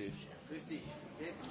Christi. Christi, jetzt.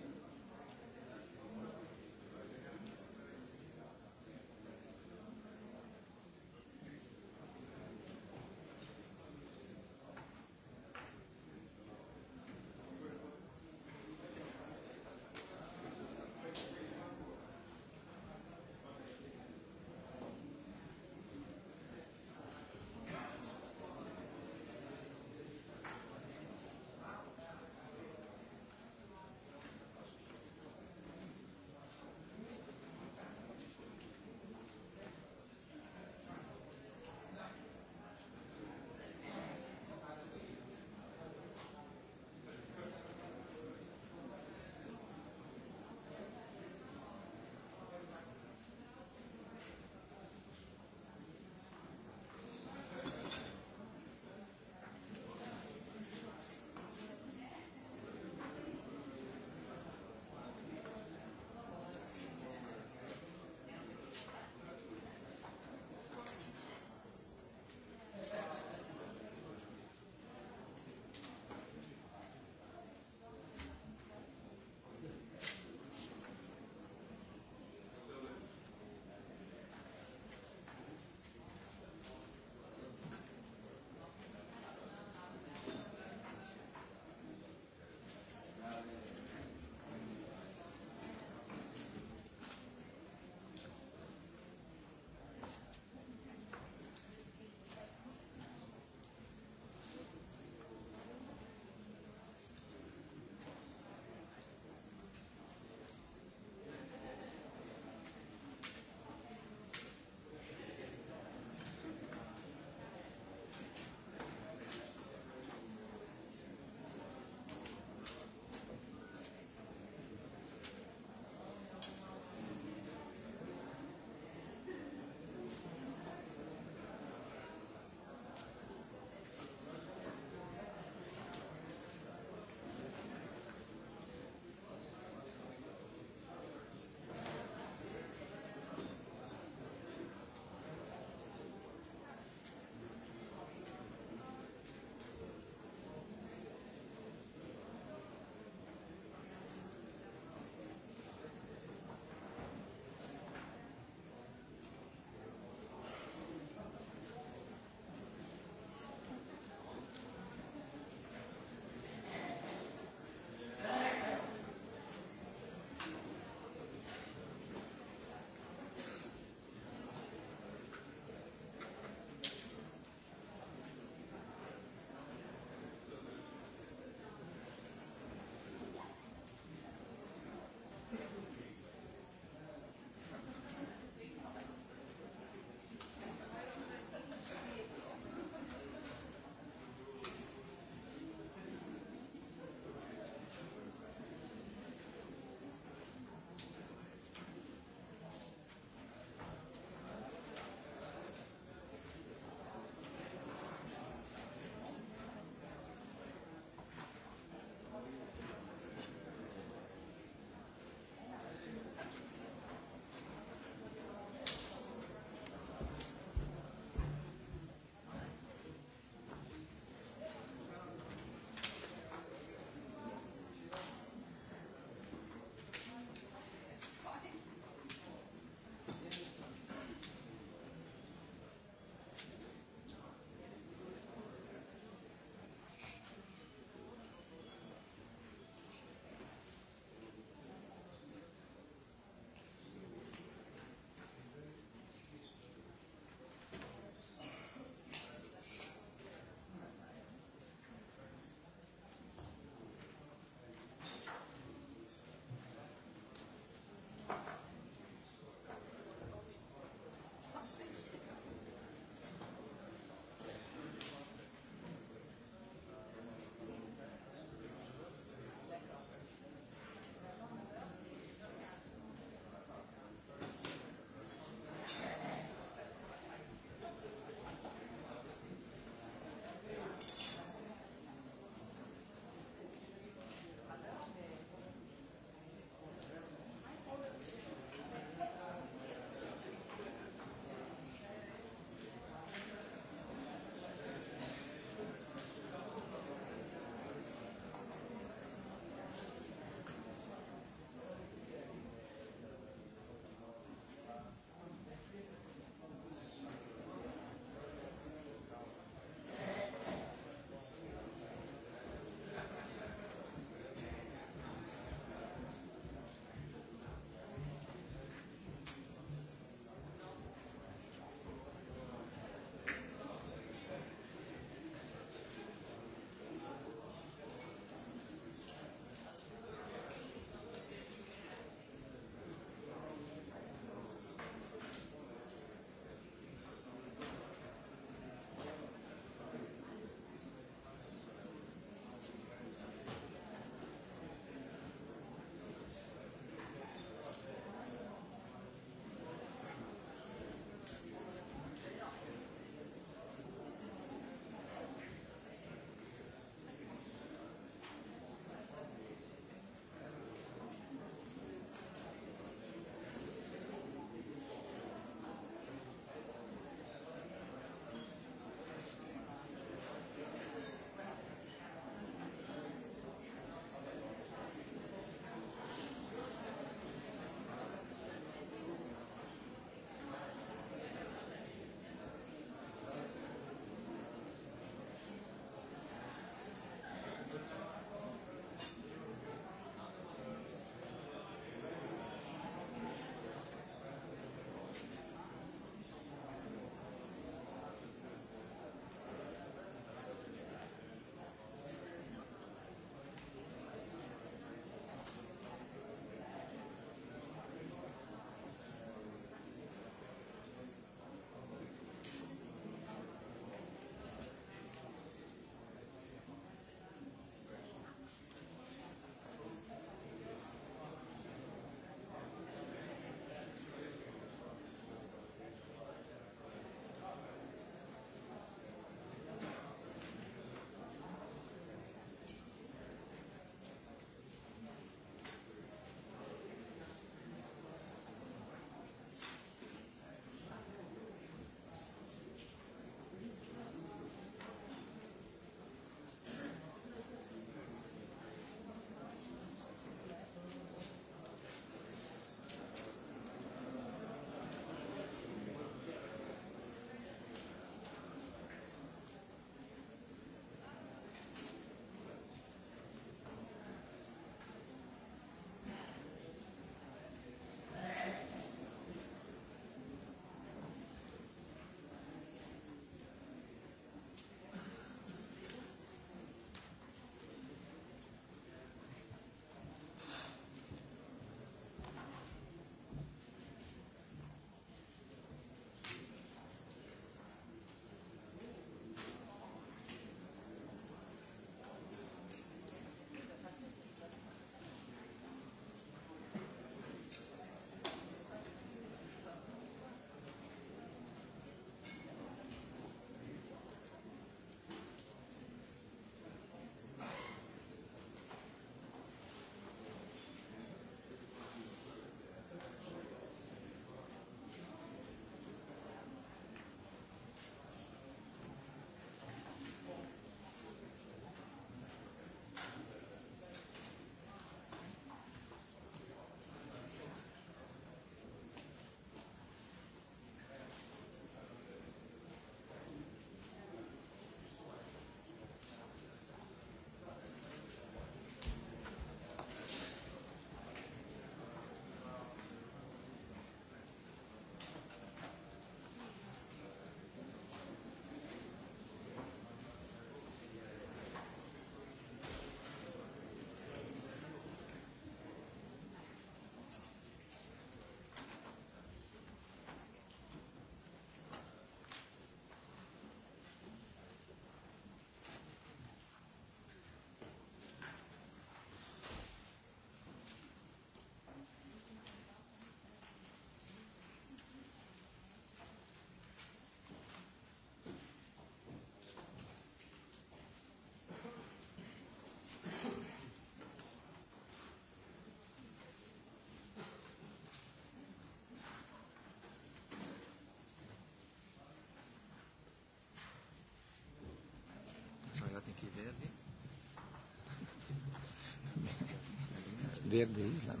Verdi Islam.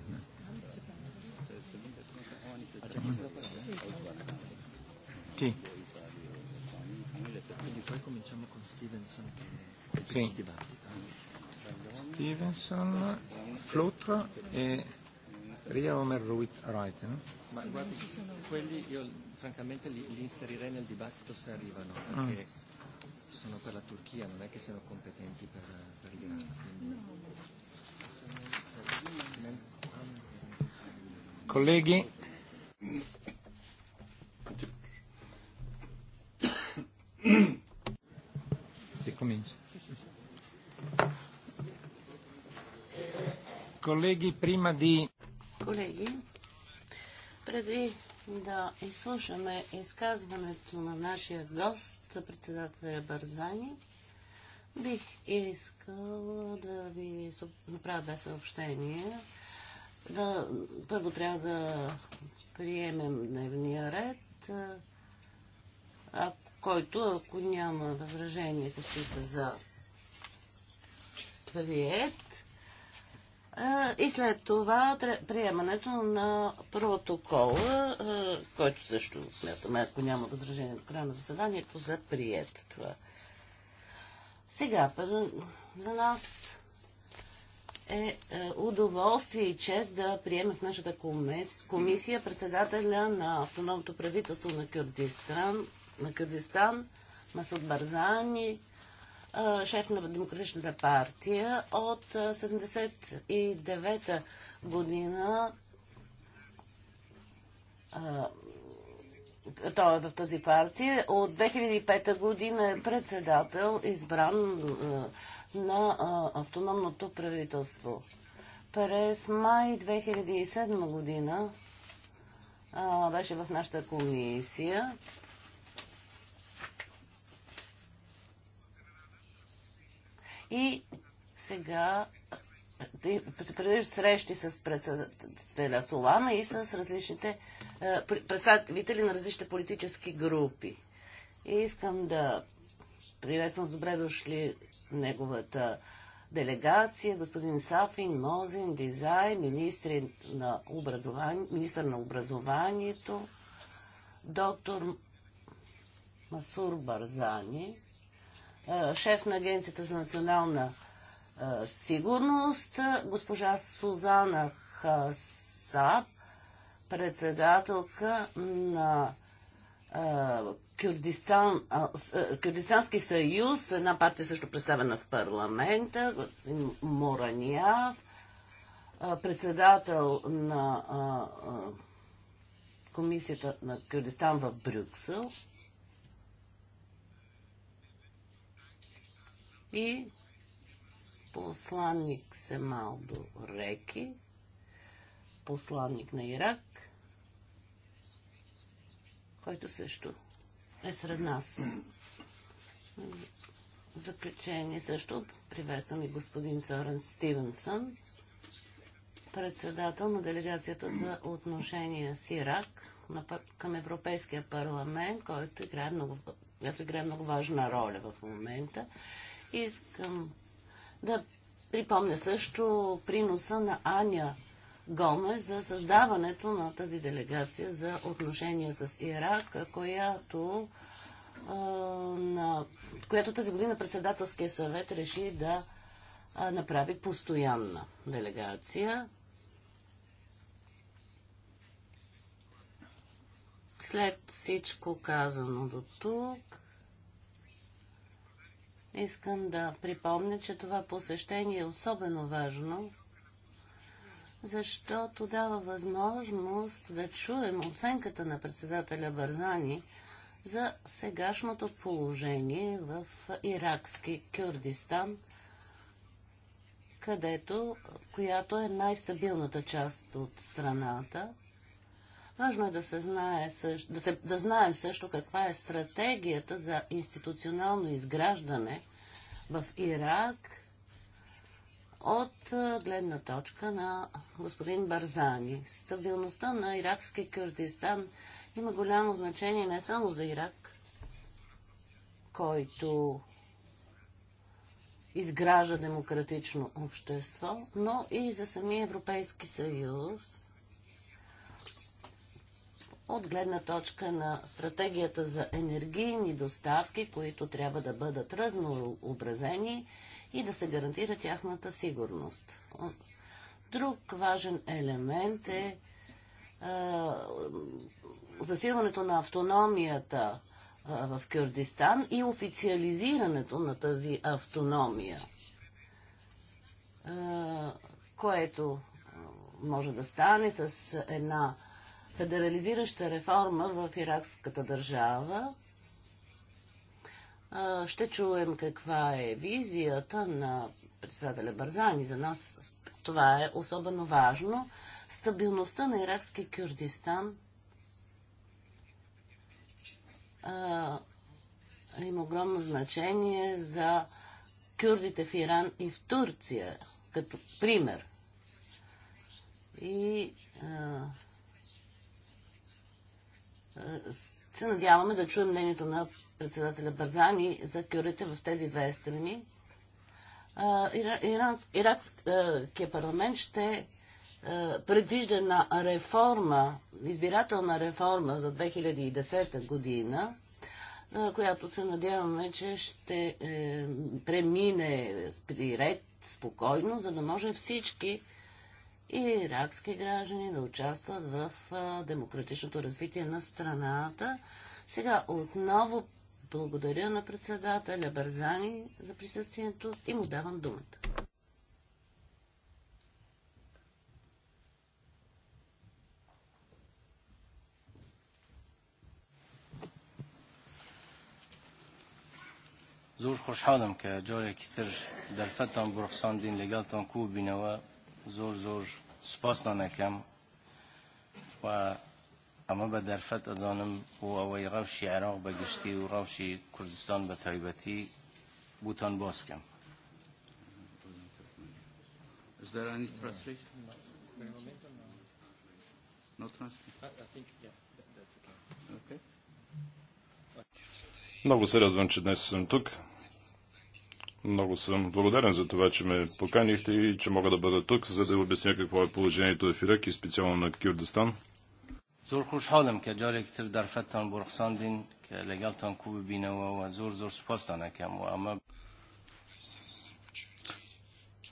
Sì. Quindi poi cominciamo con Stevenson che sì. il dibattito. Stevenson, Flutro e Ria Omer Ruit Wright. No? Ma guardi, quelli io francamente li, li inserirei nel dibattito se arrivano, perché mm per la Turchia, non è che siano competenti per, per l'Iraq. Colleghi. Si comincia. Colleghi, prima di... Colleghi, Prima di да изслушаме изказването на нашия гост, председателя Бързани. Бих искал да ви направя две съобщения. Да, първо трябва да приемем дневния ред, а, който, ако няма възражение, се счита за прият. И след това приемането на протокола, който също смятаме, ако няма възражение до края на заседанието, за прият това. Сега, за нас е, е удоволствие и чест да приеме в нашата комисия председателя на автономното правителство на Кюрдистан, на Кюрдистан Масуд Барзани, шеф на Демократичната партия от 79-та година той е в тази партия. От 2005 година е председател, избран на автономното правителство. През май 2007 година беше в нашата комисия И сега се предвиждат срещи с председателя Солана и с различните е, представители на различните политически групи. И искам да приветствам с добре дошли неговата делегация, господин Сафин, Мозин, Дизай, министър на, образование, министр на образованието, доктор Масур Барзани, е, шеф на Агенцията за национална е, сигурност, е, госпожа Сузана Хасаб, председателка на Кюрдистан, Кюрдистански съюз, една партия също представена в парламента, господин Мораняв, председател на Комисията на Кюрдистан в Брюксел, и посланник Семал до Реки, посланник на Ирак, който също е сред нас. Заключение също привесвам и господин Сорен Стивенсън, председател на делегацията за отношения с Ирак към Европейския парламент, който играе много, който играе много важна роля в момента Искам да припомня също приноса на Аня Гомес за създаването на тази делегация за отношения с Ирак, която, на, която тази година председателския съвет реши да направи постоянна делегация. След всичко казано до тук, Искам да припомня, че това посещение е особено важно, защото дава възможност да чуем оценката на председателя Барзани за сегашното положение в иракски Кюрдистан, където, която е най-стабилната част от страната. Важно е да, се знае също, да, се, да знаем също каква е стратегията за институционално изграждане в Ирак от гледна точка на господин Барзани. Стабилността на иракски Кюрдистан има голямо значение не само за Ирак, който изгражда демократично общество, но и за самия Европейски съюз, от гледна точка на стратегията за енергийни доставки, които трябва да бъдат разнообразени и да се гарантира тяхната сигурност. Друг важен елемент е, засилването на автономията в Кюрдистан и официализирането на тази автономия, което може да стане с една федерализираща реформа в иракската държава. Ще чуем каква е визията на председателя Барзани. За нас това е особено важно. Стабилността на иракски Кюрдистан има огромно значение за кюрдите в Иран и в Турция, като пример. И а, се надяваме да чуем мнението на председателя Барзани за кюрите в тези две страни. Иракския парламент ще предвижда на реформа, избирателна реформа за 2010 година, която се надяваме, че ще е, премине при ред, спокойно, за да може всички и иракски граждани да участват в демократичното развитие на страната. Сега отново благодаря на председателя Барзани за присъствието и му давам думата. زور خوشحالم که جاری کتر در فتان برخصاندین لگلتان کو zor-zor سپاسانەکەم ئەمە بە دەرفەت ئەزانم بۆ ئەوەی ڕەوشی عێراق بەگشتی و ڕەوشی کوردستان بە تایبەتی بوتان باز بکەم Много се радвам, че днес съм тук. Много съм благодарен за това, че ме поканихте и че мога да бъда тук, за да обясня какво е положението в Ирак и специално на Кюрдистан.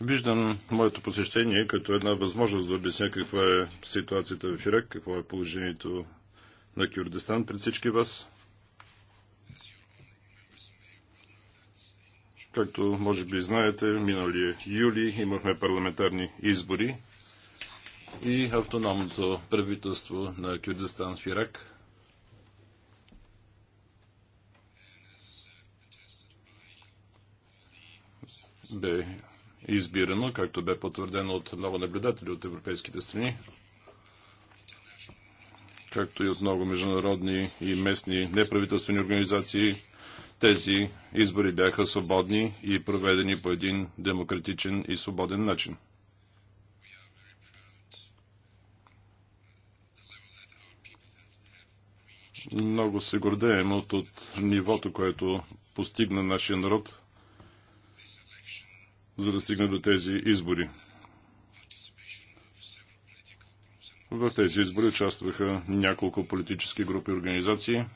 Виждам моето посещение като една възможност да обясня каква е ситуацията в Ирак, какво е положението на Кюрдистан пред всички вас. Както може би знаете, миналия юли имахме парламентарни избори и автономното правителство на Кюрдистан в Ирак бе избирано, както бе потвърдено от много наблюдатели от европейските страни, както и от много международни и местни неправителствени организации – тези избори бяха свободни и проведени по един демократичен и свободен начин. Много се гордеем от, от нивото, което постигна нашия народ, за да стигне до тези избори. В тези избори участваха няколко политически групи и организации –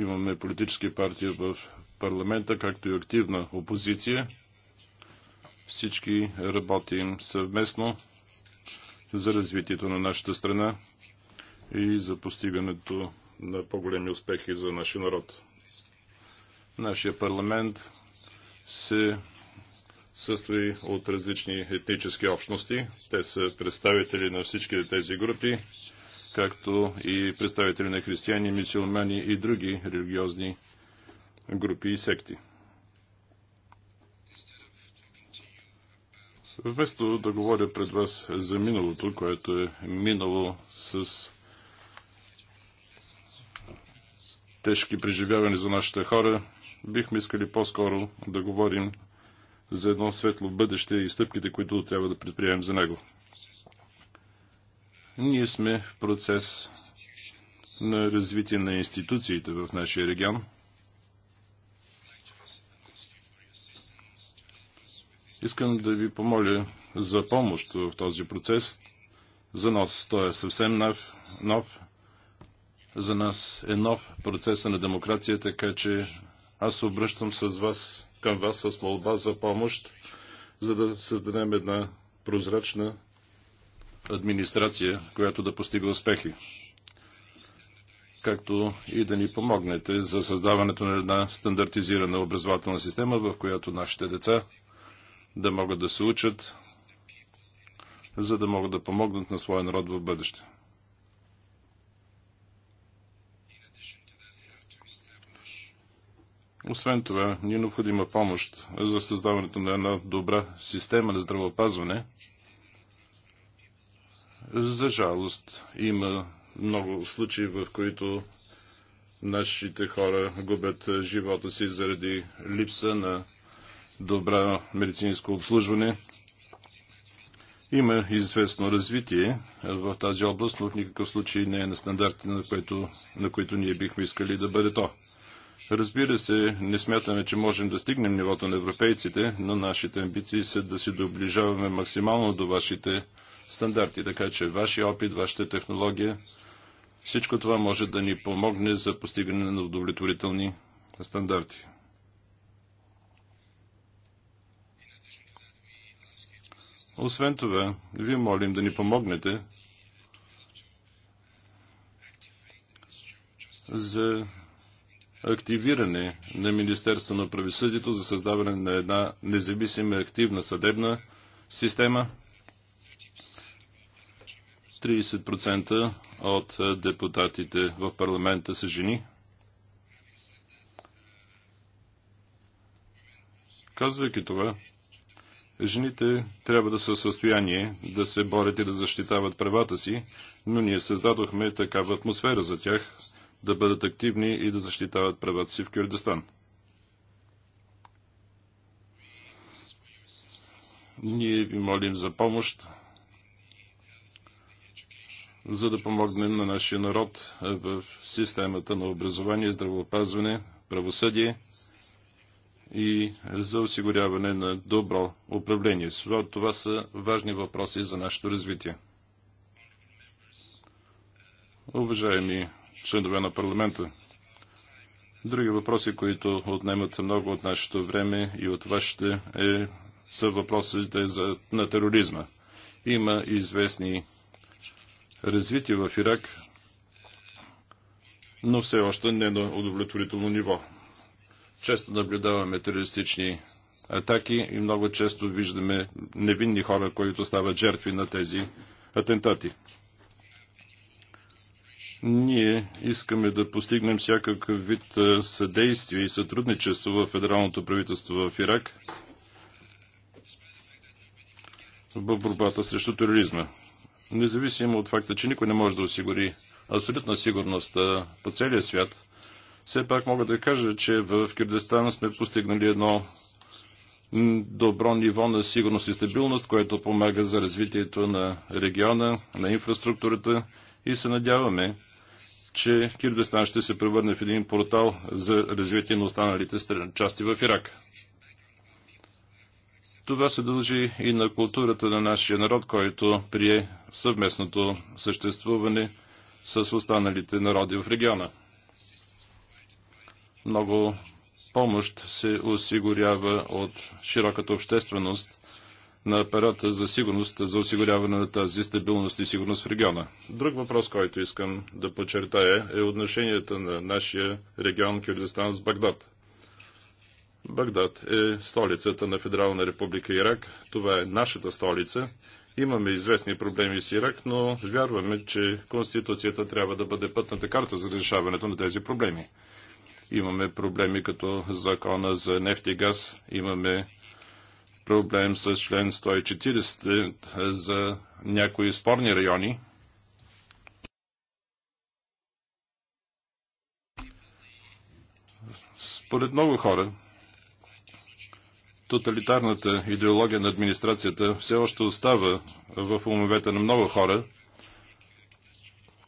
Имаме политически партии в парламента, както и активна опозиция. Всички работим съвместно за развитието на нашата страна и за постигането на по-големи успехи за нашия народ. Нашия парламент се състои от различни етнически общности. Те са представители на всички тези групи както и представители на християни, мисюлмани и други религиозни групи и секти. Вместо да говоря пред вас за миналото, което е минало с тежки преживявания за нашите хора, бихме искали по-скоро да говорим за едно светло бъдеще и стъпките, които трябва да предприемем за него. Ние сме в процес на развитие на институциите в нашия регион. Искам да ви помоля за помощ в този процес. За нас той е съвсем нов, нов. За нас е нов процеса на демокрация, така че аз се обръщам с вас, към вас с молба за помощ, за да създадем една прозрачна администрация, която да постига успехи, както и да ни помогнете за създаването на една стандартизирана образователна система, в която нашите деца да могат да се учат, за да могат да помогнат на своя народ в бъдеще. Освен това, ни е необходима помощ за създаването на една добра система на здравеопазване – за жалост има много случаи, в които нашите хора губят живота си заради липса на добра медицинско обслужване. Има известно развитие в тази област, но в никакъв случай не е на стандарти, на които, на които ние бихме искали да бъде то. Разбира се, не смятаме, че можем да стигнем нивото на европейците, но нашите амбиции са да се доближаваме максимално до вашите стандарти. Така че вашия опит, вашата технология, всичко това може да ни помогне за постигане на удовлетворителни стандарти. Освен това, ви молим да ни помогнете за активиране на Министерство на правосъдието за създаване на една независима активна съдебна система – 30% от е, депутатите в парламента са жени. Казвайки това, жените трябва да са в състояние да се борят и да защитават правата си, но ние създадохме такава атмосфера за тях да бъдат активни и да защитават правата си в Кюрдистан. Ние ви молим за помощ за да помогнем на нашия народ в системата на образование, здравеопазване, правосъдие и за осигуряване на добро управление. Това са важни въпроси за нашето развитие. Уважаеми членове на парламента, други въпроси, които отнемат много от нашето време и от вашите, е, са въпросите за, на тероризма. Има известни развитие в Ирак, но все още не на удовлетворително ниво. Често наблюдаваме терористични атаки и много често виждаме невинни хора, които стават жертви на тези атентати. Ние искаме да постигнем всякакъв вид съдействие и сътрудничество в федералното правителство в Ирак в борбата срещу тероризма независимо от факта, че никой не може да осигури абсолютна сигурност по целия свят, все пак мога да кажа, че в Кирдестан сме постигнали едно добро ниво на сигурност и стабилност, което помага за развитието на региона, на инфраструктурата и се надяваме, че Кирдестан ще се превърне в един портал за развитие на останалите части в Ирак. Това се дължи и на културата на нашия народ, който прие съвместното съществуване с останалите народи в региона. Много помощ се осигурява от широката общественост на апарата за сигурност, за осигуряване на тази стабилност и сигурност в региона. Друг въпрос, който искам да подчертая е отношенията на нашия регион Кюрдистан с Багдад. Багдад е столицата на Федерална република Ирак. Това е нашата столица. Имаме известни проблеми с Ирак, но вярваме, че Конституцията трябва да бъде пътната карта за решаването на тези проблеми. Имаме проблеми като закона за нефт и газ, имаме проблем с член 140 за някои спорни райони. Според много хора, Тоталитарната идеология на администрацията все още остава в умовете на много хора,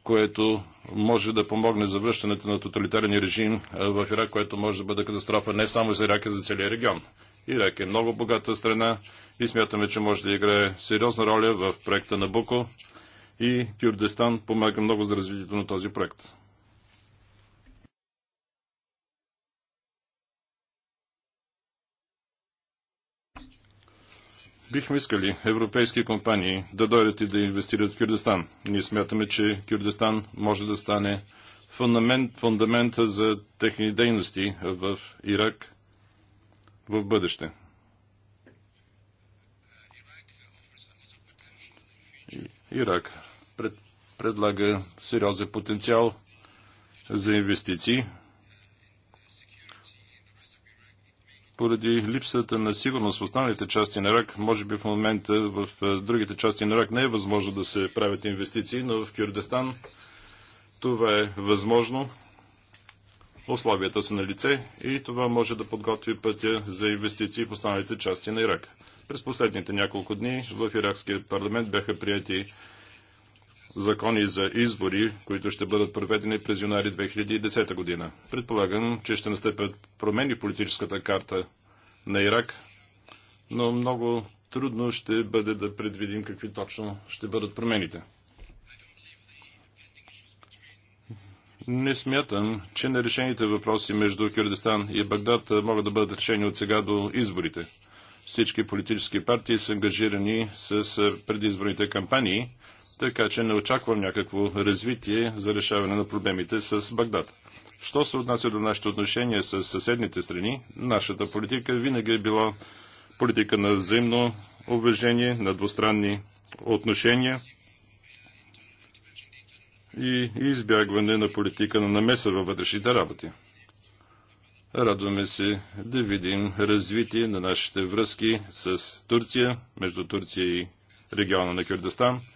което може да помогне за връщането на тоталитарен режим в Ирак, което може да бъде катастрофа не само за Ирак, а за целия регион. Ирак е много богата страна и смятаме, че може да играе сериозна роля в проекта на Буко и Кюрдестан помага много за развитието на този проект. Бихме искали европейски компании да дойдат и да инвестират в Кюрдестан. Ние смятаме, че Кюрдестан може да стане фундамент, фундамента за техни дейности в Ирак в бъдеще. Ирак пред, предлага сериозен потенциал за инвестиции. поради липсата на сигурност в останалите части на Ирак, може би в момента в е, другите части на Ирак не е възможно да се правят инвестиции, но в Кюрдестан това е възможно. Условията са на лице и това може да подготви пътя за инвестиции в останалите части на Ирак. През последните няколко дни в иракския парламент бяха прияти закони за избори, които ще бъдат проведени през юнари 2010 година. Предполагам, че ще настъпят промени в политическата карта на Ирак, но много трудно ще бъде да предвидим какви точно ще бъдат промените. Не смятам, че нерешените въпроси между Кюрдистан и Багдад могат да бъдат решени от сега до изборите. Всички политически партии са ангажирани с предизборните кампании така че не очаквам някакво развитие за решаване на проблемите с Багдад. Що се отнася до нашите отношения с съседните страни, нашата политика винаги е била политика на взаимно уважение, на двустранни отношения и избягване на политика на намеса във вътрешните работи. Радваме се да видим развитие на нашите връзки с Турция, между Турция и региона на Кюрдестан –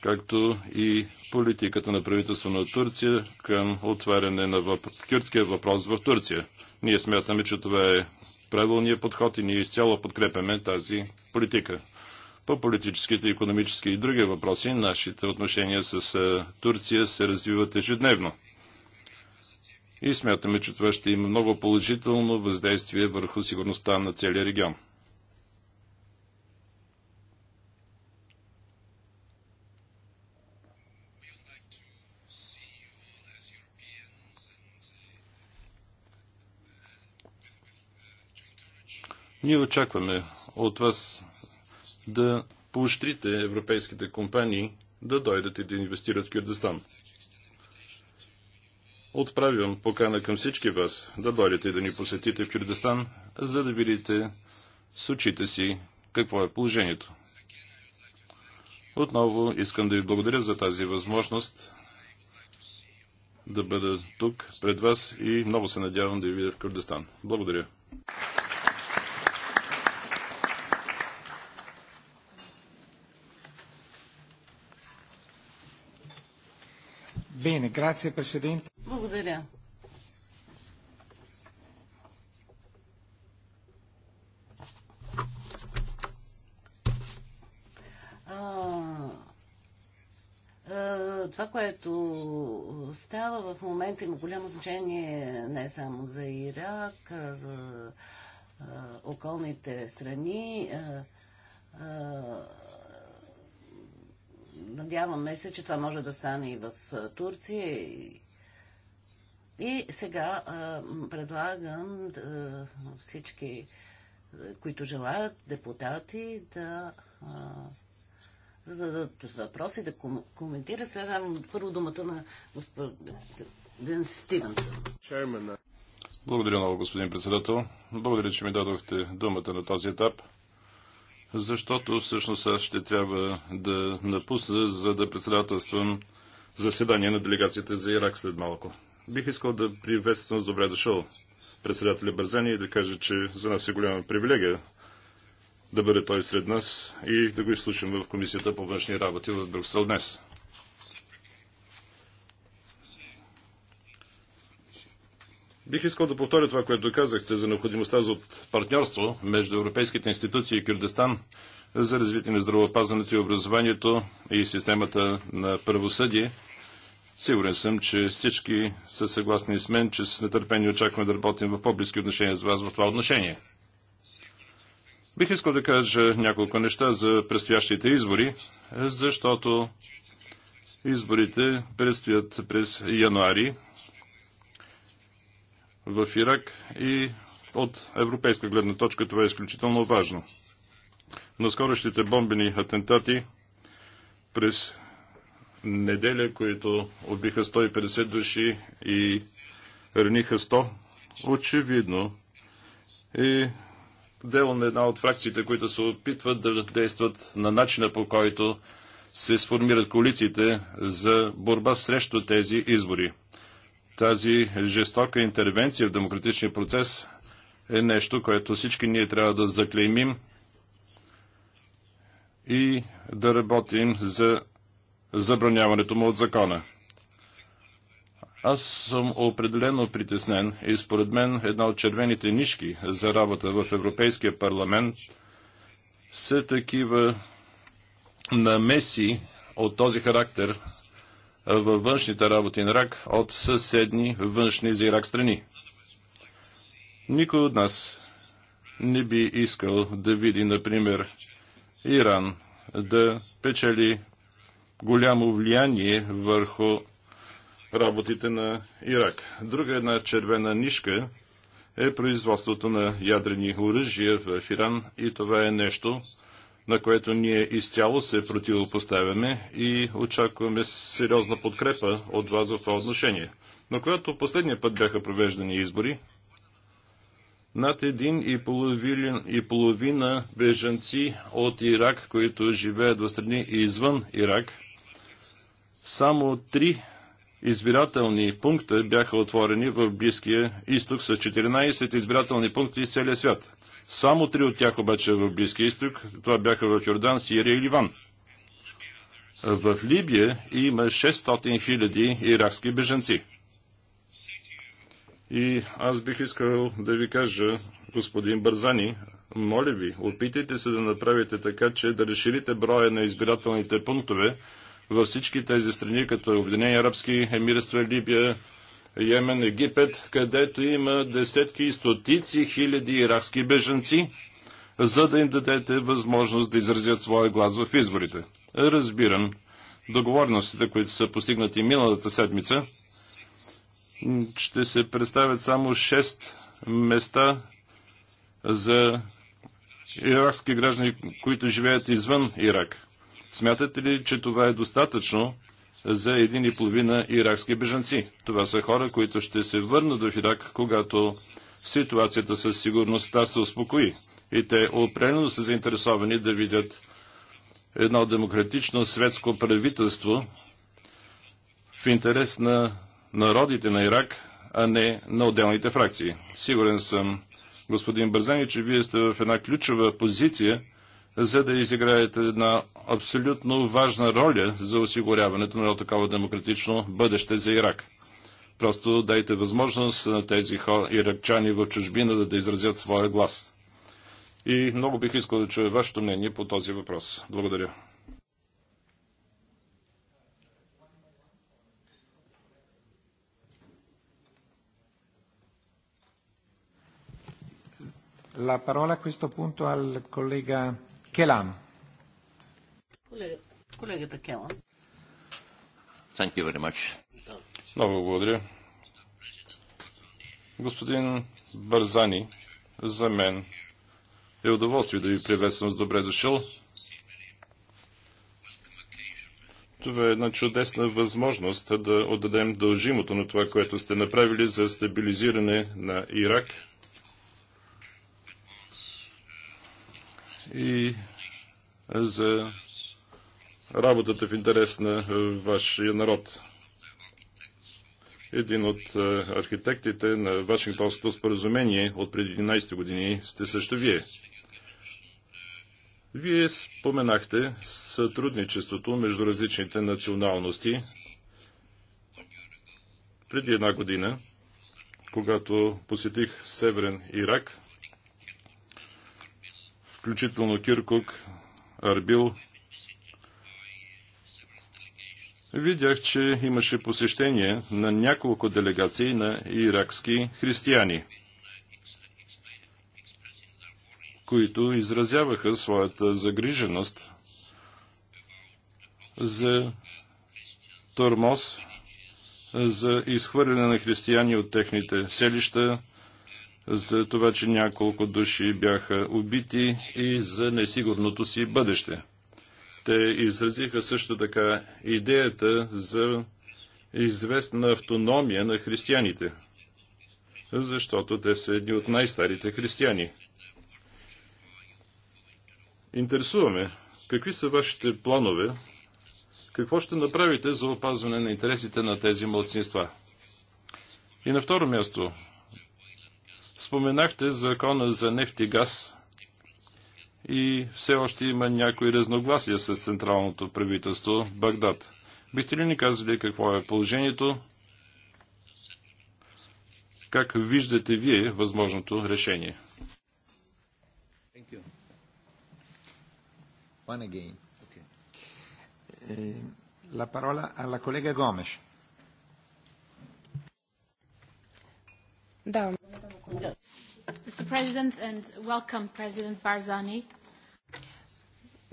както и политиката на правителство на Турция към отваряне на въп... кюртския въпрос в Турция. Ние смятаме, че това е правилният подход и ние изцяло подкрепяме тази политика. По политическите, економически и други въпроси, нашите отношения с е, Турция се развиват ежедневно. И смятаме, че това ще има много положително въздействие върху сигурността на целия регион. Ние очакваме от вас да поощрите европейските компании да дойдат и да инвестират в Кюрдестан. Отправям покана към всички вас да дойдете и да ни посетите в Кюрдестан, за да видите с очите си какво е положението. Отново искам да ви благодаря за тази възможност да бъда тук пред вас и много се надявам да ви видя в Кюрдестан. Благодаря. Bene, grazie Presidente. Благодаря. А, а, това, което става в момента, има голямо значение не само за Ирак, а за а, околните страни. А, а, Надяваме се, че това може да стане и в Турция. И, сега предлагам всички, които желаят, депутати, да зададат въпроси, да коментира. Сега първо думата на господин Стивенсън. Благодаря много, господин председател. Благодаря, че ми дадохте думата на този етап защото всъщност аз ще трябва да напусна, за да председателствам заседание на делегацията за Ирак след малко. Бих искал да приветствам с добре дошъл председателя Бързани и да кажа, че за нас е голяма привилегия да бъде той сред нас и да го изслушаме в Комисията по външни работи в Брюксел днес. Бих искал да повторя това, което казахте за необходимостта за партньорство между европейските институции и Кюрдестан за развитие на здравеопазването и образованието и системата на правосъдие. Сигурен съм, че всички са съгласни с мен, че с нетърпение очакваме да работим в по-близки отношения с вас в това отношение. Бих искал да кажа няколко неща за предстоящите избори, защото изборите предстоят през януари в Ирак и от европейска гледна точка това е изключително важно. Наскорещите бомбени атентати през неделя, които убиха 150 души и раниха 100, очевидно е дело на една от фракциите, които се опитват да действат на начина по който се сформират коалициите за борба срещу тези избори. Тази жестока интервенция в демократичния процес е нещо, което всички ние трябва да заклеймим и да работим за забраняването му от закона. Аз съм определено притеснен и според мен една от червените нишки за работа в Европейския парламент са такива намеси от този характер във външните работи на Ирак от съседни външни за Ирак страни. Никой от нас не би искал да види, например, Иран да печели голямо влияние върху работите на Ирак. Друга една червена нишка е производството на ядрени оръжия в Иран и това е нещо, на което ние изцяло се противопоставяме и очакваме сериозна подкрепа от вас в това отношение. Но когато последния път бяха провеждани избори, над един и половина, и половина бежанци от Ирак, които живеят в страни извън Ирак, само три избирателни пункта бяха отворени в Близкия изток с 14 избирателни пункти из целия свят. Само три от тях обаче в Близкия изток. Това бяха в Йордан, Сирия и Ливан. В Либия има 600 хиляди иракски беженци. И аз бих искал да ви кажа, господин Бързани, моля ви, опитайте се да направите така, че да разширите броя на избирателните пунктове във всички тези страни, като Обединени арабски емирства, Либия, Йемен, Египет, където има десетки и стотици хиляди иракски бежанци, за да им дадете възможност да изразят своя глас в изборите. Разбирам договорностите, които са постигнати миналата седмица, ще се представят само 6 места за иракски граждани, които живеят извън Ирак. Смятате ли, че това е достатъчно, за 1,5 иракски бежанци. Това са хора, които ще се върнат в Ирак, когато ситуацията със сигурността се успокои. И те опрено са заинтересовани да видят едно демократично светско правителство в интерес на народите на Ирак, а не на отделните фракции. Сигурен съм, господин Бързани, че вие сте в една ключова позиция за да изиграят една абсолютно важна роля за осигуряването на такова демократично бъдеще за Ирак. Просто дайте възможност на тези хора, иракчани в чужбина да, да изразят своя глас. И много бих искал да чуя вашето мнение по този въпрос. Благодаря. La parola a questo punto al collega Келам. колегата Келам. Thank you very much. Много благодаря. Господин Барзани, за мен е удоволствие да ви приветствам с добре дошъл. Това е една чудесна възможност да отдадем дължимото на това, което сте направили за стабилизиране на Ирак – и за работата в интерес на е, вашия народ. Един от е, архитектите на Вашингтонското споразумение от преди 11 години сте също вие. Вие споменахте сътрудничеството между различните националности преди една година, когато посетих Северен Ирак – включително Киркук, Арбил. Видях, че имаше посещение на няколко делегации на иракски християни, които изразяваха своята загриженост за тормоз, за изхвърляне на християни от техните селища, за това, че няколко души бяха убити и за несигурното си бъдеще. Те изразиха също така идеята за известна автономия на християните, защото те са едни от най-старите християни. Интересуваме, какви са вашите планове, какво ще направите за опазване на интересите на тези младсинства? И на второ място, Споменахте закона за нефт и газ и все още има някои разногласия с централното правителство в Багдад. Бихте ли ни казали какво е положението? Как виждате вие възможното решение? La parola alla collega Gomes. Давам. Mr. President and welcome President Barzani.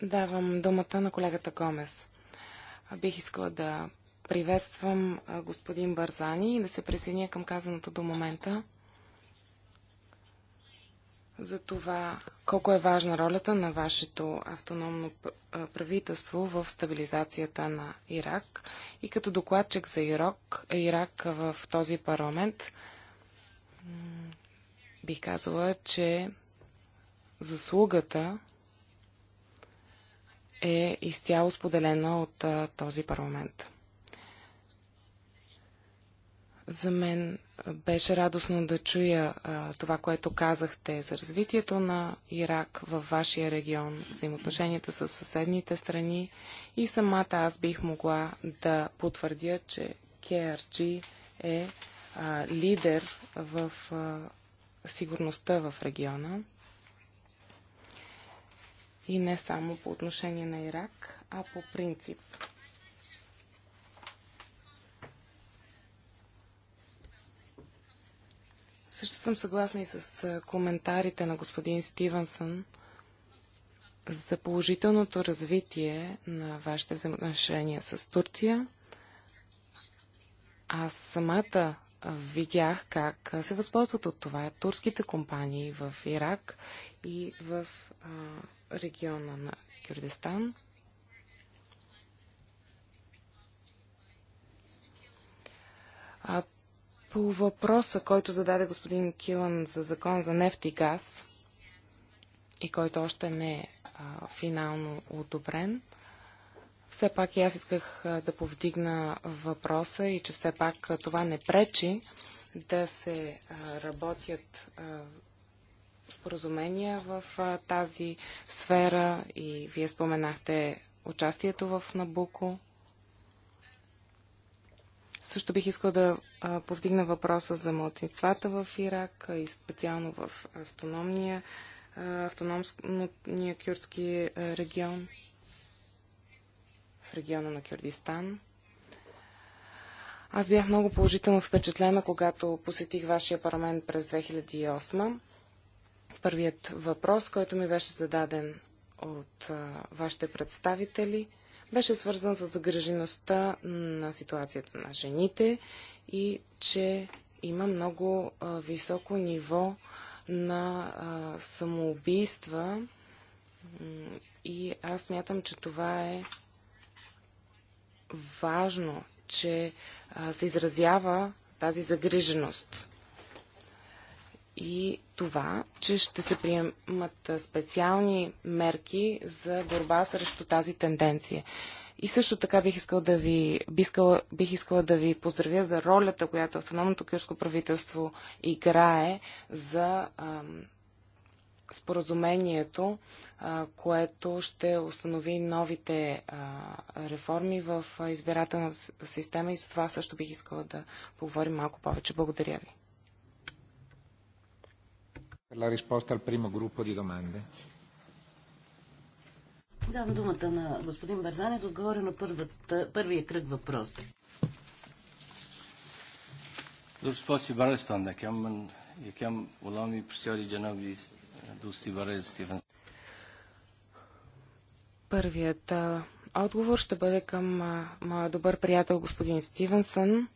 Давам думата на колегата Гомес. Бих искала да приветствам господин Барзани и да се присъединя към казаното до момента за това колко е важна ролята на вашето автономно правителство в стабилизацията на Ирак. И като докладчик за Ирак, Ирак в този парламент, бих казала, че заслугата е изцяло споделена от а, този парламент. За мен беше радостно да чуя а, това, което казахте за развитието на Ирак във вашия регион, взаимоотношенията с съседните страни и самата аз бих могла да потвърдя, че KRG е а, лидер в а, сигурността в региона. И не само по отношение на Ирак, а по принцип. Също съм съгласна и с коментарите на господин Стивенсън за положителното развитие на вашите взаимоотношения с Турция. а самата видях как се възползват от това турските компании в Ирак и в а, региона на Кюрдистан. А, по въпроса, който зададе господин Килан за закон за нефт и газ и който още не е а, финално одобрен, все пак и аз исках да повдигна въпроса и че все пак това не пречи да се работят споразумения в тази сфера и вие споменахте участието в Набуко. Също бих искал да повдигна въпроса за младсинствата в Ирак и специално в автономния, автономния кюрдски регион в региона на Кюрдистан. Аз бях много положително впечатлена, когато посетих вашия парламент през 2008. Първият въпрос, който ми беше зададен от вашите представители, беше свързан с загрежеността на ситуацията на жените и че има много високо ниво на самоубийства и аз мятам, че това е важно, че а, се изразява тази загриженост. И това, че ще се приемат специални мерки за борба срещу тази тенденция. И също така бих искала да ви, бих искала, бих искала да ви поздравя за ролята, която автономното кюрско правителство играе за споразумението, което ще установи новите реформи в избирателната система и за това също бих искала да поговорим малко повече. Благодаря ви. Давам думата на господин Барзанет, отговоря на първата, първия кръг въпрос. Dur спаси Барстан да кем кем улами присяди джанаби Първият отговор ще бъде към моя добър приятел господин Стивенсън.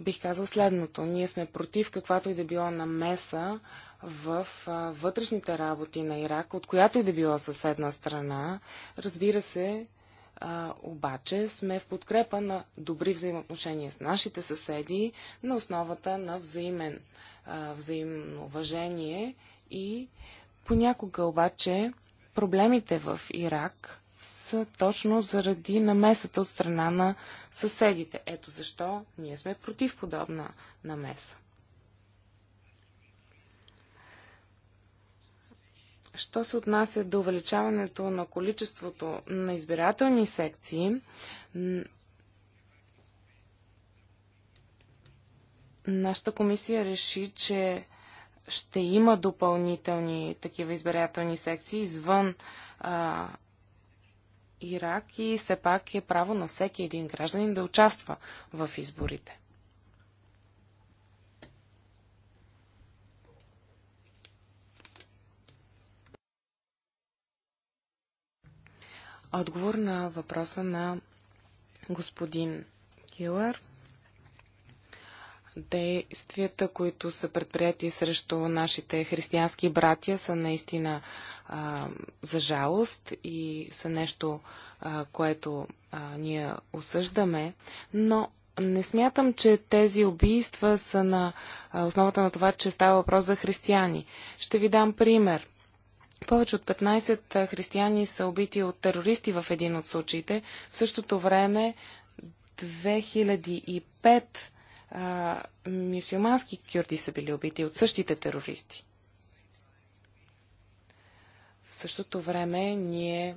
Бих казал следното. Ние сме против каквато и да било намеса в вътрешните работи на Ирак, от която и да било съседна страна. Разбира се, обаче сме в подкрепа на добри взаимоотношения с нашите съседи на основата на взаимен, взаимно уважение и понякога обаче проблемите в Ирак са точно заради намесата от страна на съседите. Ето защо ние сме против подобна намеса. Що се отнася до увеличаването на количеството на избирателни секции, нашата комисия реши, че ще има допълнителни такива избирателни секции извън а, Ирак и все пак е право на всеки един гражданин да участва в изборите. Отговор на въпроса на господин Килър – Действията, които са предприяти срещу нашите християнски братия, са наистина а, за жалост и са нещо, а, което а, ние осъждаме, но не смятам, че тези убийства са на основата на това, че става въпрос за християни. Ще ви дам пример. Повече от 15 християни са убити от терористи в един от случаите. В същото време 2005 мюсюлмански кюрди са били убити от същите терористи. В същото време ние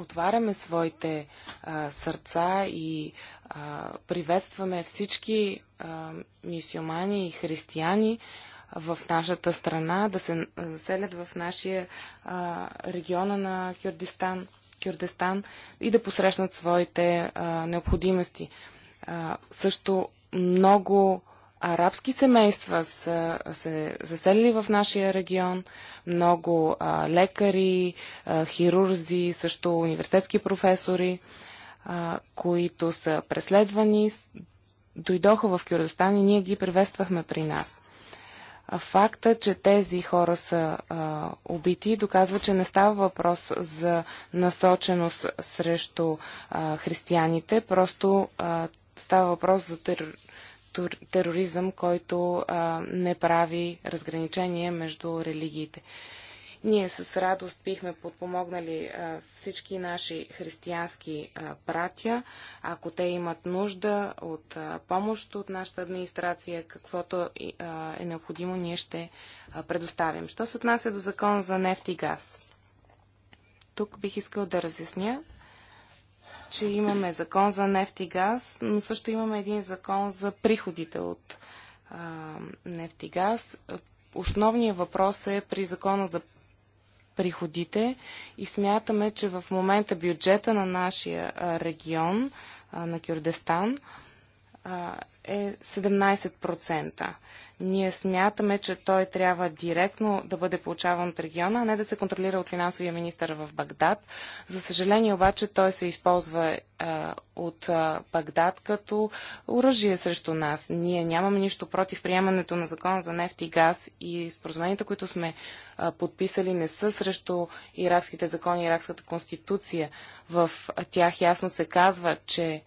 отваряме своите а, сърца и а, приветстваме всички а, мюсюлмани и християни в нашата страна да се заселят в нашия а, региона на Кюрдистан, Кюрдестан и да посрещнат своите а, необходимости. А, също много арабски семейства са се заселили в нашия регион, много а, лекари, а, хирурзи, също университетски професори, а, които са преследвани, дойдоха в Кюрдостан и ние ги приветствахме при нас. Факта, че тези хора са а, убити, доказва, че не става въпрос за насоченост срещу а, християните, просто а, става въпрос за терор, тур, тероризъм, който а, не прави разграничение между религиите. Ние с радост бихме подпомогнали а, всички наши християнски а, братя, ако те имат нужда от а, помощ от нашата администрация, каквото е необходимо, ние ще предоставим. Що се отнася до закон за нефт и газ? Тук бих искал да разясня, че имаме закон за нефт и газ, но също имаме един закон за приходите от а, нефт и газ. Основният въпрос е при закона за приходите и смятаме, че в момента бюджета на нашия регион, на Кюрдестан, е 17%. Ние смятаме, че той трябва директно да бъде получаван от региона, а не да се контролира от финансовия министър в Багдад. За съжаление обаче той се използва а, от а, Багдад като оръжие срещу нас. Ние нямаме нищо против приемането на закон за нефт и газ и споразуменията, които сме а, подписали не са срещу иракските закони, иракската конституция. В тях ясно се казва, че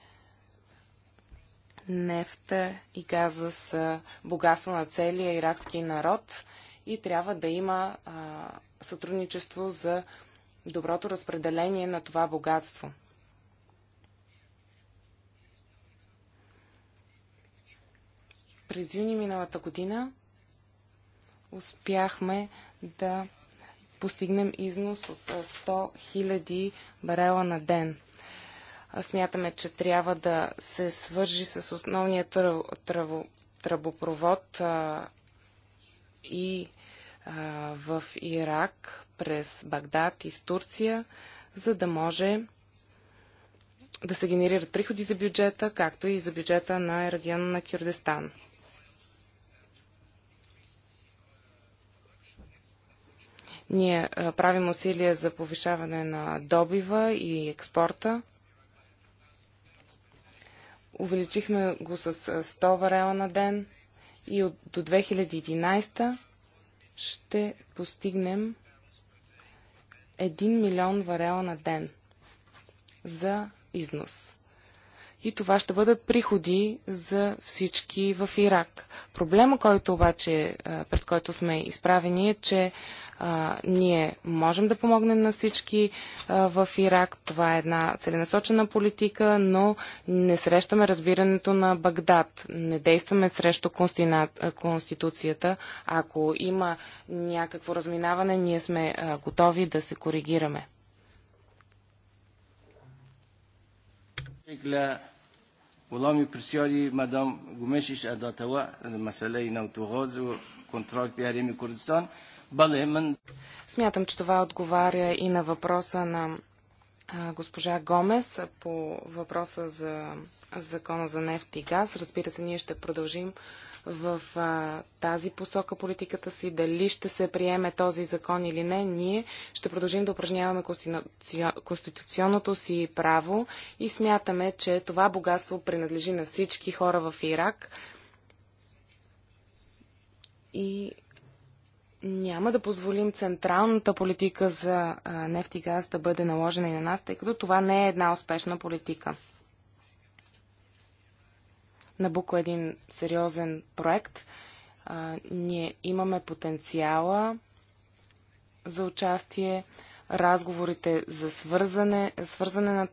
нефта и газа са богатство на целия иракски народ и трябва да има а, сътрудничество за доброто разпределение на това богатство. През юни миналата година успяхме да постигнем износ от 100 000 барела на ден – смятаме, че трябва да се свържи с основния тръв, тръв, тръбопровод а, и а, в Ирак през Багдад и в Турция, за да може да се генерират приходи за бюджета, както и за бюджета на региона на Кюрдестан. Ние правим усилия за повишаване на добива и експорта. Увеличихме го с 100 варела на ден и от, до 2011 ще постигнем 1 милион варела на ден за износ. И това ще бъдат приходи за всички в Ирак. Проблема, който обаче, пред който сме изправени е, че а, ние можем да помогнем на всички а, в Ирак. Това е една целенасочена политика, но не срещаме разбирането на Багдад. Не действаме срещу констина... Конституцията. Ако има някакво разминаване, ние сме а, готови да се коригираме. وڵامی پرسیاری مادام گومەشیش ئەداتەوە مەسلەی نەوتوغۆز و کۆنتراکتی هەرێمی Смятам, че това отговаря и на въпроса на госпожа Гомес по въпроса за закона за нефт и газ. Разбира се, ние ще продължим в а, тази посока политиката си, дали ще се приеме този закон или не, ние ще продължим да упражняваме конституционното си право и смятаме, че това богатство принадлежи на всички хора в Ирак. И няма да позволим централната политика за нефт и газ да бъде наложена и на нас, тъй като това не е една успешна политика. Набуко е един сериозен проект. ние имаме потенциала за участие. Разговорите за свързане, свързване на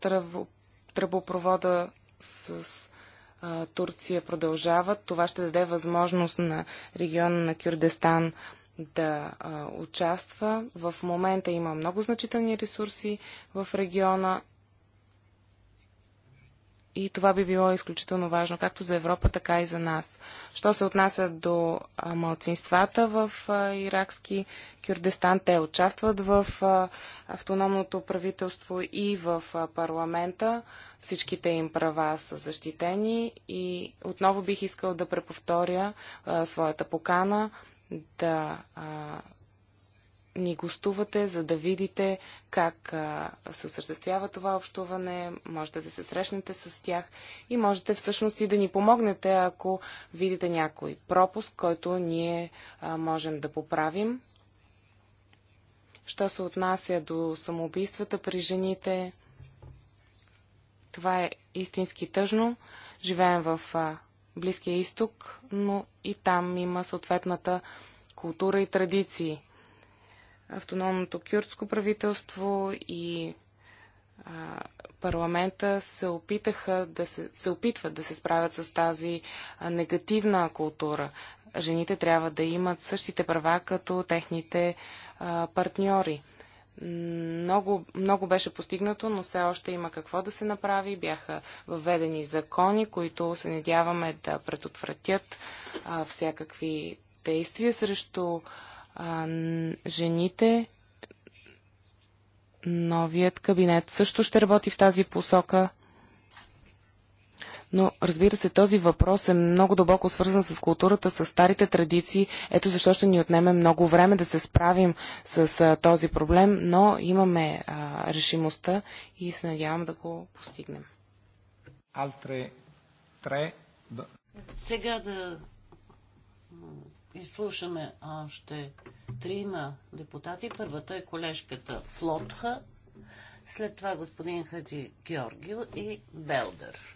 тръбопровода с Турция продължават. Това ще даде възможност на региона на Кюрдестан да а, участва. В момента има много значителни ресурси в региона и това би било изключително важно, както за Европа, така и за нас. Що се отнася до а, малцинствата в а, иракски Кюрдестан, те участват в а, автономното правителство и в парламента. Всичките им права са защитени и отново бих искал да преповторя своята покана да а, ни гостувате, за да видите как а, се осъществява това общуване, можете да се срещнете с тях и можете всъщност и да ни помогнете, ако видите някой пропуск, който ние а, можем да поправим. Що се отнася до самоубийствата при жените, това е истински тъжно. Живеем в а, Близкия изток, но и там има съответната култура и традиции. Автономното кюртско правителство и а, парламента се, опитаха да се, се опитват да се справят с тази а, негативна култура. Жените трябва да имат същите права като техните а, партньори. Много, много беше постигнато, но все още има какво да се направи. Бяха въведени закони, които се надяваме да предотвратят а, всякакви действия срещу а, жените. Новият кабинет също ще работи в тази посока. Но разбира се, този въпрос е много дълбоко свързан с културата, с старите традиции. Ето защо ще ни отнеме много време да се справим с а, този проблем, но имаме а, решимостта и се надявам да го постигнем. Алтре, тре, да. Сега да изслушаме още трима депутати. Първата е колежката Флотха, след това господин Хаджи Георгио и Белдър.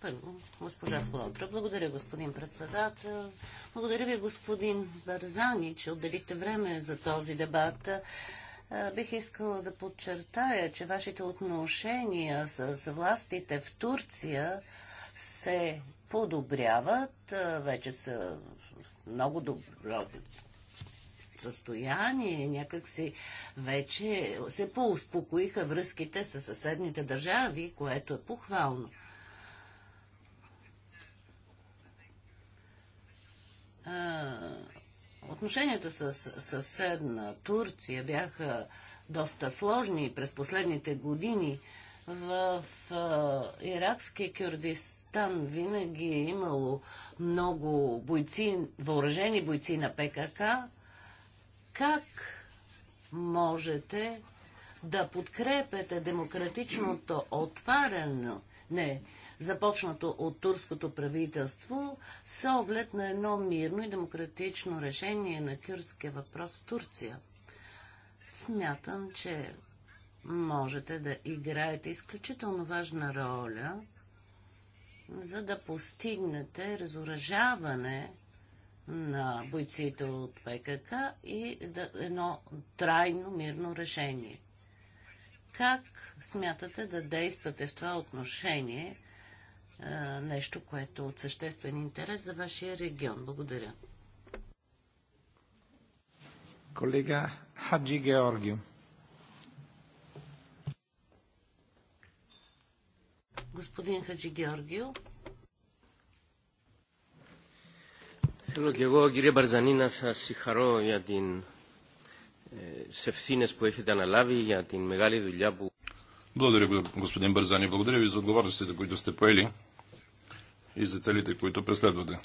Първо, госпожа Флотра. Благодаря, господин председател. Благодаря ви, господин Барзани, че отделихте време за този дебат. Бих искала да подчертая, че вашите отношения с властите в Турция се подобряват, вече са много добро състояние, някакси вече се поуспокоиха връзките с съседните държави, което е похвално. Отношенията с съседна Турция бяха доста сложни през последните години. В иракския Кюрдистан винаги е имало много бойци, въоръжени бойци на ПКК. Как можете да подкрепяте демократичното отваряне започнато от турското правителство с оглед на едно мирно и демократично решение на кюрския въпрос в Турция. Смятам, че можете да играете изключително важна роля, за да постигнете разоръжаване на бойците от ПКК и да, едно трайно мирно решение. Как смятате да действате в това отношение, нещо, което е от съществен интерес за вашия регион. Благодаря. Колега Хаджи Георгио. Господин Хаджи Георгио. Θέλω και εγώ, κύριε Μπαρζανή, να σας συγχαρώ για την σε ευθύνε που έχετε αναλάβει για την μεγάλη δουλειά που. Благодаря, господин Бързани. Благодаря ви за отговорностите, които сте поели и за целите, които преследвате.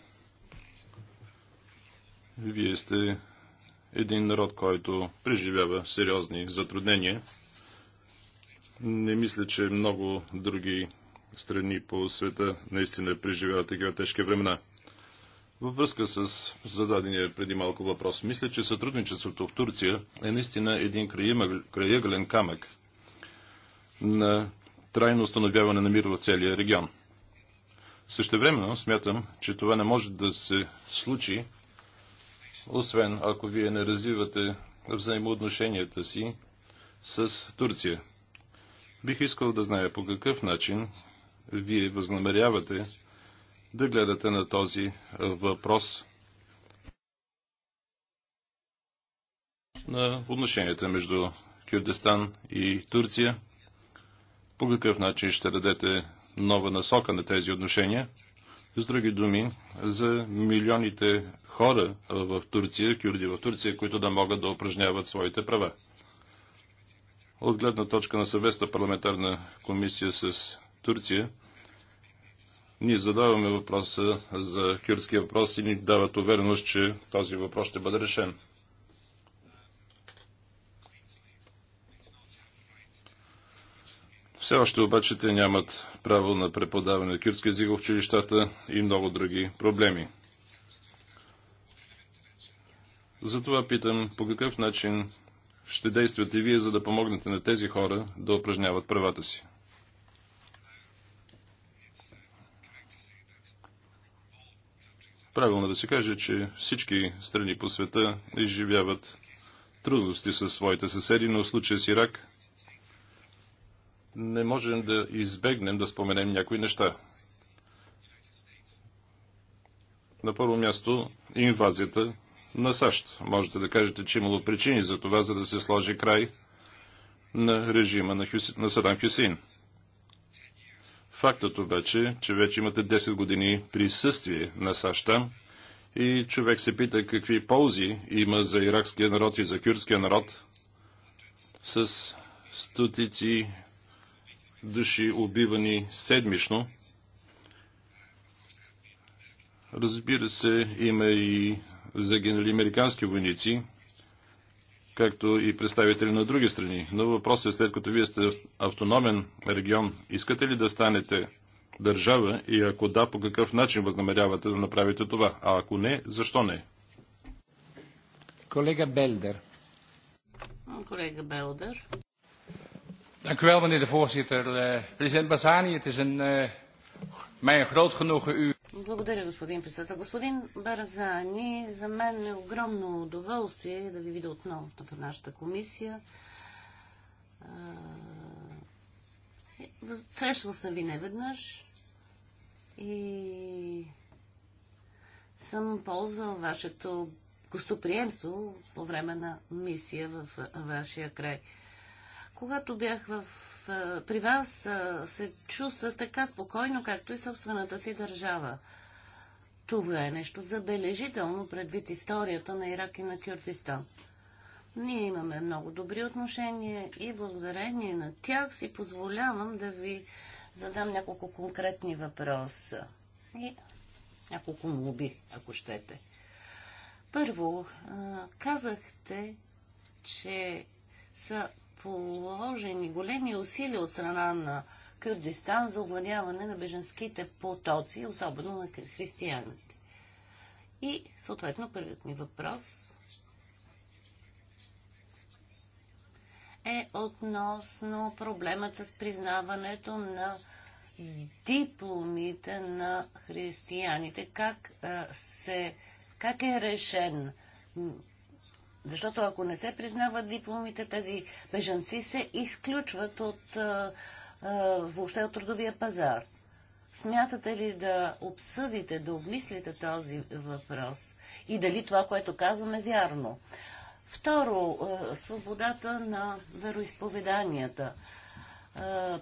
Вие сте един народ, който преживява сериозни затруднения. Не мисля, че много други страни по света наистина преживяват такива тежки времена. Във връзка с зададения преди малко въпрос, мисля, че сътрудничеството в Турция е наистина един краегълен камък на трайно установяване на мир в целия регион – Същевременно смятам, че това не може да се случи, освен ако вие не развивате взаимоотношенията си с Турция. Бих искал да зная по какъв начин вие възнамерявате да гледате на този въпрос на отношенията между Кюрдестан и Турция. По какъв начин ще дадете нова насока на тези отношения. С други думи, за милионите хора в Турция, кюрди в Турция, които да могат да упражняват своите права. От гледна точка на съвестна парламентарна комисия с Турция, ние задаваме въпроса за кюрдския въпрос и ни дават увереност, че този въпрос ще бъде решен. Все още обаче те нямат право на преподаване на кирски език в училищата и много други проблеми. Затова питам по какъв начин ще действате вие, за да помогнете на тези хора да упражняват правата си. Правилно да се каже, че всички страни по света изживяват трудности със своите съседи, но в случая с Ирак не можем да избегнем да споменем някои неща. На първо място инвазията на САЩ. Можете да кажете, че е имало причини за това, за да се сложи край на режима на, Хюси... на Садам Хюсин. Фактът обаче, че вече имате 10 години присъствие на САЩ там и човек се пита какви ползи има за иракския народ и за кюрския народ с стотици души убивани седмично. Разбира се, има и загинали американски войници, както и представители на други страни. Но въпросът е, след като вие сте автономен регион, искате ли да станете държава и ако да, по какъв начин възнамерявате да направите това? А ако не, защо не? Колега Белдер. Колега Белдер. Dank u wel, meneer de voorzitter. Eh, president Bazani, het is een, eh, mij een groot genoegen u... Благодаря, господин председател. Господин Барзани, за мен е огромно удоволствие да ви видя отново в нашата комисия. Е, срещал съм ви неведнъж и съм ползвал вашето гостоприемство по време на мисия в вашия край. Когато бях в, при вас, се чувствах така спокойно, както и собствената си държава. Това е нещо забележително предвид историята на Ирак и на Кюртистан. Ние имаме много добри отношения и благодарение на тях си позволявам да ви задам няколко конкретни въпроса и няколко моби, ако щете. Първо, казахте, че са положени големи усилия от страна на Кюрдистан за овладяване на беженските потоци, особено на християните. И, съответно, първият ни въпрос е относно проблемът с признаването на дипломите на християните. Как, се, как е решен? Защото ако не се признават дипломите, тези бежанци се изключват от, въобще от трудовия пазар. Смятате ли да обсъдите, да обмислите този въпрос и дали това, което казваме, е вярно? Второ, свободата на вероисповеданията.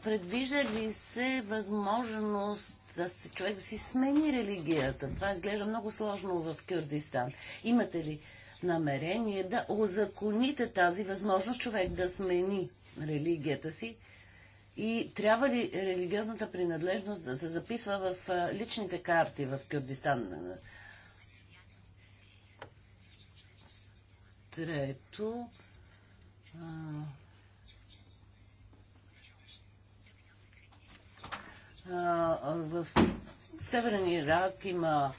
Предвижда ли се възможност да се, човек да си смени религията? Това изглежда много сложно в Кюрдистан. Имате ли намерение да озаконите тази възможност човек да смени религията си? И трябва ли религиозната принадлежност да се записва в личните карти в Кюрдистан? Трето. А... А, в Северен Ирак има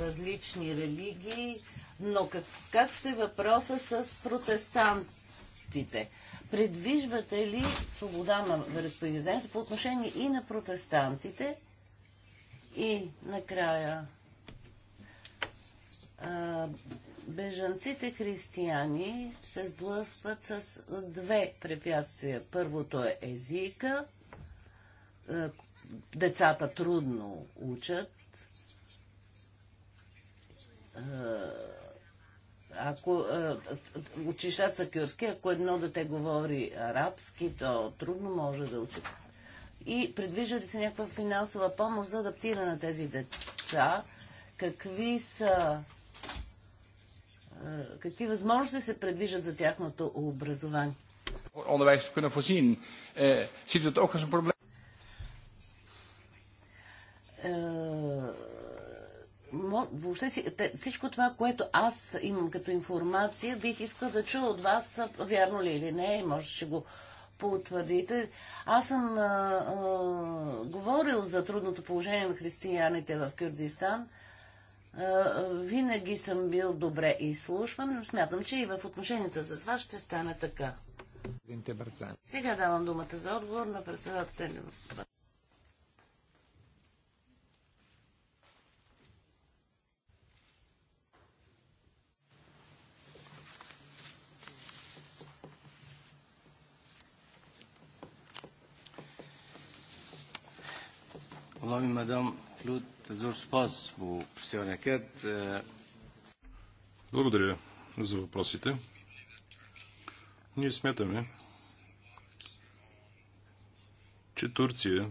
различни религии но как, как стои е въпроса с протестантите? Предвижвате ли свобода на вероисповеданието по отношение и на протестантите? И накрая а, бежанците християни се сблъскват с две препятствия. Първото е езика. Децата трудно учат ако е, училищата са кюрски, ако едно дете говори арабски, то трудно може да учи. И предвижда ли се някаква финансова помощ за адаптиране на тези деца? Какви са е, какви възможности се предвиждат за тяхното образование? Onderwijs kunnen voorzien, eh, ziet het ook als een probleem. въобще всичко това, което аз имам като информация, бих искал да чуя от вас, вярно ли или не, може ще го потвърдите. Аз съм а, а, говорил за трудното положение на християните в Кюрдистан. А, винаги съм бил добре изслушван, но смятам, че и в отношенията с вас ще стане така. Сега давам думата за отговор на председателя. Благодаря за въпросите. Ние смятаме, че Турция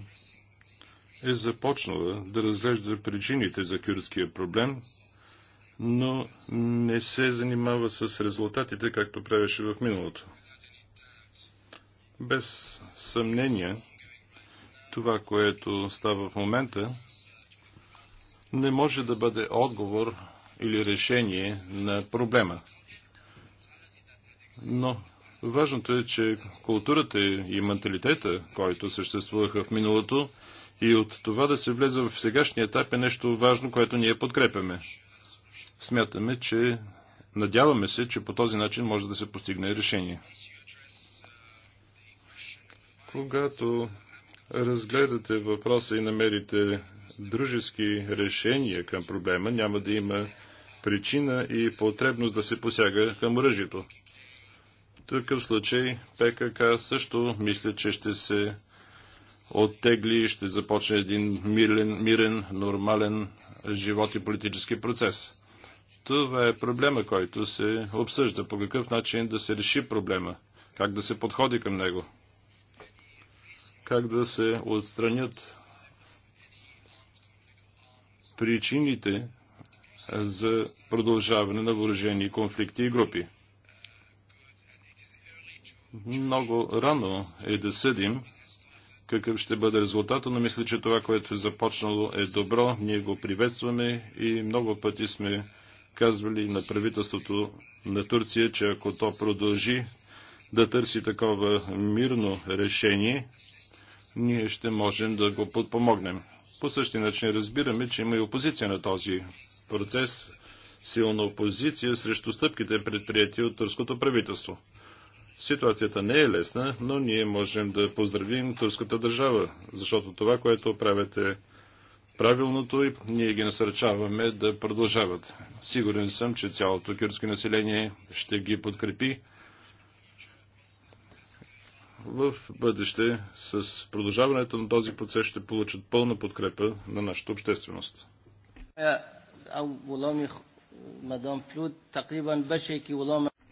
е започнала да разглежда причините за кюрдския проблем, но не се занимава с резултатите, както правеше в миналото. Без съмнение, това, което става в момента, не може да бъде отговор или решение на проблема. Но важното е, че културата и менталитета, който съществуваха в миналото, и от това да се влезе в сегашния етап е нещо важно, което ние подкрепяме. Смятаме, че надяваме се, че по този начин може да се постигне решение. Когато разгледате въпроса и намерите дружески решения към проблема, няма да има причина и потребност да се посяга към оръжието. В такъв случай ПКК също мисля, че ще се оттегли и ще започне един мирен, мирен, нормален живот и политически процес. Това е проблема, който се обсъжда. По какъв начин да се реши проблема? Как да се подходи към него? как да се отстранят причините за продължаване на въоръжени конфликти и групи. Много рано е да съдим какъв ще бъде резултата, но мисля, че това, което е започнало е добро. Ние го приветстваме и много пъти сме казвали на правителството на Турция, че ако то продължи да търси такова мирно решение, ние ще можем да го подпомогнем. По същия начин разбираме, че има и опозиция на този процес, силна опозиция срещу стъпките предприяти от турското правителство. Ситуацията не е лесна, но ние можем да поздравим турската държава, защото това, което правят е правилното и ние ги насърчаваме да продължават. Сигурен съм, че цялото кюрдско население ще ги подкрепи в бъдеще с продължаването на този процес ще получат пълна подкрепа на нашата общественост.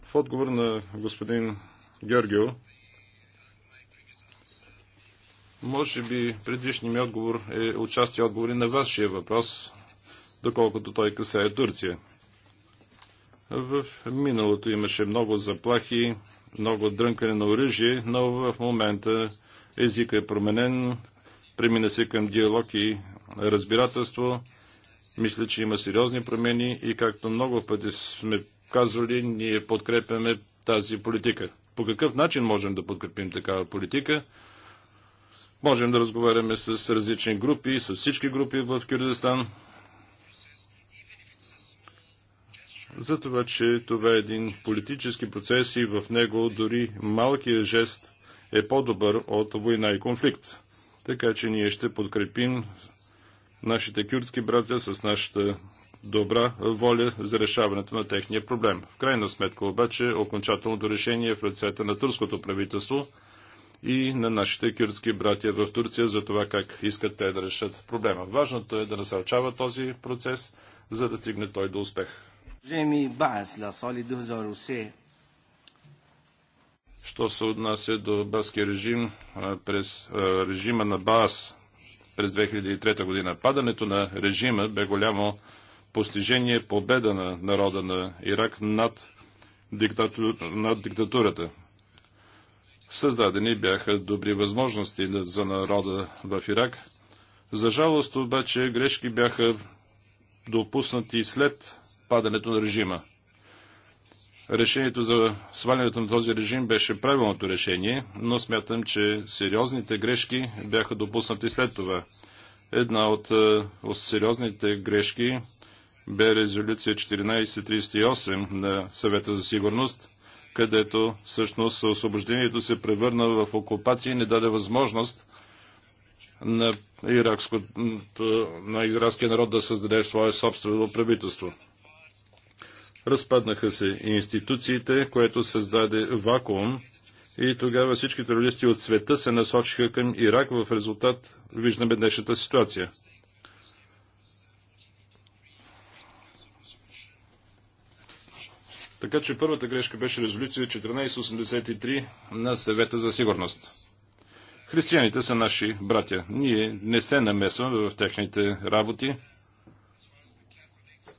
В отговор на господин Георгио, може би предишният ми отговор е отчасти отговори на вашия въпрос, доколкото той касае Турция. В миналото имаше много заплахи, много дрънкане на оръжие, но в момента езика е променен, премина се към диалог и разбирателство. Мисля, че има сериозни промени и както много пъти сме казвали, ние подкрепяме тази политика. По какъв начин можем да подкрепим такава политика? Можем да разговаряме с различни групи, с всички групи в Киргизстан. за това, че това е един политически процес и в него дори малкият жест е по-добър от война и конфликт. Така че ние ще подкрепим нашите кюртски братя с нашата добра воля за решаването на техния проблем. В крайна сметка обаче окончателното решение е в ръцете на турското правителство и на нашите кюртски братя в Турция за това как искат те да решат проблема. Важното е да насърчава този процес, за да стигне той до успех. Жеми Баас ла соли 2003 Що се отнася до баския режим през режима на Баас през 2003 година. Падането на режима бе голямо постижение победа на народа на Ирак над, диктату... над диктатурата. Създадени бяха добри възможности за народа в Ирак. За жалост обаче грешки бяха допуснати след падането на режима. Решението за свалянето на този режим беше правилното решение, но смятам, че сериозните грешки бяха допуснати след това. Една от, е, от сериозните грешки бе резолюция 1438 на съвета за сигурност, където всъщност освобождението се превърна в окупация и не даде възможност на, иракско, на израелския народ да създаде свое собствено правителство. Разпаднаха се институциите, което създаде вакуум и тогава всички терористи от света се насочиха към Ирак. В резултат виждаме днешната ситуация. Така че първата грешка беше резолюция 1483 на съвета за сигурност. Християните са наши братя. Ние не се намесваме в техните работи.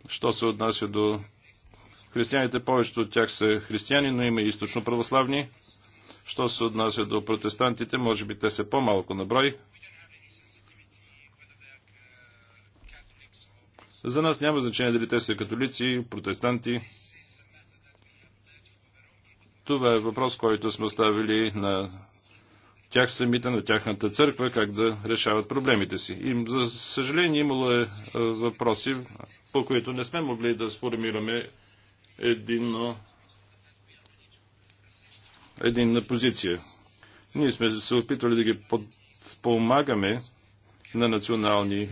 Що се отнася до Християните, повечето от тях са християни, но има и източно православни. Що се отнася до протестантите, може би те са по-малко на брой. За нас няма значение дали те са католици, протестанти. Това е въпрос, който сме оставили на тях самите, на тяхната църква, как да решават проблемите си. И, за съжаление, имало е, е въпроси, по които не сме могли да сформираме единно, единна позиция. Ние сме се опитвали да ги подпомагаме на национални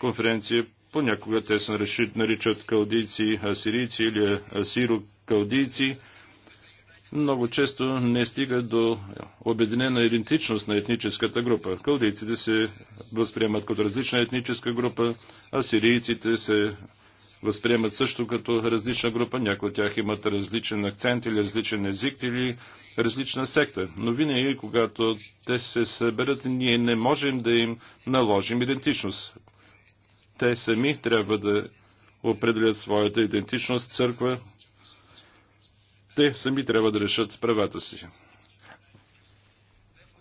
конференции. Понякога те се наричат калдийци, асирийци или асирокалдийци. Много често не стига до обединена идентичност на етническата група. Калдийците се възприемат като различна етническа група, асирийците се възприемат също като различна група. Някои от тях имат различен акцент или различен език или различна секта. Но винаги, когато те се съберат, ние не можем да им наложим идентичност. Те сами трябва да определят своята идентичност, църква. Те сами трябва да решат правата си.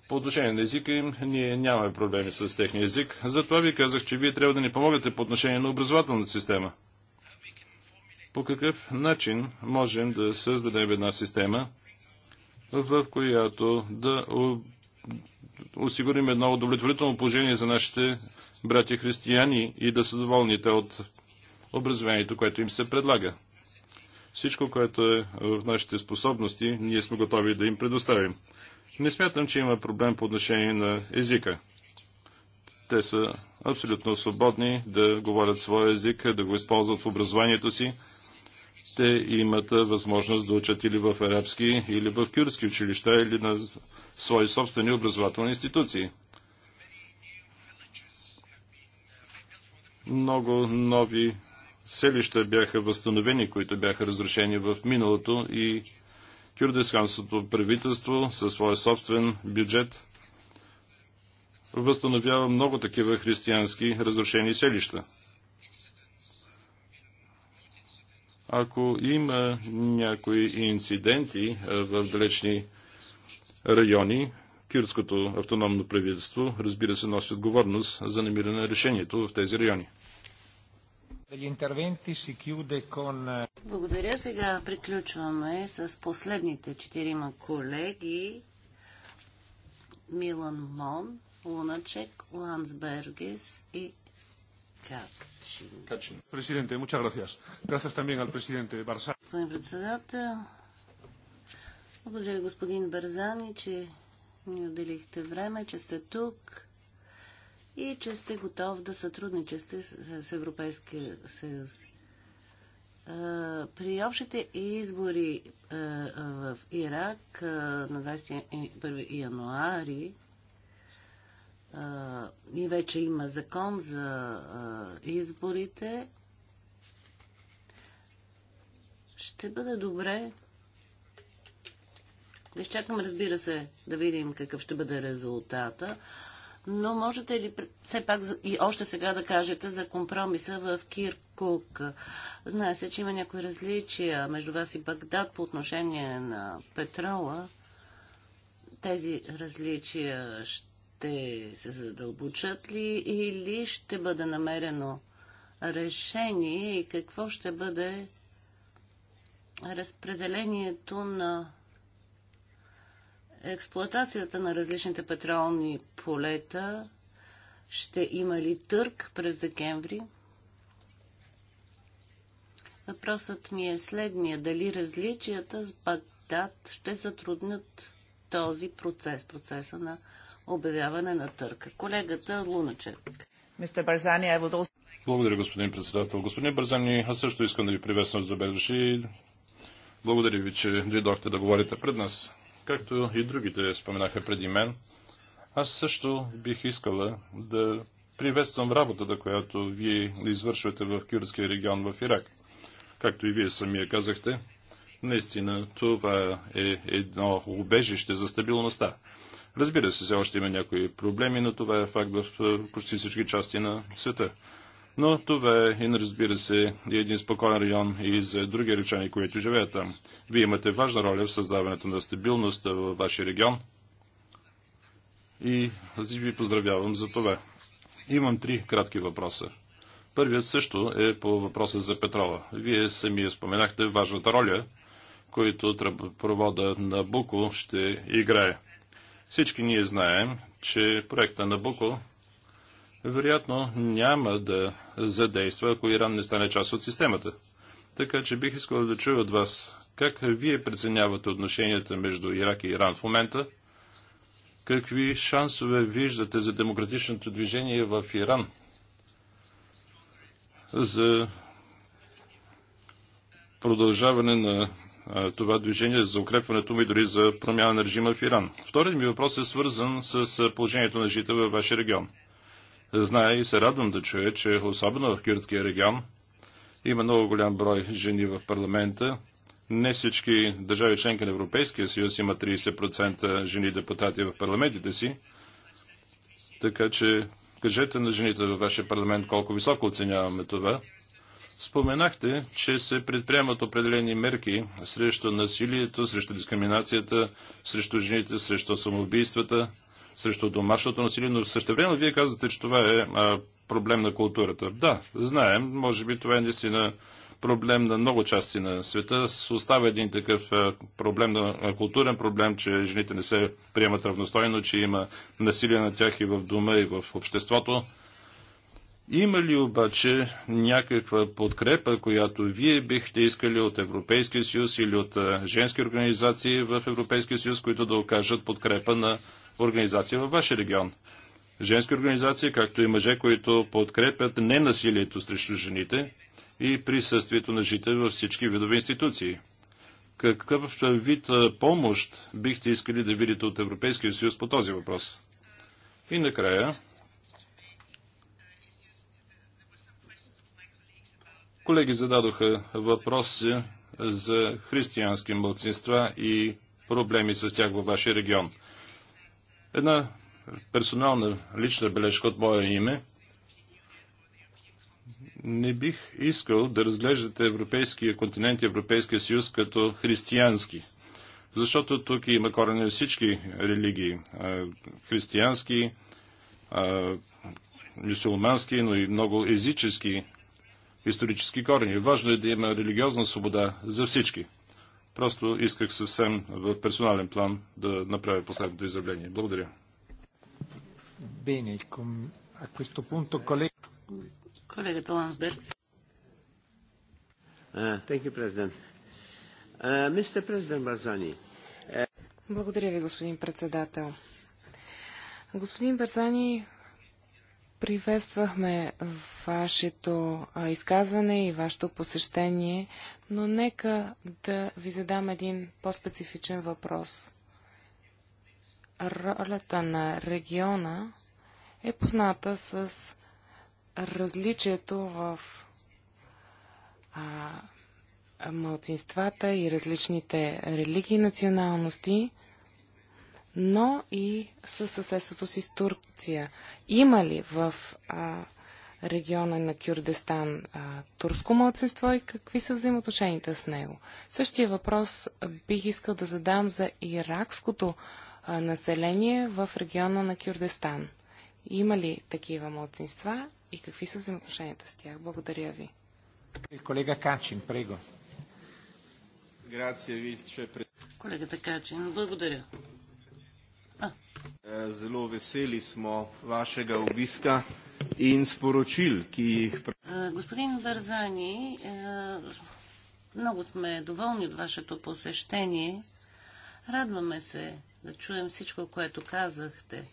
По отношение на езика им, ние нямаме проблеми с техния език. Затова ви казах, че вие трябва да ни помогнете по отношение на образователната система по какъв начин можем да създадем една система, в която да осигурим едно удовлетворително положение за нашите братя християни и да са доволни те от образованието, което им се предлага. Всичко, което е в нашите способности, ние сме готови да им предоставим. Не смятам, че има проблем по отношение на езика. Те са абсолютно свободни да говорят своя език, да го използват в образованието си ще имат възможност да учат или в арабски, или в кюрдски училища, или на свои собствени образователни институции. Много нови селища бяха възстановени, които бяха разрушени в миналото и кюрдесханското правителство със своя собствен бюджет възстановява много такива християнски разрушени селища. ако има някои инциденти е, в далечни райони, Кирското автономно правителство, разбира се, носи отговорност за намиране на решението в тези райони. Е, Благодаря. Сега приключваме с последните четирима колеги. Милан Мон, Луначек, Лансбергес и Кап. Качин. muchas gracias. Gracias también al presidente Барсан. Господин председател, благодаря господин Барзани, че ни отделихте време, че сте тук и че сте готов да сътрудничате с Европейския съюз. При общите избори в Ирак на 21 януари а, и вече има закон за а, изборите, ще бъде добре Не изчакам, разбира се, да видим какъв ще бъде резултата. Но можете ли все пак и още сега да кажете за компромиса в Киркук? Знае се, че има някои различия между вас и Багдад по отношение на петрола. Тези различия ще ще се задълбочат ли или ще бъде намерено решение и какво ще бъде разпределението на експлоатацията на различните петролни полета? Ще има ли търк през декември? Въпросът ми е следния. Дали различията с Багдад ще затруднят този процес, процеса на обявяване на търка. Колегата Луначек. Благодаря, господин председател. Господин Барзани, аз също искам да ви приветствам с добре Благодаря ви, че дойдохте да говорите пред нас. Както и другите споменаха преди мен, аз също бих искала да приветствам работата, която вие извършвате в Кюрския регион в Ирак. Както и вие самия казахте, наистина това е едно убежище за стабилността. Разбира се, все още има някои проблеми, но това е факт в е, почти всички части на света. Но това е, и, разбира се, и един спокоен район и за други речани, които живеят там. Вие имате важна роля в създаването на стабилност във вашия регион и аз ви поздравявам за това. Имам три кратки въпроса. Първият също е по въпроса за Петрова. Вие самия споменахте важната роля, която провода на Буко ще играе. Всички ние знаем, че проекта на Буко вероятно няма да задейства, ако Иран не стане част от системата. Така че бих искал да чуя от вас как вие преценявате отношенията между Ирак и Иран в момента, какви шансове виждате за демократичното движение в Иран, за продължаване на това движение, за укрепването му и дори за промяна на режима в Иран. Вторият ми въпрос е свързан с положението на жителите във вашия регион. Зная и се радвам да чуя, че особено в кюртския регион има много голям брой жени в парламента. Не всички държави членки на Европейския съюз има 30% жени депутати в парламентите си. Така че кажете на жените във вашия парламент колко високо оценяваме това – Споменахте, че се предприемат определени мерки срещу насилието, срещу дискриминацията, срещу жените, срещу самоубийствата, срещу домашното насилие, но време вие казвате, че това е а, проблем на културата. Да, знаем, може би това е наистина проблем на много части на света. Остава един такъв проблем, културен проблем, че жените не се приемат равностойно, че има насилие на тях и в дома, и в обществото. Има ли обаче някаква подкрепа, която вие бихте искали от Европейския съюз или от женски организации в Европейския съюз, които да окажат подкрепа на организация във вашия регион? Женски организации, както и мъже, които подкрепят ненасилието срещу жените и присъствието на жите във всички видове институции. Какъв вид помощ бихте искали да видите от Европейския съюз по този въпрос? И накрая, Колеги зададоха въпроси за християнски мълцинства и проблеми с тях във вашия регион. Една персонална лична бележка от мое име. Не бих искал да разглеждате Европейския континент и Европейския съюз като християнски, защото тук има корени всички религии. Християнски, мусулмански, но и много езически исторически корени. Важно е да има религиозна свобода за всички. Просто исках съвсем в персонален план да направя последното изявление. Благодаря. Bene, a questo punto collega... Колегата Лансберг. thank you, President. Uh, President Barzani. Благодаря ви, господин председател. Господин Барзани, Приветствахме вашето изказване и вашето посещение, но нека да ви задам един по-специфичен въпрос. Ролята на региона е позната с различието в а, малцинствата и различните религии и националности, но и със съседството си с Турция. Има ли в а, региона на Кюрдестан а, турско младсинство и какви са взаимоотношенията с него? Същия въпрос бих искал да задам за иракското а, население в региона на Кюрдестан. Има ли такива младсинства и какви са взаимоотношенията с тях? Благодаря ви. Колега Качин, прего. Колегата Качин, благодаря. Zelo veseli smo vašega obiska in sporočil, ki jih. Господин Барзани, много сме доволни от вашето посещение. Радваме се да чуем всичко, което казахте.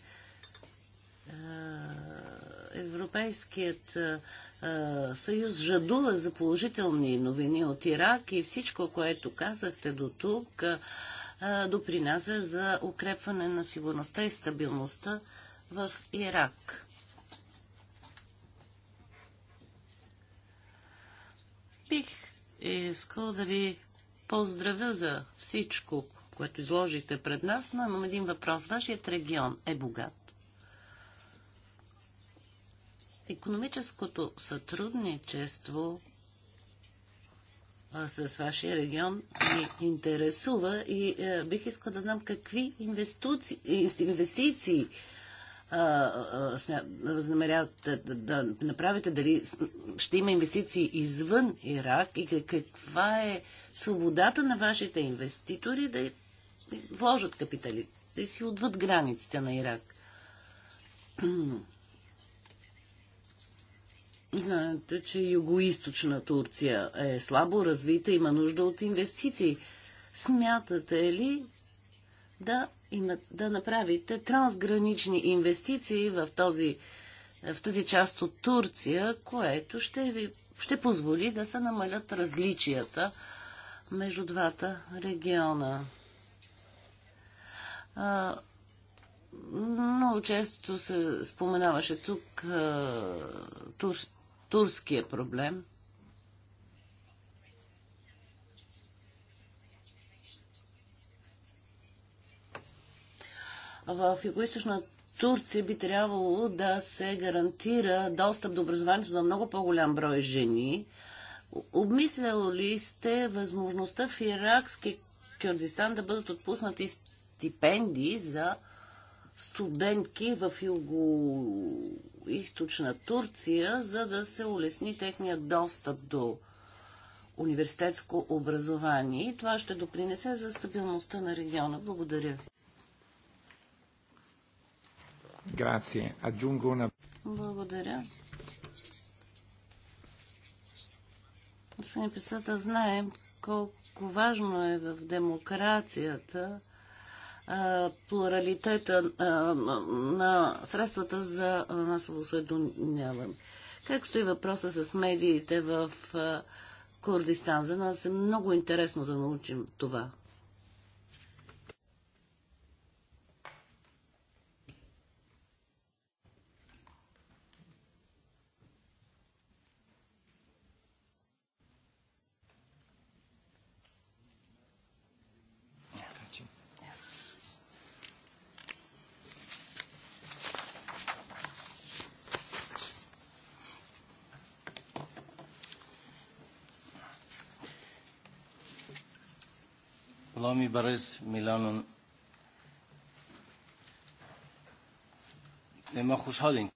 Европейският съюз жадува за положителни новини от Ирак и всичко, което казахте до тук допринася за укрепване на сигурността и стабилността в Ирак. Бих искал да ви поздравя за всичко, което изложите пред нас, но имам един въпрос. Вашият регион е богат. Економическото сътрудничество с вашия регион ни интересува и е, бих искала да знам какви инвестиции, инвестиции възнамерявате да, да направите, дали ще има инвестиции извън Ирак и каква е свободата на вашите инвеститори да вложат капитали, да си отвъд границите на Ирак. Знаете, че югоисточна Турция е слабо развита, има нужда от инвестиции. Смятате ли да, има, да направите трансгранични инвестиции в, този, в тази част от Турция, което ще, ви, ще позволи да се намалят различията между двата региона? А, много често се споменаваше тук а, турския проблем. В Юго-Источна Турция би трябвало да се гарантира достъп до образованието на много по-голям брой жени. Обмисляло ли сте възможността в иракски Кюрдистан да бъдат отпуснати стипендии за студентки в юго-источна Турция, за да се улесни техния достъп до университетско образование. И това ще допринесе за стабилността на региона. Благодаря. Благодаря. Господин председател, знаем колко важно е в демокрацията плуралитета на средствата за масово съединяване. Как стои въпроса с медиите в Курдистан? За нас е много интересно да научим това. Barres Milanon. Нема Хушалин.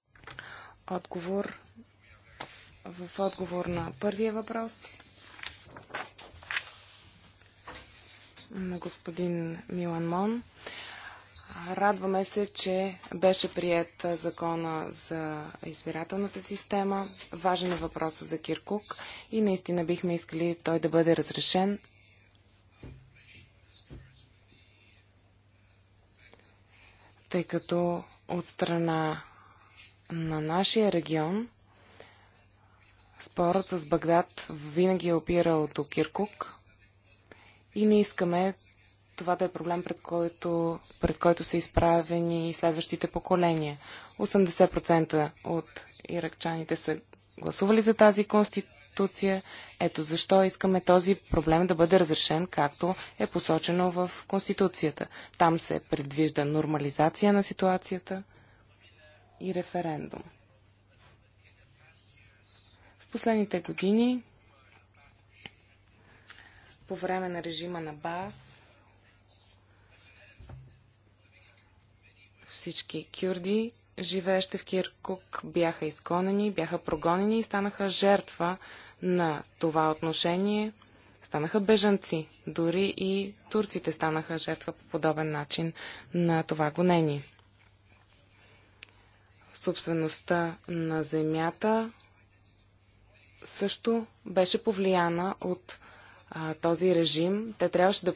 Отговор в отговор на първия въпрос на господин Милан Мон. Радваме се, че беше прият закона за избирателната система. Важен е въпросът за Киркук и наистина бихме искали той да бъде разрешен тъй като от страна на нашия регион спорът с Багдад винаги е опирал до Киркук и не искаме това да е проблем, пред който, пред който са изправени следващите поколения. 80% от иракчаните са гласували за тази конституция институция. Ето защо искаме този проблем да бъде разрешен, както е посочено в Конституцията. Там се предвижда нормализация на ситуацията и референдум. В последните години, по време на режима на БАС, всички кюрди, живеещи в Киркук, бяха изгонени, бяха прогонени и станаха жертва на това отношение станаха бежанци. Дори и турците станаха жертва по подобен начин на това гонение. Собствеността на земята също беше повлияна от а, този режим. Те трябваше да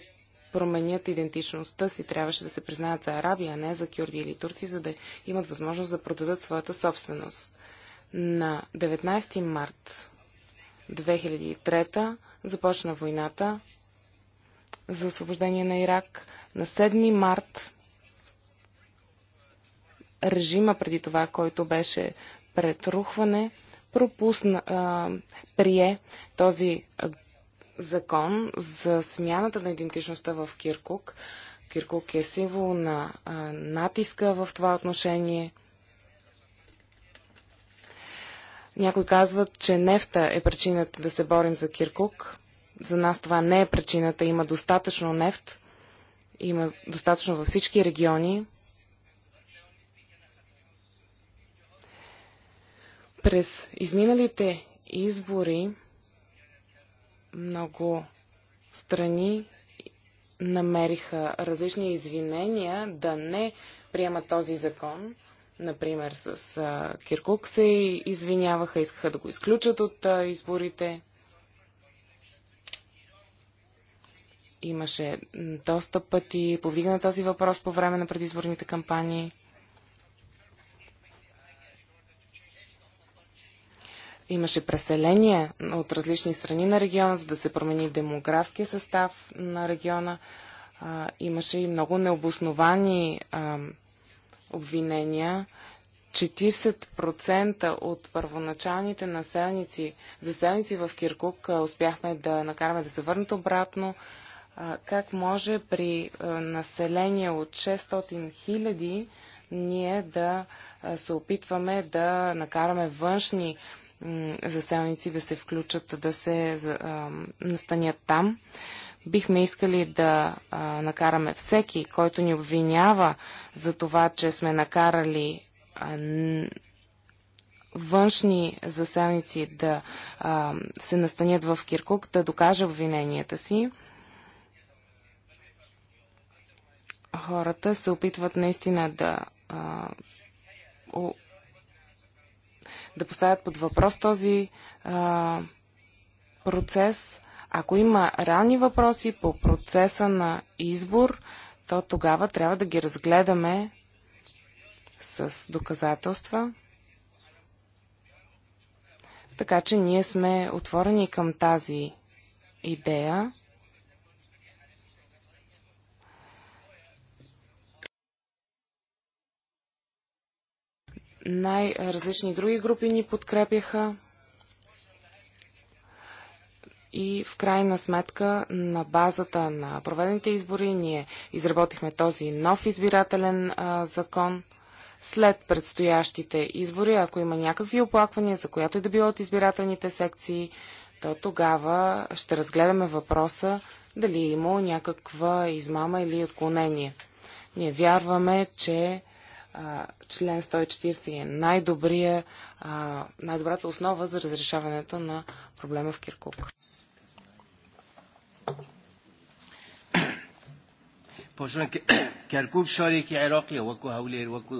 променят идентичността си, трябваше да се признаят за Арабия, а не за кюрди или турци, за да имат възможност да продадат своята собственост. На 19 март 2003 започна войната за освобождение на Ирак. На 7 март режима преди това, който беше претрухване, пропусна, а, прие този закон за смяната на идентичността в Киркук. Киркук е символ на а, натиска в това отношение – Някои казват, че нефта е причината да се борим за Киркук. За нас това не е причината. Има достатъчно нефт. Има достатъчно във всички региони. През изминалите избори много страни намериха различни извинения да не приемат този закон. Например, с а, Киркук се извиняваха, искаха да го изключат от а, изборите. Имаше доста пъти повдигна този въпрос по време на предизборните кампании. имаше преселение от различни страни на региона, за да се промени демографския състав на региона. А, имаше и много необосновани а, обвинения. 40% от първоначалните населници, заселници в Киркук успяхме да накараме да се върнат обратно. Как може при население от 600 хиляди ние да се опитваме да накараме външни заселници да се включат, да се настанят там? Бихме искали да а, накараме всеки, който ни обвинява за това, че сме накарали а, външни заселници да а, се настанят в Киркук, да докаже обвиненията си. Хората се опитват наистина да а, да поставят под въпрос този а, процес. Ако има реални въпроси по процеса на избор, то тогава трябва да ги разгледаме с доказателства. Така че ние сме отворени към тази идея. Най-различни други групи ни подкрепяха. И в крайна сметка, на базата на проведените избори, ние изработихме този нов избирателен а, закон. След предстоящите избори, ако има някакви оплаквания, за която и е да било от избирателните секции, то тогава ще разгледаме въпроса дали е имало някаква измама или отклонение. Ние вярваме, че а, член 140 е най-добрия, най-добрата основа за разрешаването на проблема в Киркук. کرکوب پۆشۆن کەرکوب شارێکی عێراقیە وەکو هەولێر وەکو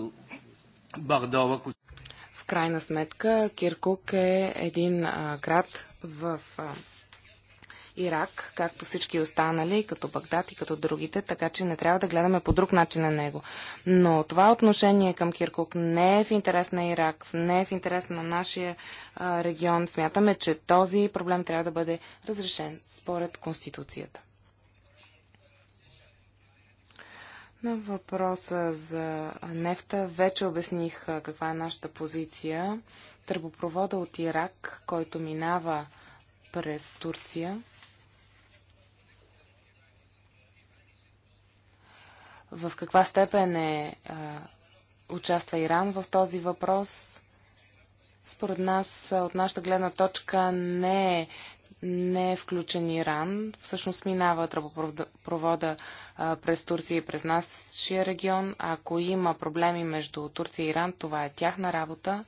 بغداد وەکو В крайна сметка Киркук е един а, град в а, Ирак, както всички останали, като Багдад и като другите, така че не трябва да гледаме по друг начин на него. Но това отношение към Киркук не е в интерес на Ирак, не е в интерес на нашия а, регион. Смятаме, че този проблем трябва да бъде разрешен според Конституцията. На въпроса за нефта вече обясних каква е нашата позиция. Тръбопровода от Ирак, който минава през Турция, в каква степен е, а, участва Иран в този въпрос. Според нас, от нашата гледна точка, не е, не е включен Иран. Всъщност минава тръбопровода а, през Турция и през нашия регион. Ако има проблеми между Турция и Иран, това е тяхна работа.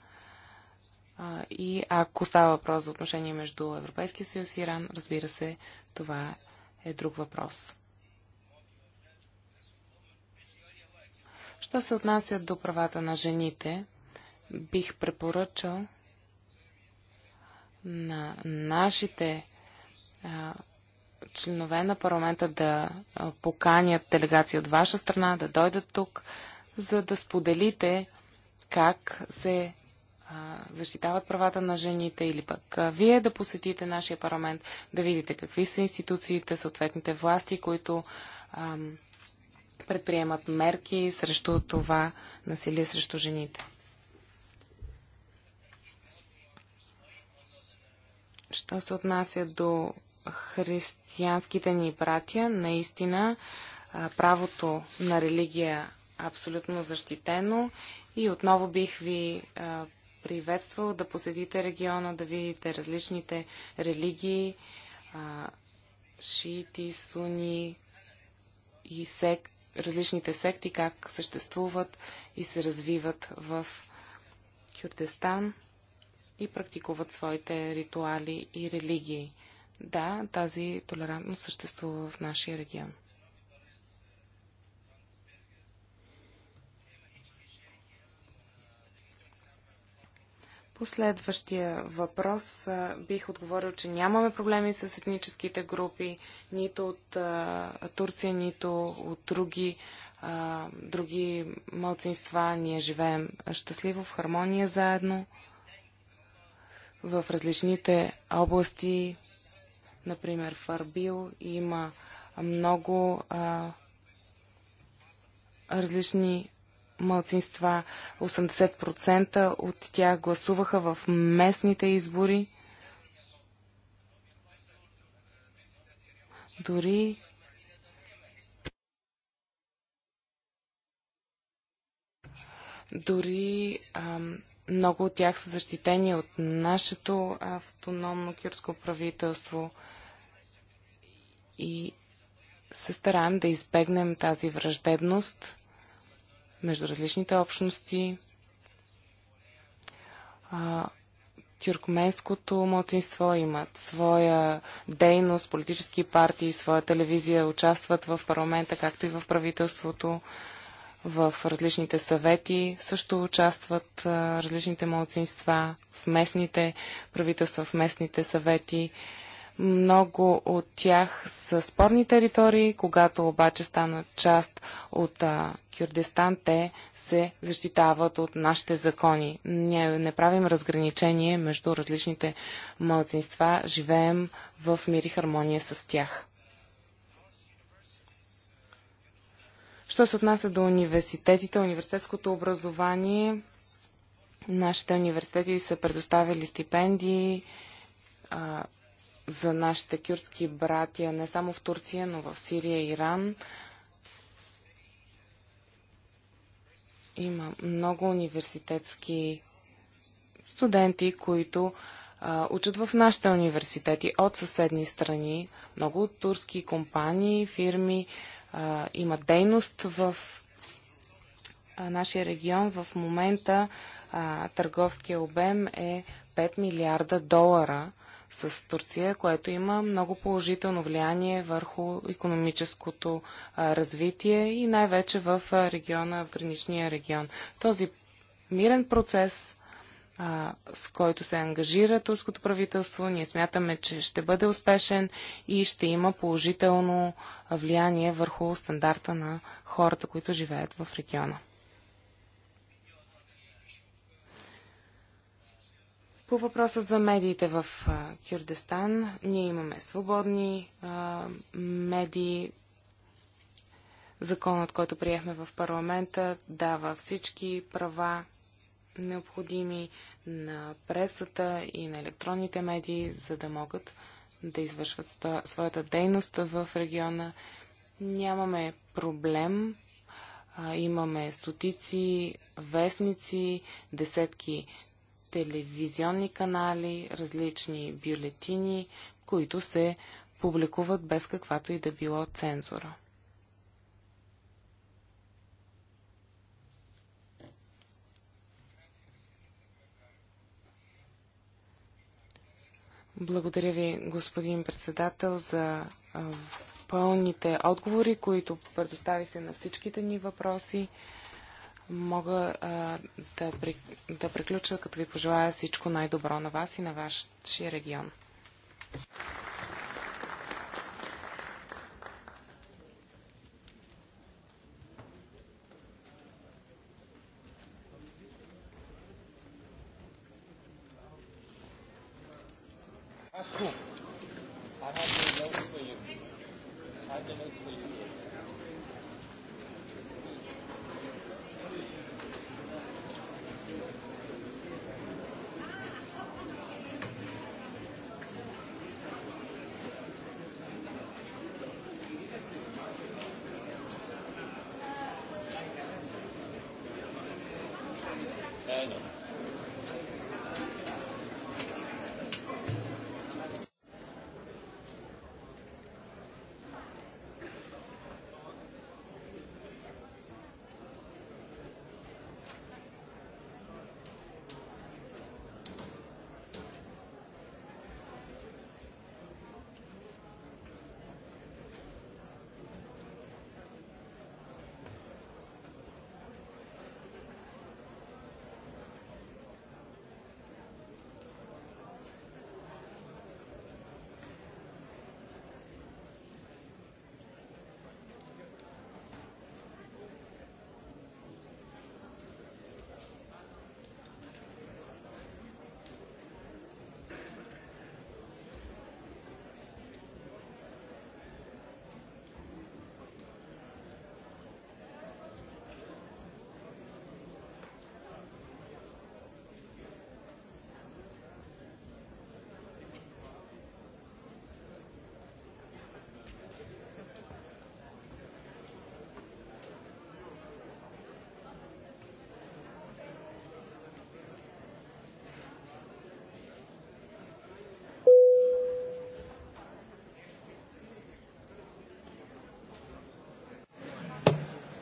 А, и ако става въпрос за отношение между Европейския съюз и Иран, разбира се, това е друг въпрос. Що се отнася до правата на жените, бих препоръчал на нашите а, членове на парламента да поканят делегация от ваша страна, да дойдат тук, за да споделите как се а, защитават правата на жените или пък а, вие да посетите нашия парламент, да видите какви са институциите, съответните власти, които ам, предприемат мерки срещу това насилие срещу жените. Що се отнася до християнските ни братия, наистина правото на религия е абсолютно защитено и отново бих ви приветствал да посетите региона, да видите различните религии, шиити, суни и сект, различните секти, как съществуват и се развиват в Кюрдестан и практикуват своите ритуали и религии. Да, тази толерантност съществува в нашия регион. Последващия въпрос бих отговорил, че нямаме проблеми с етническите групи, нито от Турция, нито от други, други мълцинства. Ние живеем щастливо в хармония заедно в различните области. Например, в Арбил има много а, различни мълцинства. 80% от тях гласуваха в местните избори. Дори дори а, много от тях са защитени от нашето автономно кюрско правителство и се стараем да избегнем тази враждебност между различните общности. А, тюркменското младсинство имат своя дейност, политически партии, своя телевизия, участват в парламента, както и в правителството, в различните съвети. Също участват различните мълцинства в местните правителства, в местните съвети. Много от тях са спорни територии, когато обаче станат част от а, Кюрдестан, те се защитават от нашите закони. Ние не правим разграничение между различните малцинства, живеем в мир и хармония с тях. Що се отнася до университетите, университетското образование, нашите университети са предоставили стипендии, а, за нашите кюрдски братия не само в Турция, но в Сирия и Иран. Има много университетски студенти, които а, учат в нашите университети от съседни страни. Много турски компании, фирми а, имат дейност в а, нашия регион. В момента а, търговския обем е 5 милиарда долара с Турция, което има много положително влияние върху економическото развитие и най-вече в региона, в граничния регион. Този мирен процес, с който се ангажира турското правителство, ние смятаме, че ще бъде успешен и ще има положително влияние върху стандарта на хората, които живеят в региона. По въпроса за медиите в Кюрдестан, ние имаме свободни а, медии. Законът, който приехме в парламента, дава всички права необходими на пресата и на електронните медии, за да могат да извършват своята дейност в региона. Нямаме проблем. А, имаме стотици вестници, десетки телевизионни канали, различни бюлетини, които се публикуват без каквато и да било цензура. Благодаря ви, господин председател, за пълните отговори, които предоставите на всичките ни въпроси мога а, да, при, да приключа, като ви пожелая всичко най-добро на вас и на вашия регион.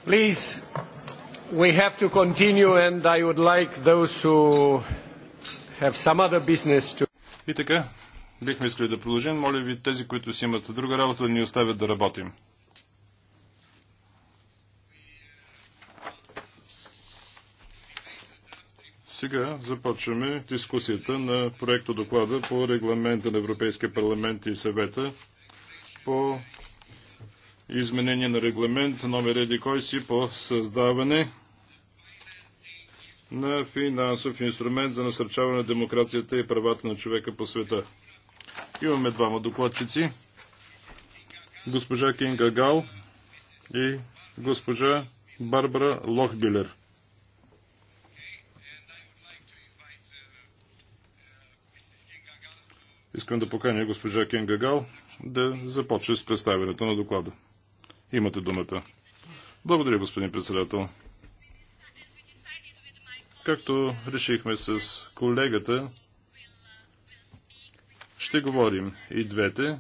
Please, we have to continue and I would like those who have some other business to... И така, бихме искали да продължим. Моля ви тези, които си имат друга работа, да ни оставят да работим. Сега започваме дискусията на проекто доклада по регламента на Европейския парламент и съвета по изменение на регламент номер еди кой си по създаване на финансов инструмент за насърчаване на демокрацията и правата на човека по света. Имаме двама докладчици. Госпожа Кинга Гал и госпожа Барбара Лохбилер. Искам да поканя госпожа Кинга Гал да започне с представянето на доклада. Имате думата. Благодаря, господин председател. Както решихме с колегата, ще говорим и двете.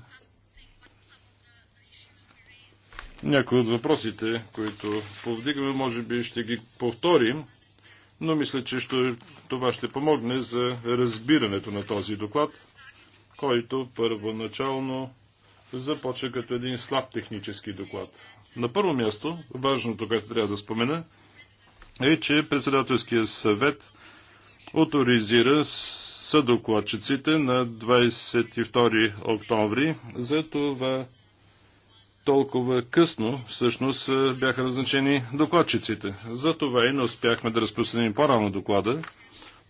Някои от въпросите, които повдигаме, може би ще ги повторим, но мисля, че ще, това ще помогне за разбирането на този доклад, който първоначално започва като един слаб технически доклад. На първо място, важното, което трябва да спомена, е, че председателския съвет авторизира съдокладчиците на 22 октомври. За това толкова късно всъщност е, бяха назначени докладчиците. За това и не успяхме да разпространим по-рано доклада.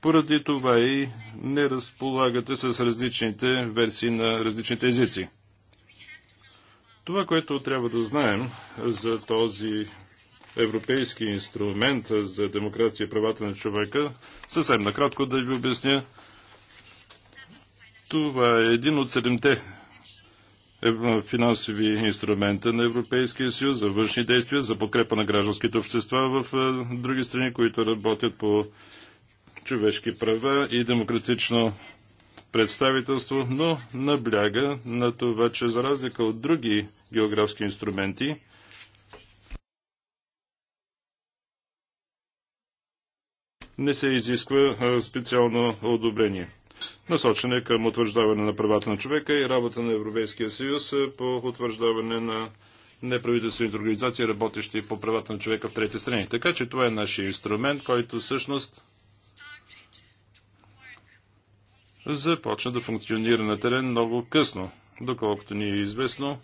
Поради това и не разполагате с различните версии на различните езици. Това, което трябва да знаем за този европейски инструмент за демокрация и правата на човека, съвсем накратко да ви обясня. Това е един от седемте финансови инструмента на Европейския съюз за външни действия, за подкрепа на гражданските общества в е, други страни, които работят по човешки права и демократично представителство, но набляга на това, че за разлика от други географски инструменти, не се изисква специално одобрение. Насочене към утвърждаване на правата на човека и работа на Европейския съюз по утвърждаване на неправителствените организации, работещи по правата на човека в трети страни. Така че това е нашия инструмент, който всъщност започна да функционира на терен много късно. Доколкото ни е известно,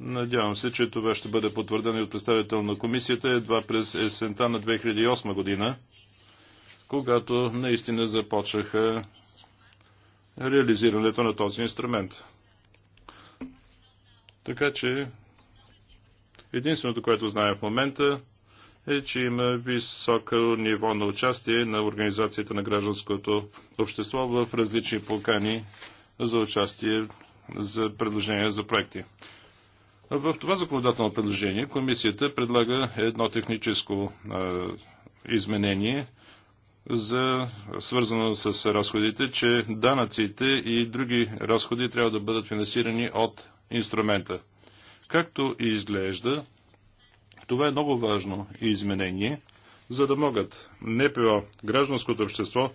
надявам се, че това ще бъде потвърдено и от представител на комисията едва през есента на 2008 година, когато наистина започнаха реализирането на този инструмент. Така че единственото, което знаем в момента, е, че има високо ниво на участие на Организацията на гражданското общество в различни покани за участие за предложения за проекти. В това законодателно предложение комисията предлага едно техническо а, изменение за свързано с разходите, че данъците и други разходи трябва да бъдат финансирани от инструмента. Както и изглежда, това е много важно изменение, за да могат НПО, гражданското общество,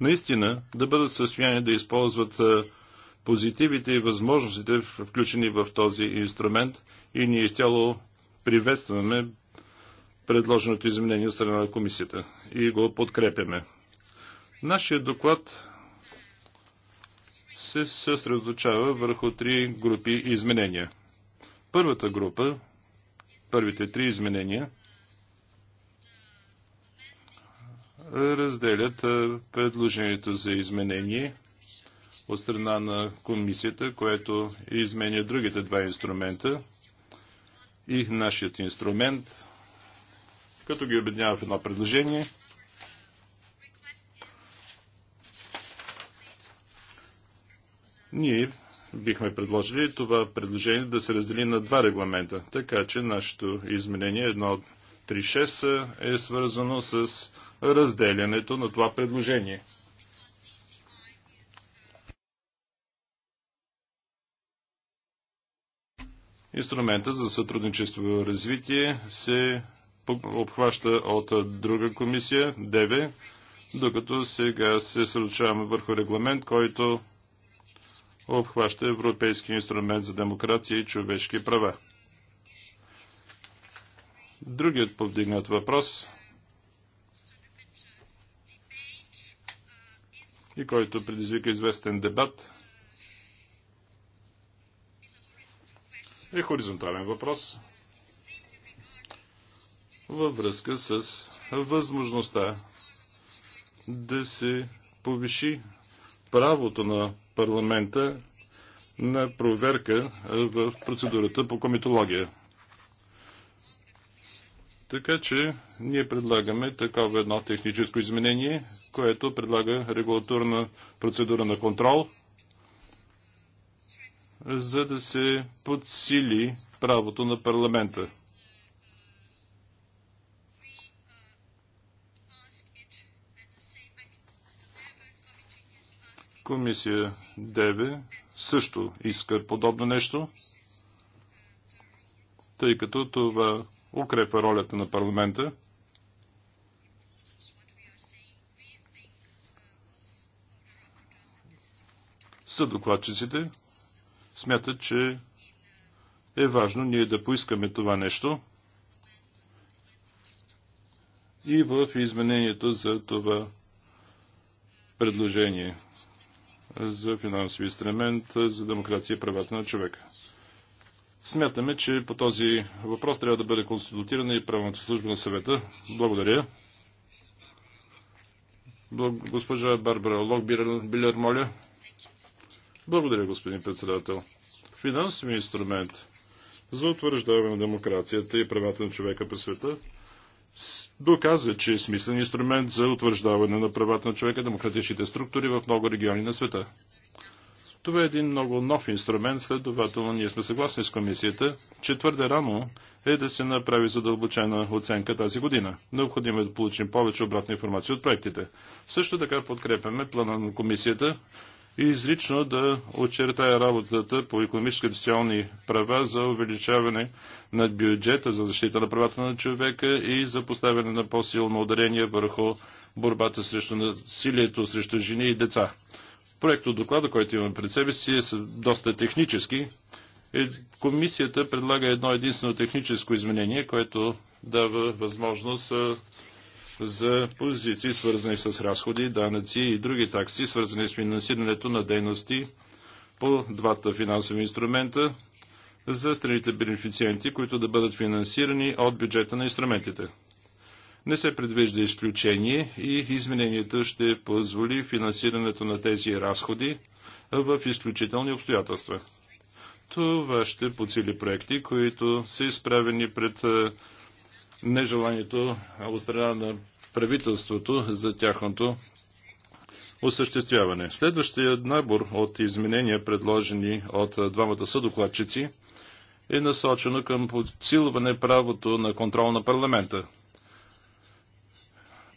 наистина да бъдат в състояние да използват е, позитивите и възможностите, включени в този инструмент и ние изцяло приветстваме предложеното изменение от страна на комисията и го подкрепяме. Нашия доклад се съсредоточава върху три групи изменения. Първата група Първите три изменения разделят предложението за изменение от страна на комисията, което изменя другите два инструмента и нашият инструмент, като ги обеднява в едно предложение. Ние бихме предложили това предложение да се раздели на два регламента. Така че нашето изменение 1.3.6 е свързано с разделянето на това предложение. Инструмента за сътрудничество и развитие се обхваща от друга комисия, ДВ, докато сега се съручаваме върху регламент, който обхваща Европейски инструмент за демокрация и човешки права. Другият повдигнат въпрос и който предизвика известен дебат е хоризонтален въпрос във връзка с възможността да се повиши правото на парламента на проверка в процедурата по комитология. Така че ние предлагаме такова едно техническо изменение, което предлага регулаторна процедура на контрол, за да се подсили правото на парламента Комисия ДЕВЕ също иска подобно нещо, тъй като това укрепва ролята на парламента. Съдокладчиците смятат, че е важно ние да поискаме това нещо и в изменението за това предложение за финансови инструмент за демокрация и правата на човека. Смятаме, че по този въпрос трябва да бъде консултирана и правната служба на съвета. Благодаря. Госпожа Барбара Локбилер, билер, моля. Благодаря, господин председател. Финансови инструмент за утвърждаване на демокрацията и правата на човека по света доказа, че е смислен инструмент за утвърждаване на правата на човека, демократичните структури в много региони на света. Това е един много нов инструмент, следователно ние сме съгласни с комисията, че твърде рано е да се направи задълбочена оценка тази година. Необходимо е да получим повече обратна информация от проектите. Също така подкрепяме плана на комисията и изрично да очертая работата по економически социални права за увеличаване на бюджета за защита на правата на човека и за поставяне на по-силно ударение върху борбата срещу насилието срещу жени и деца. Проект от доклада, който имам пред себе си, е доста технически. Е, комисията предлага едно единствено техническо изменение, което дава възможност за позиции, свързани с разходи, данъци и други такси, свързани с финансирането на дейности по двата финансови инструмента за страните бенефициенти, които да бъдат финансирани от бюджета на инструментите. Не се предвижда изключение и изменението ще позволи финансирането на тези разходи в изключителни обстоятелства. Това ще подсили проекти, които са изправени пред нежеланието от страна на правителството за тяхното осъществяване. Следващият набор от изменения, предложени от двамата съдокладчици, е насочено към подсилване правото на контрол на парламента.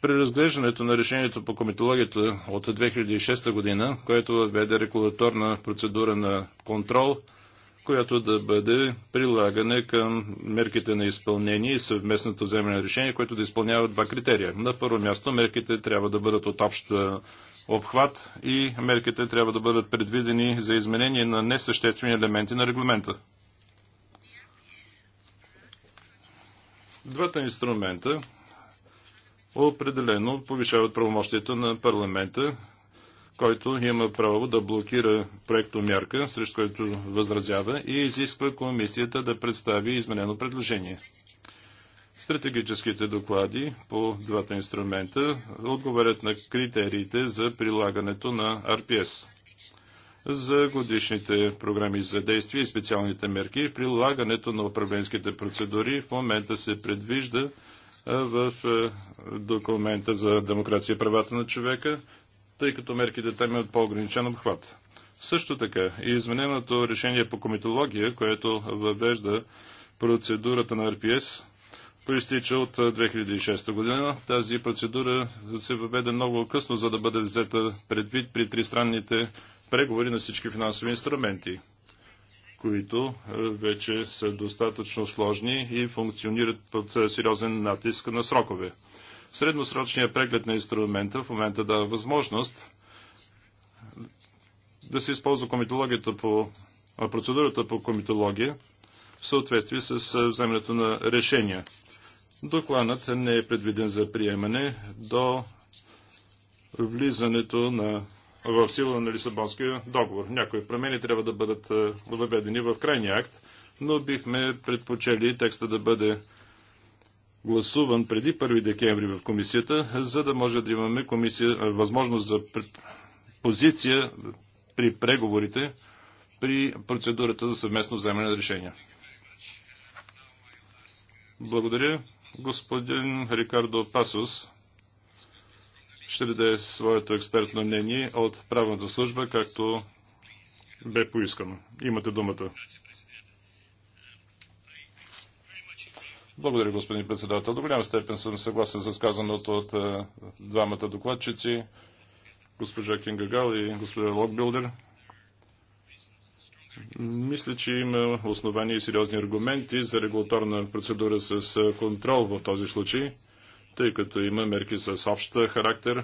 При разглеждането на решението по комитологията от 2006 година, което въведе регулаторна процедура на контрол – която да бъде прилагане към мерките на изпълнение и съвместното вземане на решение, което да изпълнява два критерия. На първо място мерките трябва да бъдат от общ обхват и мерките трябва да бъдат предвидени за изменение на несъществени елементи на регламента. Двата инструмента определено повишават правомощието на парламента който има право да блокира проекто мярка, срещу който възразява и изисква комисията да представи изменено предложение. Стратегическите доклади по двата инструмента отговарят на критериите за прилагането на RPS за годишните програми за действие и специалните мерки. Прилагането на управленските процедури в момента се предвижда в документа за демокрация и правата на човека, тъй като мерките там имат по-ограничен обхват. Също така и измененото решение по комитология, което въвежда процедурата на РПС, проистича от 2006 година. Тази процедура се въведе много късно, за да бъде взета предвид при тристранните преговори на всички финансови инструменти, които вече са достатъчно сложни и функционират под сериозен натиск на срокове. Средносрочният преглед на инструмента в момента дава възможност да се използва комитологията по процедурата по комитология в съответствие с вземането на решения. Докладът не е предвиден за приемане до влизането на, в сила на Лисабонския договор. Някои промени трябва да бъдат въведени в крайния акт, но бихме предпочели текста да бъде гласуван преди 1 декември в комисията, за да може да имаме комисия, е, възможност за позиция при преговорите при процедурата за съвместно вземане на решения. Благодаря. Господин Рикардо Пасос ще даде своето експертно мнение от правната служба, както бе поискано. Имате думата. Благодаря, господин председател. До голяма степен съм съгласен с казаното от е, двамата докладчици, госпожа Кингагал и госпожа Локбилдер. Мисля, че има основания и сериозни аргументи за регулаторна процедура с е, контрол в този случай, тъй като има мерки с общ характер,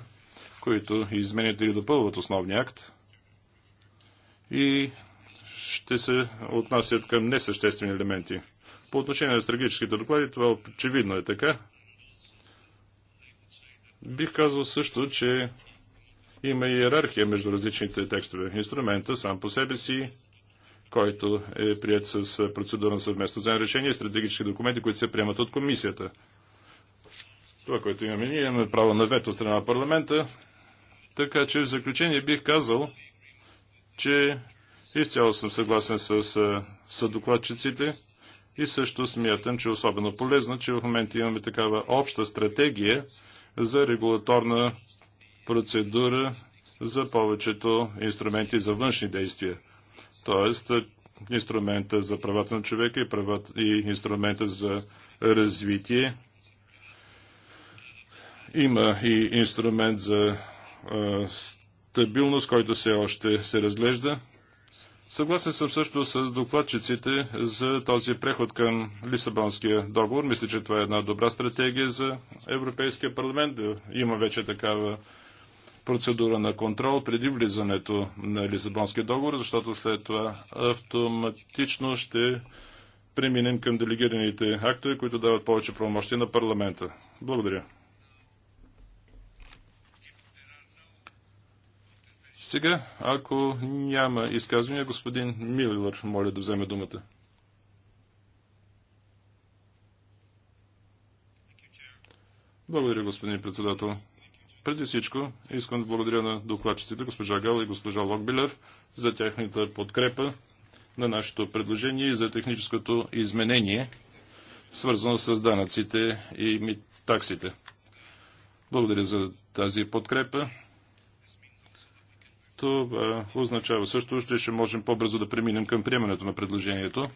които изменят или допълват основния акт и ще се отнасят към несъществени елементи – по отношение на стратегическите доклади, това очевидно е така. Бих казал също, че има иерархия между различните текстове. Инструмента сам по себе си, който е прият с процедура на съвместно за решение и стратегически документи, които се приемат от комисията. Това, което имаме ние, имаме право на вето страна на парламента. Така че в заключение бих казал, че изцяло съм съгласен с съдокладчиците и също смятам, че е особено полезно, че в момента имаме такава обща стратегия за регулаторна процедура за повечето инструменти за външни действия. Тоест, е, инструмента за правата на човека и, правата, и инструмента за развитие. Има и инструмент за а, е, стабилност, който все още се разглежда. Съгласен съм също с докладчиците за този преход към Лисабонския договор. Мисля, че това е една добра стратегия за Европейския парламент. Има вече такава процедура на контрол преди влизането на Лисабонския договор, защото след това автоматично ще преминем към делегираните актове, които дават повече правомощи на парламента. Благодаря. Сега, ако няма изказвания, господин Милер, моля да вземе думата. Благодаря, господин председател. Преди всичко, искам да благодаря на докладчиците, госпожа Гал и госпожа Локбилер, за тяхната подкрепа на нашето предложение и за техническото изменение, свързано с данъците и таксите. Благодаря за тази подкрепа което а, означава също, че ще можем по-бързо да преминем към приемането на предложението,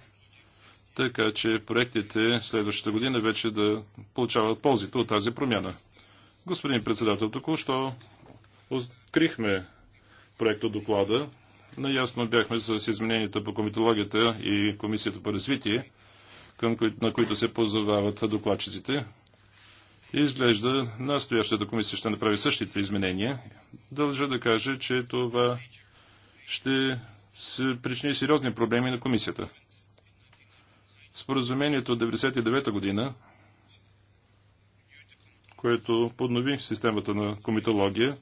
така че проектите следващата година вече да получават ползите от тази промяна. Господин председател, току-що открихме проекта доклада. Наясно бяхме с измененията по комитологията и Комисията по развитие, към кои, на които се позовават докладчиците. Изглежда, настоящата комисия ще направи същите изменения. Дължа да кажа, че това ще се причини сериозни проблеми на комисията. Споразумението от 1999 година, което поднови системата на комитология,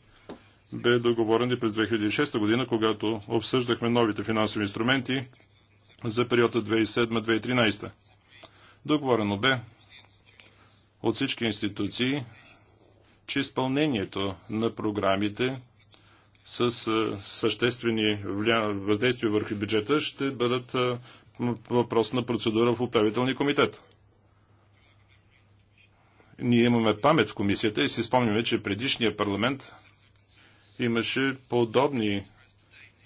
бе договорен и през 2006 година, когато обсъждахме новите финансови инструменти за периода 2007-2013. Договорено бе от всички институции, че изпълнението на програмите с съществени въздействия върху бюджета ще бъдат въпрос на процедура в управителния комитет. Ние имаме памет в комисията и си спомняме, че предишния парламент имаше подобни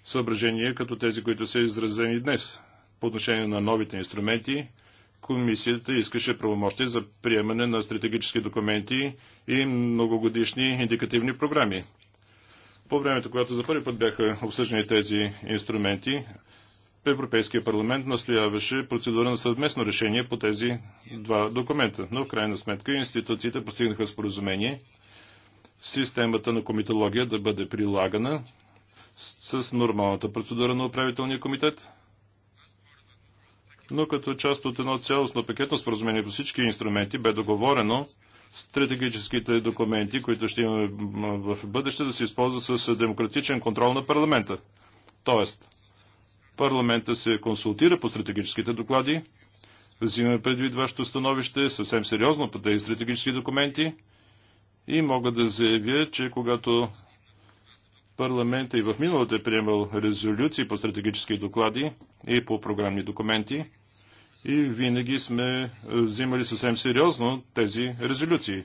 съображения, като тези, които са изразени днес по отношение на новите инструменти – комисията искаше правомощи за приемане на стратегически документи и многогодишни индикативни програми. По времето, когато за първи път бяха обсъждани тези инструменти, Европейския парламент настояваше процедура на съвместно решение по тези два документа. Но в крайна сметка институциите постигнаха споразумение системата на комитология да бъде прилагана с нормалната процедура на управителния комитет – но като част от едно цялостно пакетно споразумение по всички инструменти бе договорено стратегическите документи, които ще имаме в бъдеще, да се използва с демократичен контрол на парламента. Тоест, парламента се консултира по стратегическите доклади, взимаме предвид вашето становище съвсем сериозно по тези стратегически документи и мога да заявя, че когато парламента и в миналото е приемал резолюции по стратегически доклади и по програмни документи и винаги сме е, взимали съвсем сериозно тези резолюции.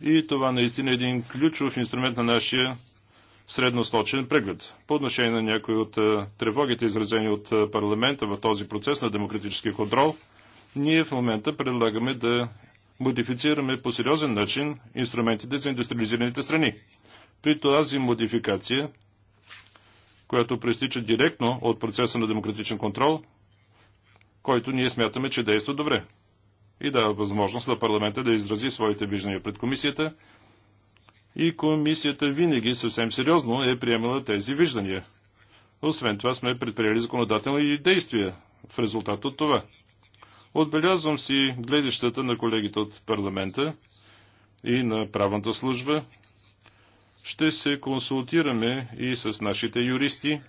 И това наистина е един ключов инструмент на нашия средносрочен преглед. По отношение на някои от е, тревогите, изразени от е, парламента в този процес на демократически контрол, ние в момента предлагаме да модифицираме по сериозен начин инструментите за индустриализираните страни. При тази модификация, която пристича директно от процеса на демократичен контрол, който ние смятаме, че действа добре и дава възможност на парламента да изрази своите виждания пред комисията и комисията винаги съвсем сериозно е приемала тези виждания. Освен това сме предприели законодателни действия в резултат от това. Отбелязвам си гледащата на колегите от парламента и на правната служба ще се консултираме и с нашите юристи,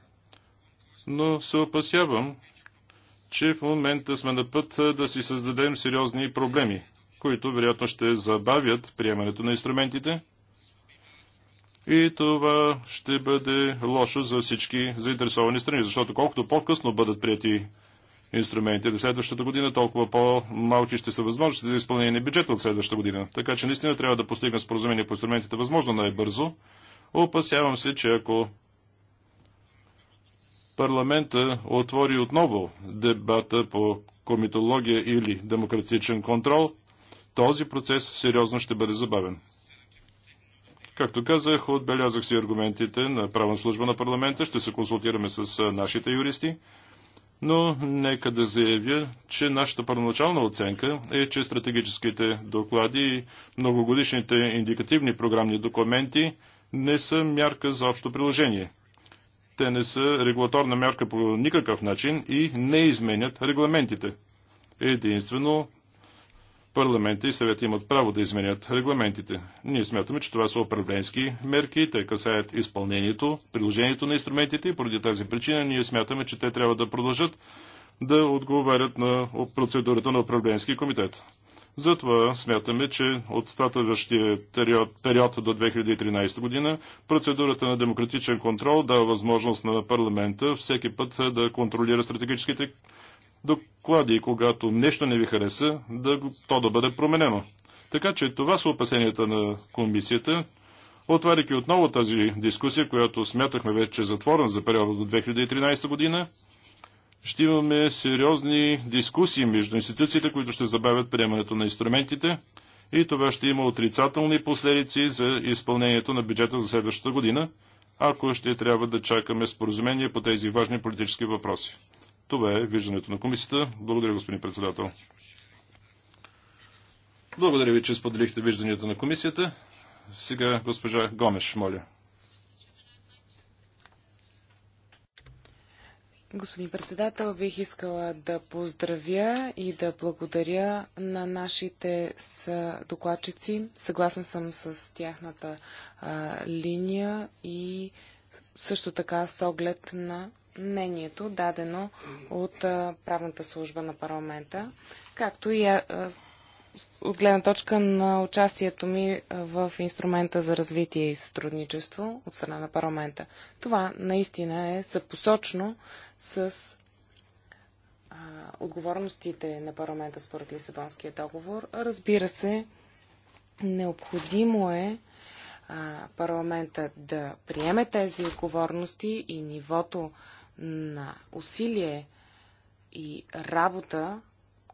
но се опасявам, че в момента сме на път да си създадем сериозни проблеми, които вероятно ще забавят приемането на инструментите. И това ще бъде лошо за всички заинтересовани страни, защото колкото по-късно бъдат прияти инструменти до следващата година, толкова по-малки ще са възможностите за изпълнение на бюджета от следващата година. Така че наистина трябва да постигнем споразумение по инструментите възможно най-бързо. Опасявам се, че ако парламента отвори отново дебата по комитология или демократичен контрол, този процес сериозно ще бъде забавен. Както казах, отбелязах си аргументите на правна служба на парламента, ще се консултираме с нашите юристи но нека да заявя, че нашата първоначална оценка е, че стратегическите доклади и многогодишните индикативни програмни документи не са мярка за общо приложение. Те не са регулаторна мярка по никакъв начин и не изменят регламентите. Единствено парламента и съвета имат право да изменят регламентите. Ние смятаме, че това са управленски мерки, те касаят изпълнението, приложението на инструментите и поради тази причина ние смятаме, че те трябва да продължат да отговарят на процедурата на управленски комитет. Затова смятаме, че от статъващия период, период до 2013 година процедурата на демократичен контрол дава възможност на парламента всеки път да контролира стратегическите доклади, когато нещо не ви хареса, да, то да бъде променено. Така че това са опасенията на комисията, отваряйки отново тази дискусия, която смятахме вече затворен за периода до 2013 година. Ще имаме сериозни дискусии между институциите, които ще забавят приемането на инструментите и това ще има отрицателни последици за изпълнението на бюджета за следващата година, ако ще трябва да чакаме споразумение по тези важни политически въпроси. Това е виждането на комисията. Благодаря, господин председател. Благодаря ви, че споделихте вижданията на комисията. Сега госпожа Гомеш, моля. Господин председател, бих искала да поздравя и да благодаря на нашите докладчици. Съгласна съм с тяхната а, линия и също така с оглед на мнението, дадено от правната служба на парламента, както и от гледна точка на участието ми в инструмента за развитие и сътрудничество от страна на парламента. Това наистина е съпосочно с а, отговорностите на парламента според Лисабонския договор. Разбира се, необходимо е а, парламента да приеме тези отговорности и нивото на усилие и работа,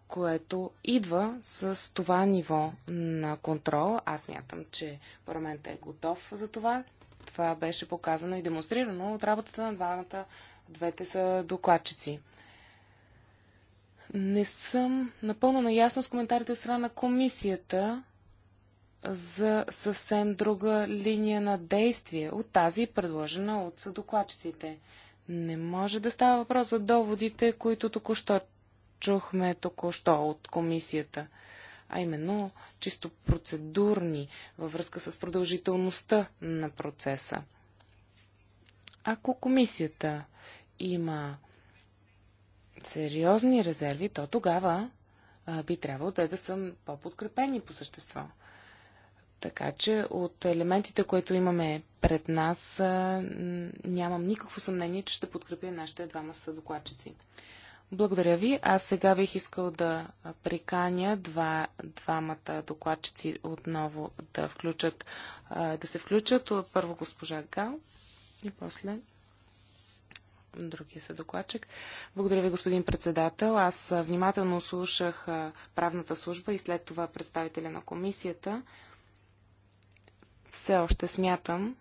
което идва с това ниво на контрол. Аз мятам, че парламентът е готов за това. Това беше показано и демонстрирано от работата на двамата, двете са докладчици. Не съм напълно наясно с коментарите от страна на комисията за съвсем друга линия на действие от тази, предложена от съдокладчиците. Не може да става въпрос за доводите, които току-що чухме току-що от комисията, а именно чисто процедурни във връзка с продължителността на процеса. Ако комисията има сериозни резерви, то тогава би трябвало те да са по-подкрепени по същество. Така че от елементите, които имаме пред нас, нямам никакво съмнение, че ще подкрепя нашите двама съдокладчици. Благодаря ви. Аз сега бих искал да приканя два, двамата докладчици отново да, включат, да се включат. Първо госпожа Гал и после другия съдокладчик. Благодаря ви, господин председател. Аз внимателно слушах правната служба и след това представителя на комисията все още смятам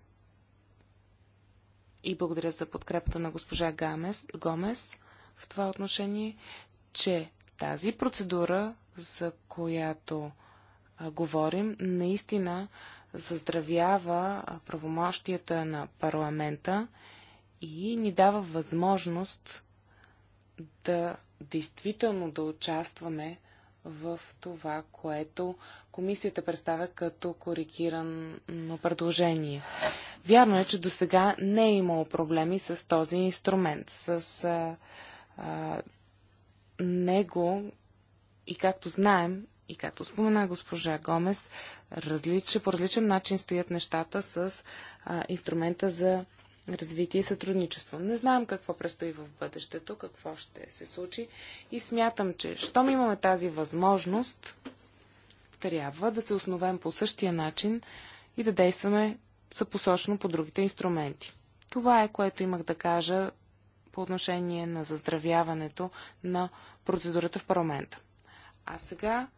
и благодаря за подкрепата на госпожа Гамес, Гомес в това отношение, че тази процедура, за която а, говорим, наистина заздравява правомощията на парламента и ни дава възможност да действително да участваме в това, което комисията представя като коригирано предложение. Вярно е, че до сега не е имало проблеми с този инструмент. С а, а, него и както знаем, и както спомена госпожа Гомес, различ, по различен начин стоят нещата с а, инструмента за развитие и сътрудничество. Не знам какво предстои в бъдещето, какво ще се случи и смятам, че щом имаме тази възможност, трябва да се основем по същия начин и да действаме съпосочно по другите инструменти. Това е, което имах да кажа по отношение на заздравяването на процедурата в парламента. А сега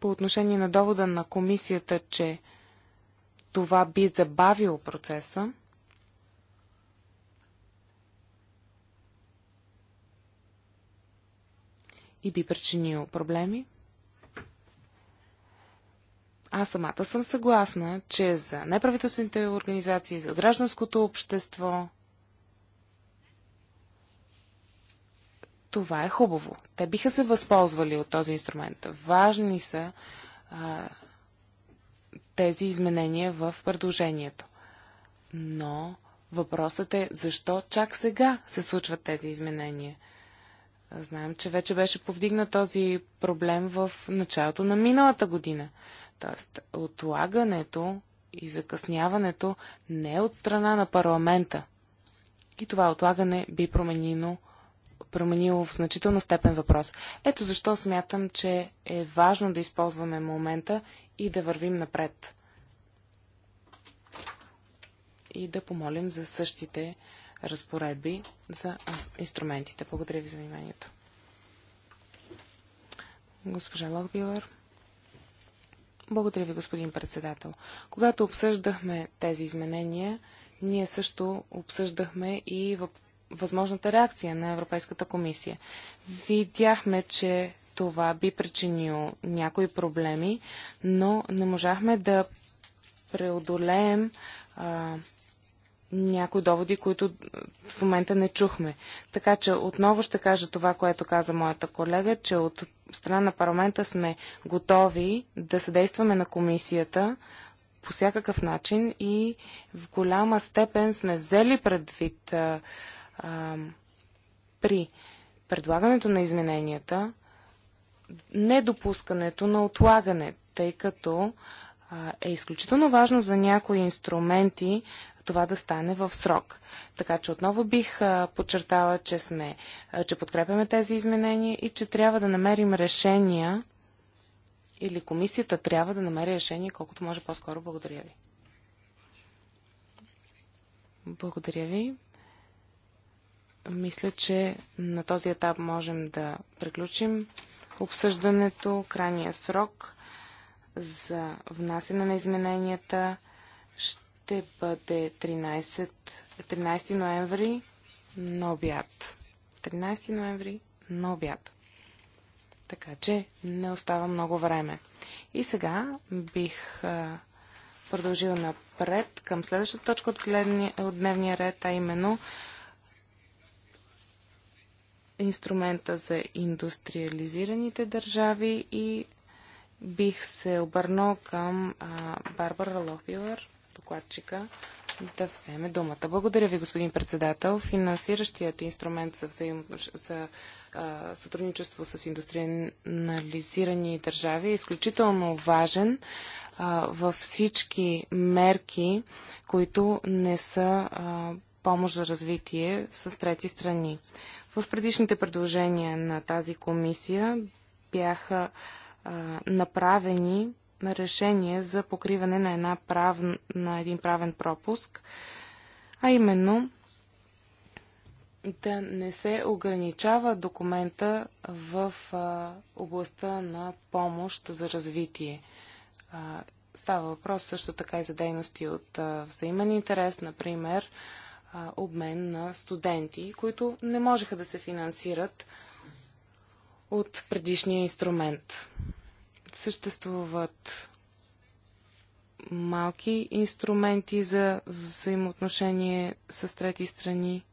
по отношение на довода на комисията, че това би забавило процеса. И би причинил проблеми. Аз самата съм съгласна, че за неправителствените организации, за гражданското общество, това е хубаво. Те биха се възползвали от този инструмент. Важни са а, тези изменения в предложението. Но въпросът е защо чак сега се случват тези изменения. Знаем, че вече беше повдигнат този проблем в началото на миналата година. Тоест, отлагането и закъсняването не е от страна на парламента. И това отлагане би променило променило в значителна степен въпрос. Ето защо смятам, че е важно да използваме момента и да вървим напред. И да помолим за същите разпоредби за инструментите. Благодаря ви за вниманието. Госпожа Лохбилър. Благодаря ви, господин председател. Когато обсъждахме тези изменения, ние също обсъждахме и въпроса възможната реакция на Европейската комисия. Видяхме, че това би причинило някои проблеми, но не можахме да преодолеем а, някои доводи, които в момента не чухме. Така че отново ще кажа това, което каза моята колега, че от страна на парламента сме готови да съдействаме на комисията по всякакъв начин и в голяма степен сме взели предвид а, а, при предлагането на измененията недопускането на отлагане, тъй като а, е изключително важно за някои инструменти това да стане в срок. Така че отново бих а, подчертала, че, сме, а, че подкрепяме тези изменения и че трябва да намерим решения или комисията трябва да намери решение колкото може по-скоро. Благодаря ви. Благодаря ви. Мисля, че на този етап можем да приключим обсъждането, крайния срок за внасене на измененията ще бъде 13, 13 ноември на обяд. 13 ноември на обяд. Така че не остава много време. И сега бих продължила продължил напред към следващата точка от, гледни, от дневния ред, а именно инструмента за индустриализираните държави и бих се обърнал към а, Барбара Лофилър, докладчика, да вземе думата. Благодаря ви, господин председател. Финансиращият инструмент за, взаим... за а, сътрудничество с индустриализирани държави е изключително важен а, във всички мерки, които не са а, помощ за развитие с трети страни. В предишните предложения на тази комисия бяха а, направени решения за покриване на, една прав... на един правен пропуск, а именно да не се ограничава документа в а, областта на помощ за развитие. А, става въпрос също така и за дейности от а, взаимен интерес, например обмен на студенти, които не можеха да се финансират от предишния инструмент. Съществуват малки инструменти за взаимоотношение с трети страни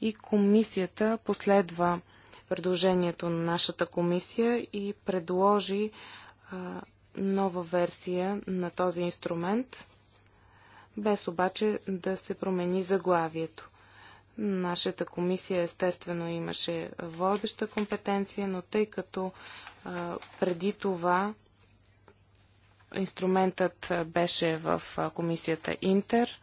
и комисията последва предложението на нашата комисия и предложи а, нова версия на този инструмент без обаче да се промени заглавието. Нашата комисия естествено имаше водеща компетенция, но тъй като а, преди това инструментът беше в комисията Интер,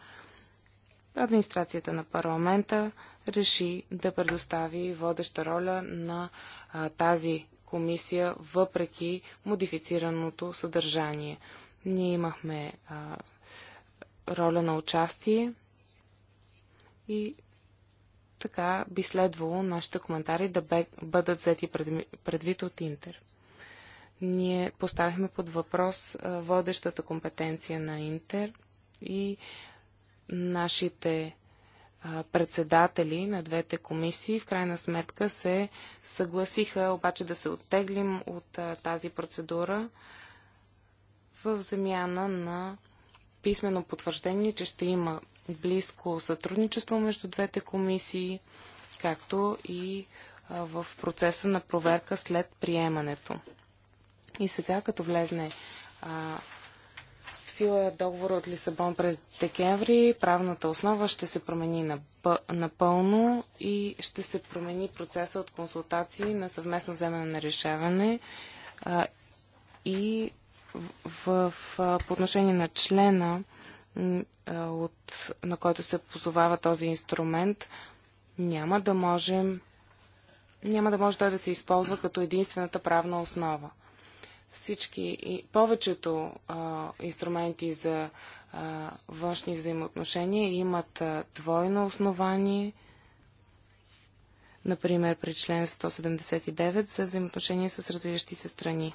администрацията на парламента реши да предостави водеща роля на а, тази комисия, въпреки модифицираното съдържание. Ние имахме а, роля на участие и така би следвало нашите коментари да бъдат взети предвид от Интер. Ние поставихме под въпрос водещата компетенция на Интер и нашите председатели на двете комисии в крайна сметка се съгласиха обаче да се оттеглим от тази процедура в замяна на писмено потвърждение, че ще има близко сътрудничество между двете комисии, както и в процеса на проверка след приемането. И сега, като влезне а, в сила е договора от Лисабон през декември, правната основа ще се промени напълно и ще се промени процеса от консултации на съвместно вземане на решаване а, и в, в, по отношение на члена, от, на който се позовава този инструмент, няма да можем няма да може той да се използва като единствената правна основа. Всички и повечето а, инструменти за а, външни взаимоотношения имат а, двойно основание, например при член 179 за взаимоотношения с развиващи се страни.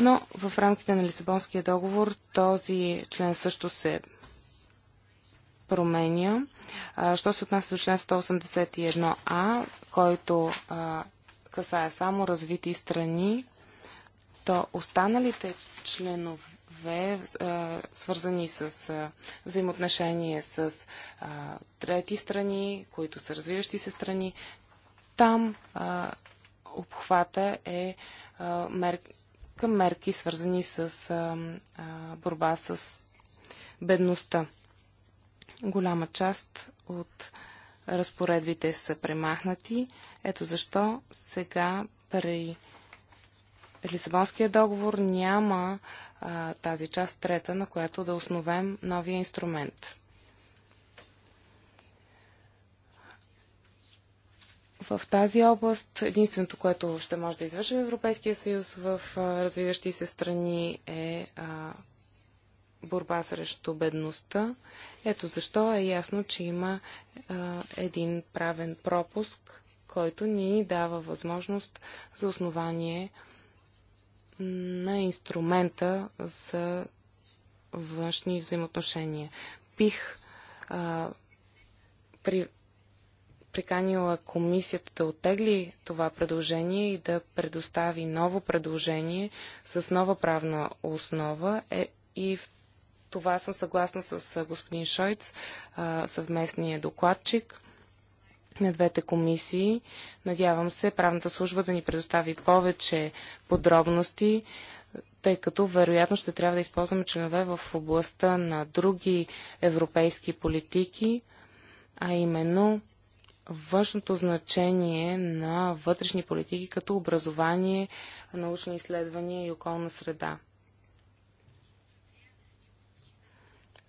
Но в рамките на Лисабонския договор този член също се променя. Що се отнася до член 181а, който касае само развити страни, то останалите членове, свързани с взаимоотношение с трети страни, които са развиващи се страни, там обхвата е към мерки, свързани с а, а, борба с бедността. Голяма част от разпоредбите са премахнати. Ето защо сега при Лисабонския договор няма а, тази част трета, на която да основем новия инструмент. в тази област. Единственото, което ще може да извърши Европейския съюз в развиващи се страни е а, борба срещу бедността. Ето защо е ясно, че има а, един правен пропуск, който ни дава възможност за основание на инструмента за външни взаимоотношения. Бих а, при, приканила комисията да оттегли това предложение и да предостави ново предложение с нова правна основа. Е, и в това съм съгласна с господин Шойц, съвместния докладчик на двете комисии. Надявам се правната служба да ни предостави повече подробности, тъй като вероятно ще трябва да използваме членове в областта на други европейски политики, а именно външното значение на вътрешни политики като образование, научни изследвания и околна среда.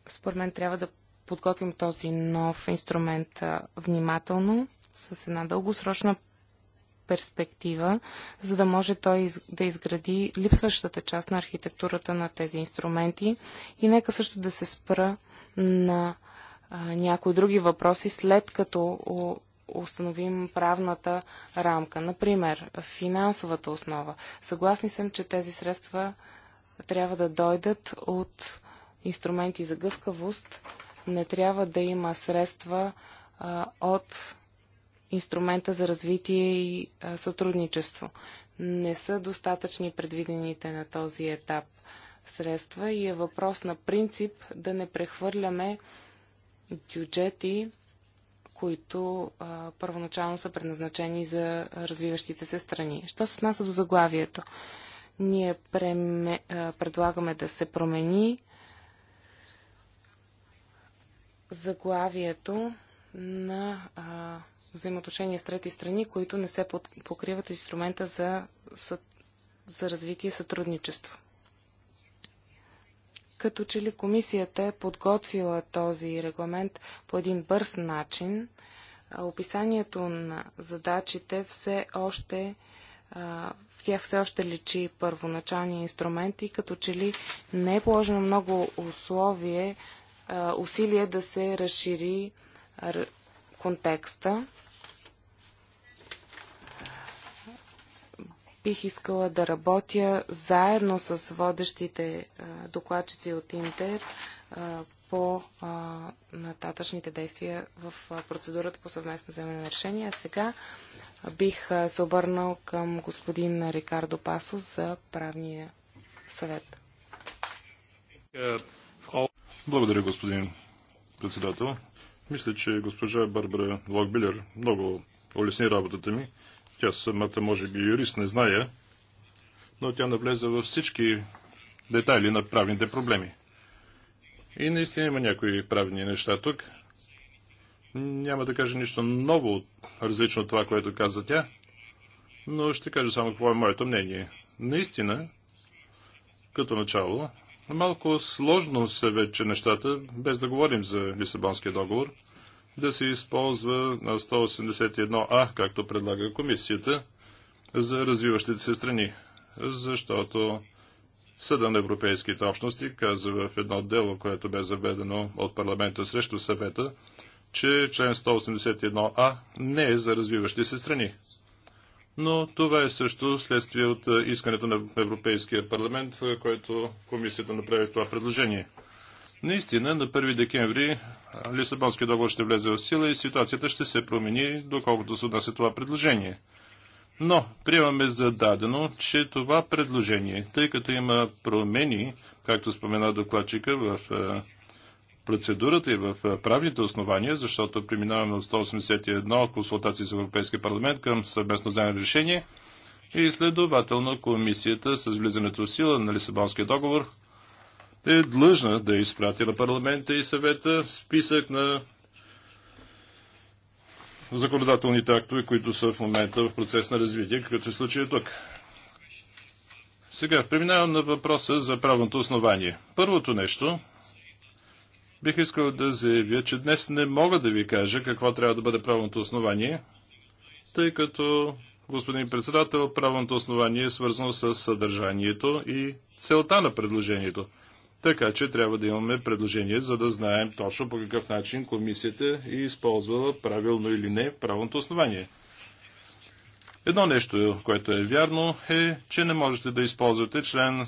Според мен трябва да подготвим този нов инструмент внимателно, с една дългосрочна перспектива, за да може той да изгради липсващата част на архитектурата на тези инструменти. И нека също да се спра на някои други въпроси, след като установим правната рамка. Например, финансовата основа. Съгласни съм, че тези средства трябва да дойдат от инструменти за гъвкавост. Не трябва да има средства а, от инструмента за развитие и а, сътрудничество. Не са достатъчни предвидените на този етап средства и е въпрос на принцип да не прехвърляме бюджети които а, първоначално са предназначени за развиващите се страни. Що се отнася до заглавието? Ние преме, а, предлагаме да се промени заглавието на а, взаимоотношения с трети страни, които не се покриват инструмента за, за развитие и сътрудничество като че ли комисията е подготвила този регламент по един бърз начин. Описанието на задачите все още в тях все още лечи първоначални инструмент и като че ли не е положено много условие, усилие да се разшири контекста. бих искала да работя заедно с водещите докладчици от Интер по а, нататъчните действия в процедурата по съвместно вземане на решение. А сега бих се обърнал към господин Рикардо Пасо за правния съвет. Благодаря, господин председател. Мисля, че госпожа Барбара Локбилер много улесни работата ми. Тя самата може би юрист, не зная, но тя навлезе във всички детайли на правните проблеми. И наистина има някои правни неща тук. Няма да кажа нищо ново, различно от това, което каза тя, но ще кажа само какво е моето мнение. Наистина, като начало, малко сложно са вече нещата, без да говорим за Лисабонския договор – да се използва на 181А, както предлага комисията, за развиващите се страни. Защото Съда на Европейските общности каза в едно дело, което бе заведено от парламента срещу съвета, че член 181А не е за развиващи се страни. Но това е също следствие от искането на Европейския парламент, който комисията направи това предложение. Наистина, на 1 декември Лисабонския договор ще влезе в сила и ситуацията ще се промени, доколкото се отнася това предложение. Но приемаме за дадено, че това предложение, тъй като има промени, както спомена докладчика, в процедурата и в правните основания, защото преминаваме от 181 консултации с Европейския парламент към съвместно вземане решение и следователно комисията с влизането в сила на Лисабонския договор е длъжна да изпрати на парламента и съвета списък на законодателните актове, които са в момента в процес на развитие, какъвто е случая тук. Сега преминавам на въпроса за правното основание. Първото нещо, бих искал да заявя, че днес не мога да ви кажа какво трябва да бъде правното основание, тъй като, господин председател, правното основание е свързано с съдържанието и целта на предложението. Така че трябва да имаме предложение, за да знаем точно по какъв начин комисията е използвала правилно или не правното основание. Едно нещо, което е вярно, е, че не можете да използвате член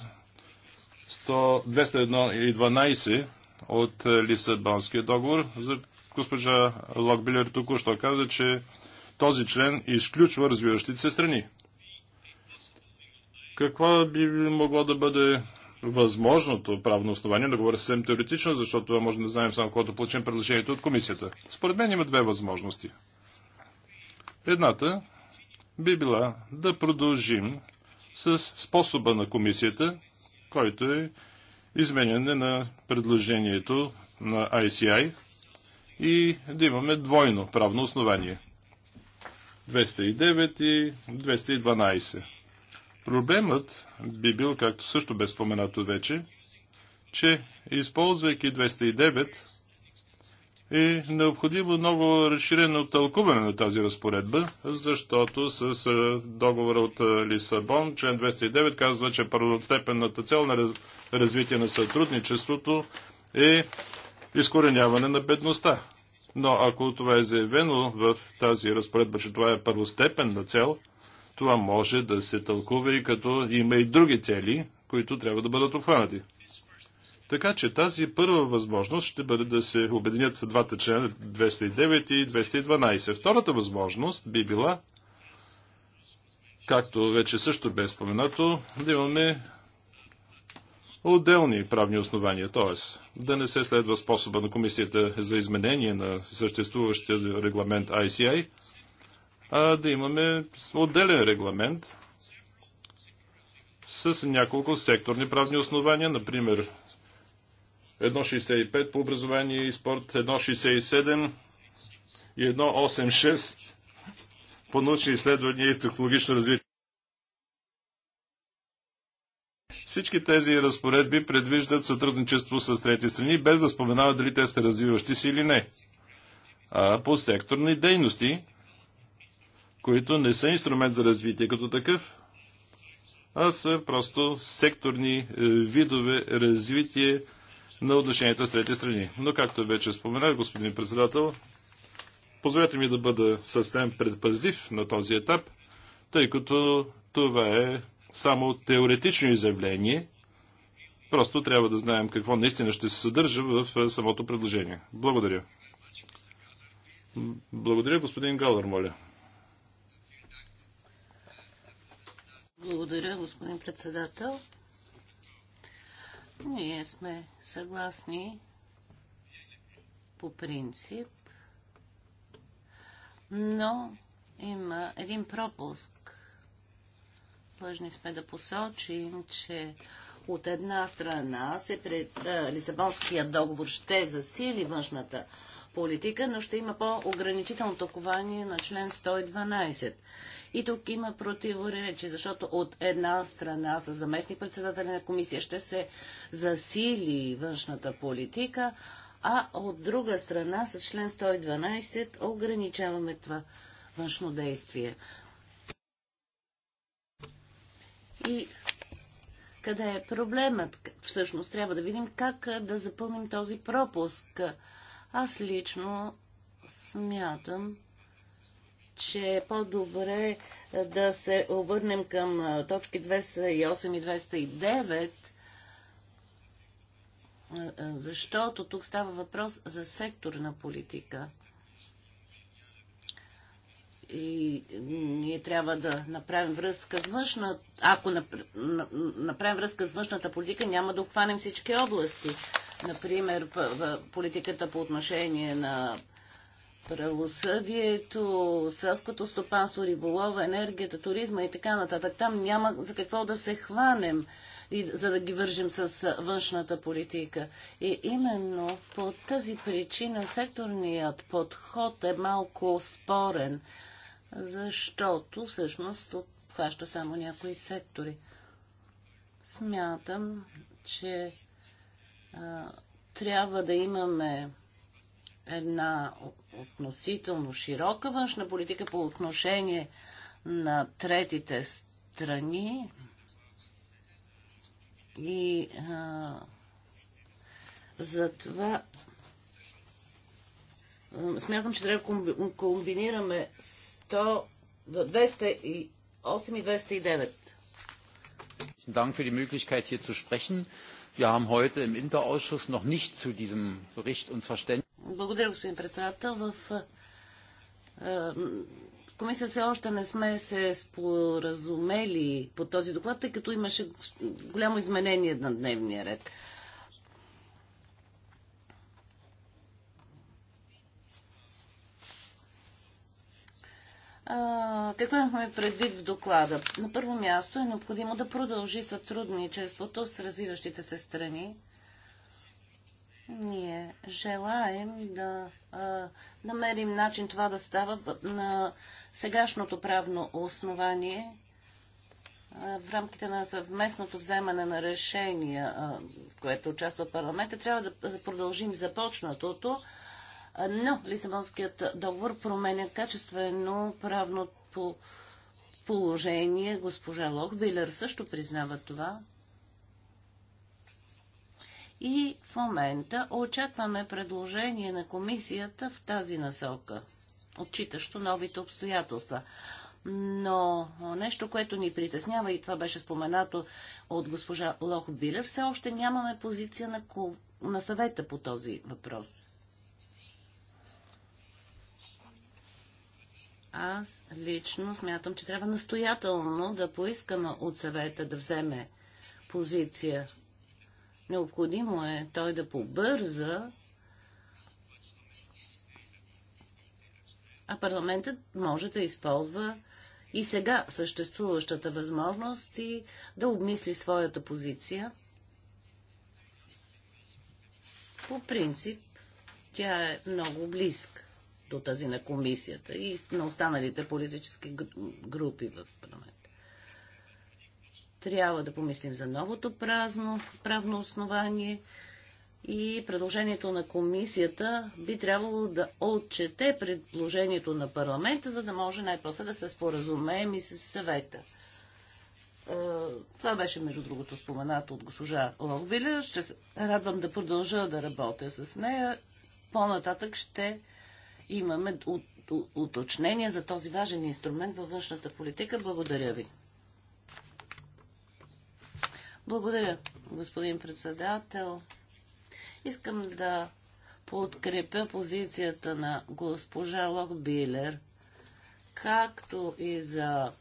100, или 12 от Лисабонския договор. за Госпожа Локбилер току-що каза, че този член изключва развиващите се страни. Каква би могло да бъде възможното правно основание, да говоря съвсем теоретично, защото това може да знаем само когато получим предложението от комисията. Според мен има две възможности. Едната би била да продължим с способа на комисията, който е изменяне на предложението на ICI и да имаме двойно правно основание. 209 и 212. Проблемът би бил, както също бе споменато вече, че използвайки 209 е необходимо много разширено тълкуване на тази разпоредба, защото с договора от Лисабон, член 209 казва, че първостепенната цел на развитие на сътрудничеството е изкореняване на бедността. Но ако това е заявено в тази разпоредба, че това е първостепенна цел – това може да се тълкува и като има и други цели, които трябва да бъдат обхванати. Така че тази първа възможност ще бъде да се обединят двата члена 209 и 212. Втората възможност би била, както вече също бе споменато, да имаме отделни правни основания, т.е. да не се следва способа на комисията за изменение на съществуващия регламент ICI, а да имаме отделен регламент с няколко секторни правни основания, например 1.65 по образование и спорт, 1.67 и 1.86 по научни изследвания и технологично развитие. Всички тези разпоредби предвиждат сътрудничество с трети страни, без да споменават дали те са развиващи си или не. А по секторни дейности които не са инструмент за развитие като такъв, а са просто секторни е, видове развитие на отношенията с трети страни. Но както вече споменах, господин председател, позволете ми да бъда съвсем предпазлив на този етап, тъй като това е само теоретично изявление. Просто трябва да знаем какво наистина ще се съдържа в е, самото предложение. Благодаря. Благодаря, господин Галър, моля. Благодаря, господин председател. Ние сме съгласни по принцип, но има един пропуск. Длъжни сме да посочим, че от една страна се пред, Лисабонския договор ще засили външната политика, но ще има по-ограничително толкование на член 112. И тук има противоречи, защото от една страна с заместник председателя на комисия ще се засили външната политика, а от друга страна с член 112 ограничаваме това външно действие. И къде е проблемът? Всъщност трябва да видим как да запълним този пропуск. Аз лично смятам, че е по-добре е, да се обърнем към е, точки 208 и 209, е, защото тук става въпрос за секторна политика. И ние трябва да направим връзка с външната... Ако направим връзка с външната политика, няма да обхванем всички области. Например, политиката по отношение на правосъдието, селското стопанство, риболова, енергията, туризма и така нататък. Там няма за какво да се хванем, и, за да ги вържим с външната политика. И именно по тази причина секторният подход е малко спорен, защото всъщност обхваща само някои сектори. Смятам, че а, трябва да имаме една относително широка външна политика по отношение на третите страни и а, затова а, смятам, че трябва да комбинираме 100, 208 и 209. Dank für die Möglichkeit, hier zu sprechen. Wir haben heute im Interausschuss noch nicht zu diesem Bericht uns verständigt. Благодаря, господин председател. В е, комисия все още не сме се споразумели по този доклад, тъй като имаше голямо изменение на дневния ред. какво имахме предвид в доклада? На първо място е необходимо да продължи сътрудничеството с развиващите се страни ние желаем да а, намерим начин това да става на сегашното правно основание а, в рамките на съвместното вземане на решения, а, в което участва парламента. Трябва да продължим започнатото, а, но Лисабонският договор променя качествено правното положение. Госпожа Лохбилер също признава това. И в момента очакваме предложение на комисията в тази насока, отчитащо новите обстоятелства. Но нещо, което ни притеснява, и това беше споменато от госпожа Лох Билер, все още нямаме позиция на, на съвета по този въпрос. Аз лично смятам, че трябва настоятелно да поискаме от съвета да вземе позиция Необходимо е той да побърза, а парламентът може да използва и сега съществуващата възможност и да обмисли своята позиция. По принцип, тя е много близка до тази на комисията и на останалите политически групи в парламент. Трябва да помислим за новото празно, правно основание и предложението на комисията би трябвало да отчете предложението на парламента, за да може най-после да се споразумеем и с съвета. Е, това беше, между другото, споменато от госпожа Лохбиля. Ще се радвам да продължа да работя с нея. По-нататък ще имаме уточнение за този важен инструмент във външната политика. Благодаря ви. Благодаря, господин председател. Искам да подкрепя позицията на госпожа Локбилер, както и за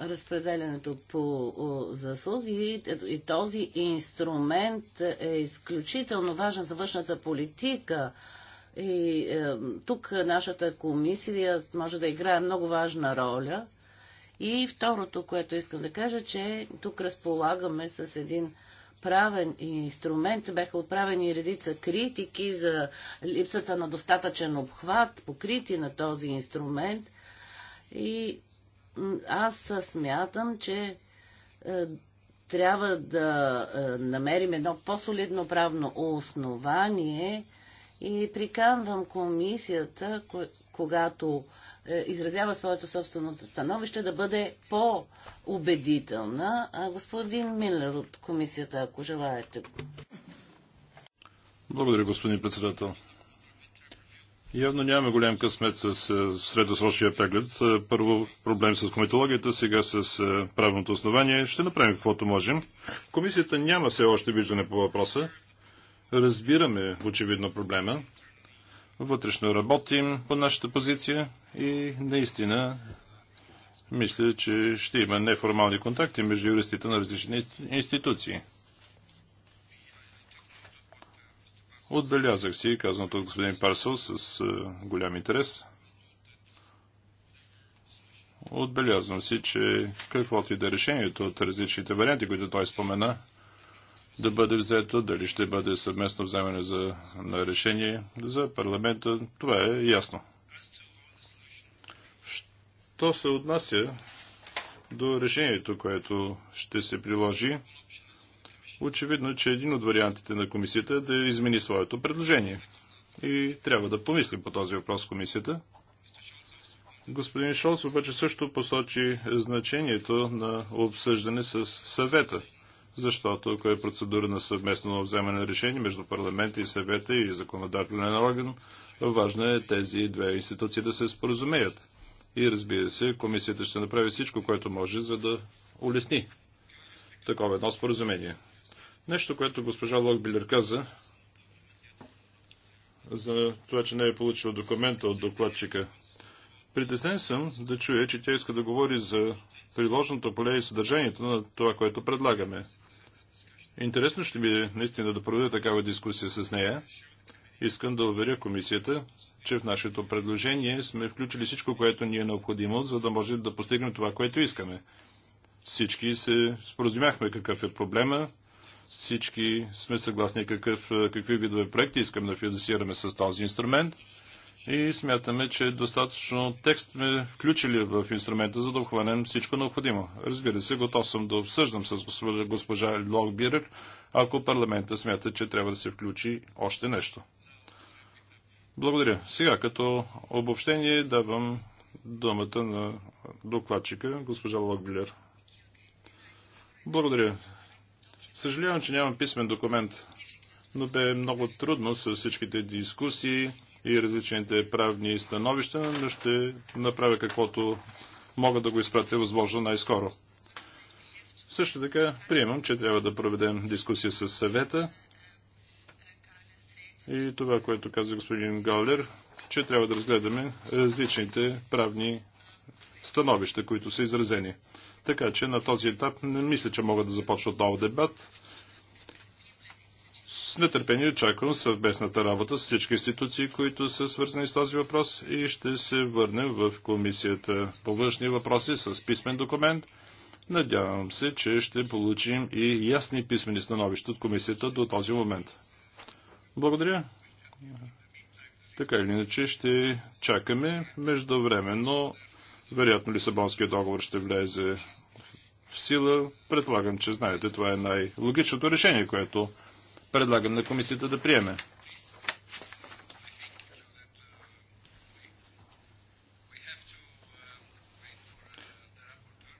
разпределянето по заслуги и този инструмент е изключително важен за външната политика. И е, тук нашата комисия може да играе много важна роля. И второто, което искам да кажа, че тук разполагаме с един правен инструмент. Бяха отправени редица критики за липсата на достатъчен обхват, покрити на този инструмент. И аз смятам, че е, трябва да е, намерим едно по-солидно правно основание и приканвам комисията, когато е, изразява своето собствено становище, да бъде по-убедителна. господин Милер от комисията, ако желаете. Благодаря, господин председател. Явно нямаме голям късмет с е, средосрочния преглед. Е, първо проблем с кометологията, сега с правилното основание. Ще направим каквото можем. Комисията няма все още виждане по въпроса. Разбираме очевидно проблема. Вътрешно работим по нашата позиция и наистина мисля, че ще има неформални контакти между юристите на различни институции. Отбелязах си казвам от господин Парсел с е, голям интерес. Отбелязвам си, че каквото и да е решението от различните варианти, които той спомена, да бъде взето, дали ще бъде съвместно вземане за, на решение за парламента, това е ясно. То се отнася до решението, което ще се приложи. Очевидно, че един от вариантите на комисията е да измени своето предложение. И трябва да помислим по този въпрос комисията. Господин Шолц обаче също посочи значението на обсъждане с съвета, защото ако е процедура на съвместно вземане на решение между парламента и съвета и законодателен орган, важно е тези две институции да се споразумеят. И разбира се, комисията ще направи всичко, което може, за да улесни такова едно споразумение. Нещо, което госпожа Локбилер каза, за това, че не е получила документа от докладчика. Притеснен съм да чуя, че тя иска да говори за приложното поле и съдържанието на това, което предлагаме. Интересно ще би е наистина да проведа такава дискусия с нея, Искам да уверя комисията, че в нашето предложение сме включили всичко, което ни е необходимо, за да можем да постигнем това, което искаме. Всички се споразумяхме какъв е проблема, всички сме съгласни какъв, какви видове проекти искаме да финансираме с този инструмент и смятаме, че достатъчно текст сме включили в инструмента, за да обхванем всичко необходимо. Разбира се, готов съм да обсъждам с госпожа Лохбирер, ако парламента смята, че трябва да се включи още нещо. Благодаря. Сега като обобщение давам думата на докладчика, госпожа Локбилер. Благодаря. Съжалявам, че нямам писмен документ, но бе много трудно с всичките дискусии и различните правни становища, но ще направя каквото мога да го изпратя възможно най-скоро. Също така приемам, че трябва да проведем дискусия с съвета и това, което каза господин Галлер, че трябва да разгледаме различните правни становища, които са изразени. Така че на този етап не мисля, че мога да започна отново дебат. С нетърпение очаквам съвместната работа с всички институции, които са свързани с този въпрос и ще се върнем в комисията по външни въпроси с писмен документ. Надявам се, че ще получим и ясни писмени становища от комисията до този момент. Благодаря. Така или иначе ще чакаме междувременно. Вероятно Лисабонския договор ще влезе в сила. Предполагам, че знаете, това е най-логичното решение, което предлагам на комисията да приеме.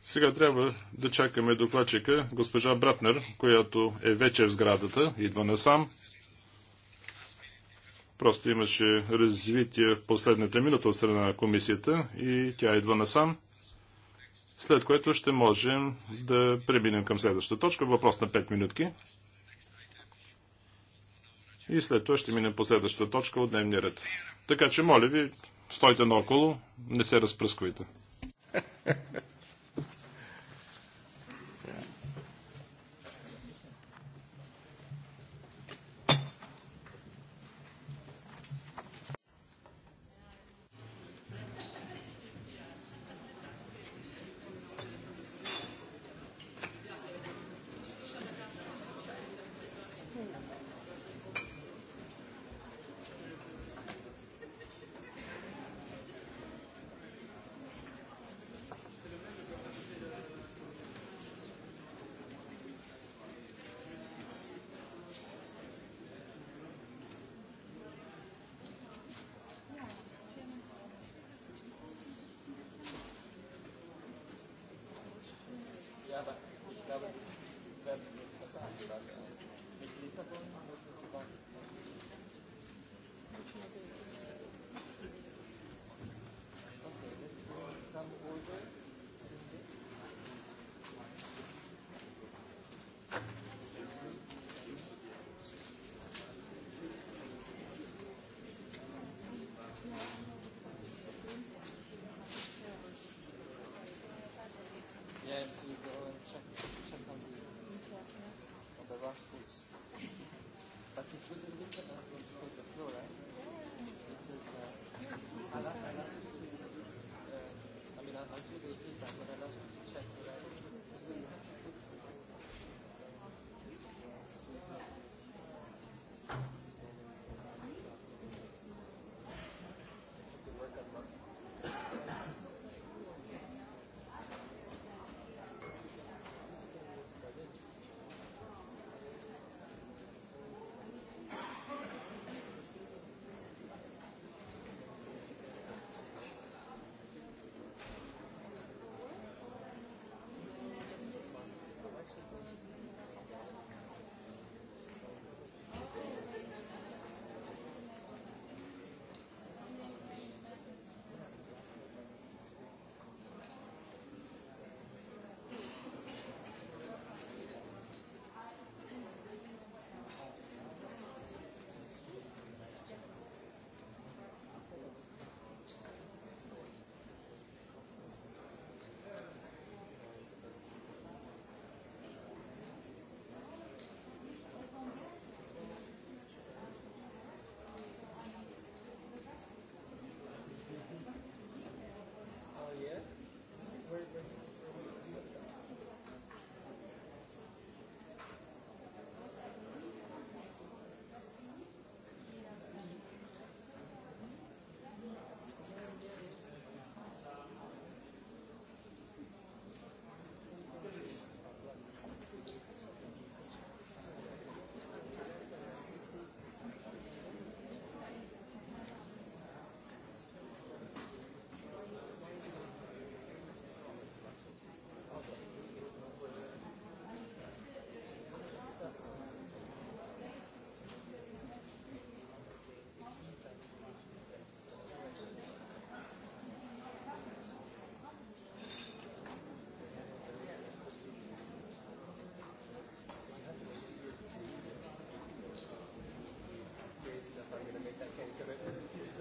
Сега трябва да чакаме докладчика, госпожа Братнер, която е вече в сградата, идва насам. Просто имаше развитие в последната минута от страна на комисията и тя идва насам, след което ще можем да преминем към следващата точка. Въпрос на 5 минутки. И след това ще минем по следващата точка от дневния ред. Така че, моля ви, стойте наоколо, не се разпръсквайте.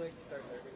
like start there.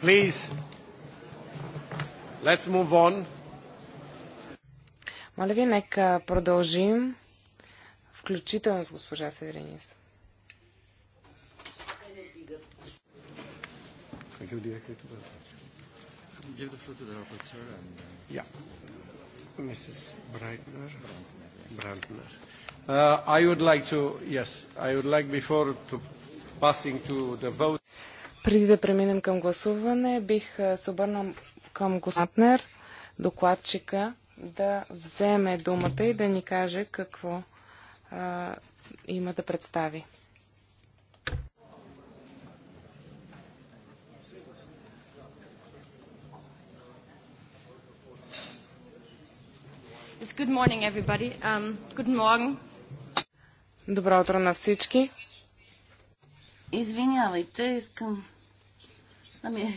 Please. Let's move on. Моля ви, нека продължим, включително с госпожа Северинис. Thank you, dear. Give the floor to the rapporteur and... Uh... Yeah. Mrs. Breitner. Brandner. Uh, I would like to, yes, I would like before to passing to the vote. Преди да преминем към гласуване, бих се обърнал към Госнатнер, докладчика, да вземе думата и да ни каже какво а, има да представи. Good morning, everybody. Um, good morning. Добро утро на всички. Извинявайте, искам Ами, да ви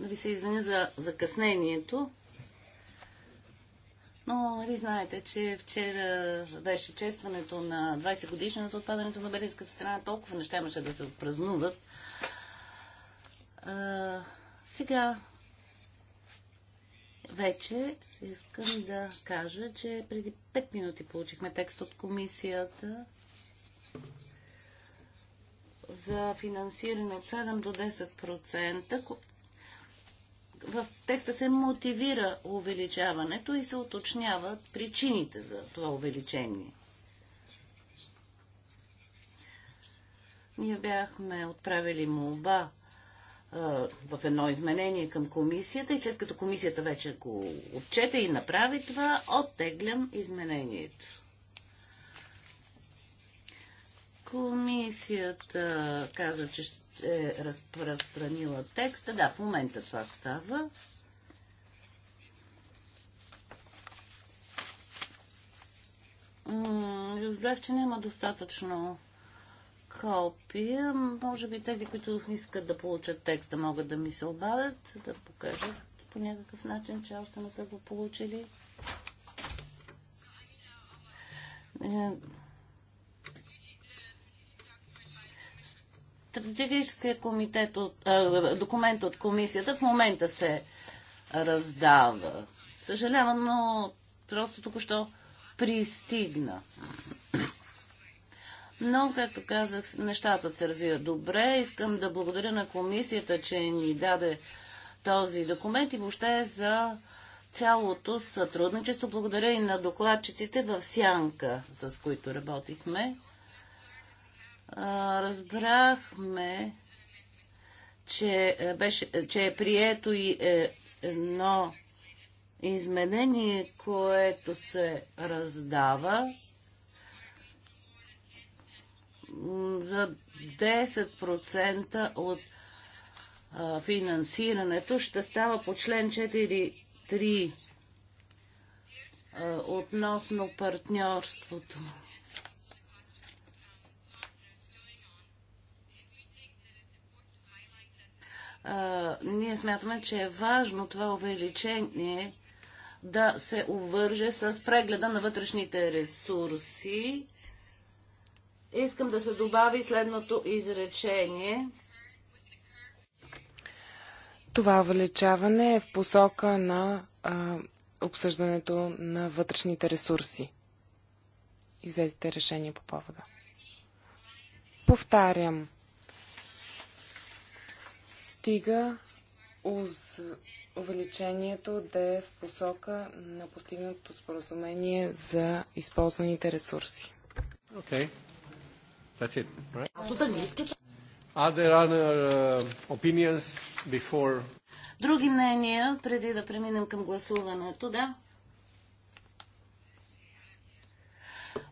нали се извиня за закъснението. Но, нали, знаете, че вчера беше честването на 20 годишната отпадането на Берлинската страна. Толкова неща имаше да се празнуват. А, сега вече искам да кажа, че преди 5 минути получихме текст от комисията за финансиране от 7 до 10%. В текста се мотивира увеличаването и се уточняват причините за това увеличение. Ние бяхме отправили молба в едно изменение към комисията и след като комисията вече го отчете и направи това, оттеглям изменението. Комисията каза, че ще е разпространила текста. Да, в момента това става. Разбрах, че няма достатъчно копия. Може би тези, които искат да получат текста, могат да ми се обадят, да покажат по някакъв начин, че още не са го получили. Е, Стратегическия комитет от, а, документ от комисията в момента се раздава. Съжалявам, но просто току-що пристигна. Но, както казах, нещата се развиват добре. Искам да благодаря на комисията, че ни даде този документ и въобще за цялото сътрудничество. Благодаря и на докладчиците в Сянка, с които работихме разбрахме, че, е, беше, е, че е прието и е, едно изменение, което се раздава за 10% от а, финансирането ще става по член 4.3 относно партньорството. ние смятаме, че е важно това увеличение да се увърже с прегледа на вътрешните ресурси. Искам да се добави следното изречение. Това увеличаване е в посока на а, обсъждането на вътрешните ресурси и взетите решения по повода. Повтарям, стига уз... увеличението да е в посока на постигнатото споразумение за използваните ресурси. Okay. That's it, right? other uh, opinions before... Други мнения, преди да преминем към гласуването, да?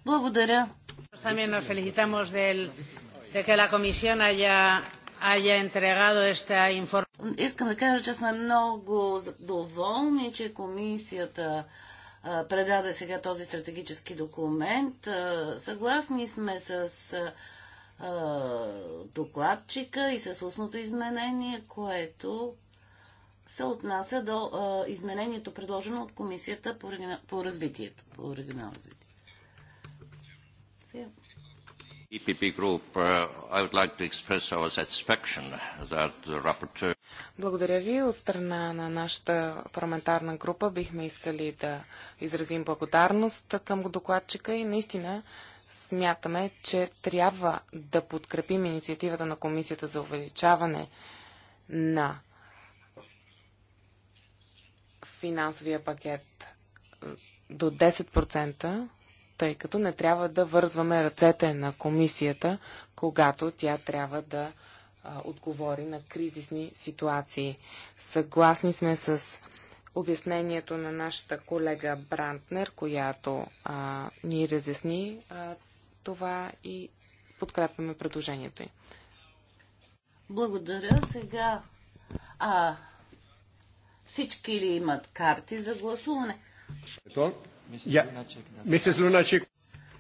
Благодаря. También nos felicitamos del, de que la Comisión haya haya entregado este informe. Искам да кажа, че сме много доволни, че комисията предаде сега този стратегически документ. съгласни сме с докладчика и с устното изменение, което се отнася до изменението, предложено от комисията по, по развитието, по регионално развитие. Сега. E uh, Благодаря ви. От страна на нашата парламентарна група бихме искали да изразим благодарност към докладчика и наистина смятаме, че трябва да подкрепим инициативата на Комисията за увеличаване на финансовия пакет до 10% тъй като не трябва да вързваме ръцете на комисията, когато тя трябва да а, отговори на кризисни ситуации. Съгласни сме с обяснението на нашата колега Брантнер, която а, ни разясни а, това и подкрепяме предложението й. Благодаря. Сега а, всички ли имат карти за гласуване? Мисис Луначек.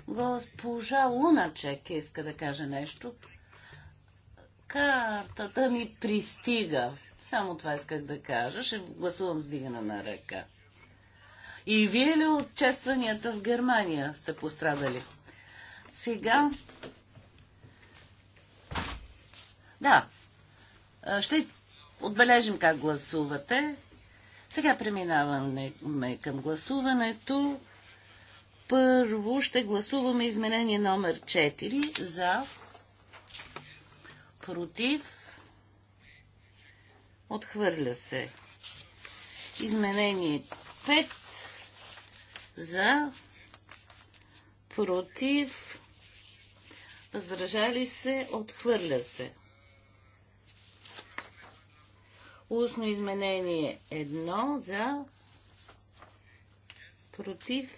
Госпожа Луначек иска да каже нещо. Картата ми пристига. Само това исках да кажа. Ще гласувам с дигана на ръка. И вие ли от честванията в Германия сте пострадали? Сега... Да. Ще отбележим как гласувате. Сега преминаваме към гласуването. Първо ще гласуваме изменение номер 4 за против отхвърля се. Изменение 5 за против въздържали се отхвърля се. Устно изменение 1 за против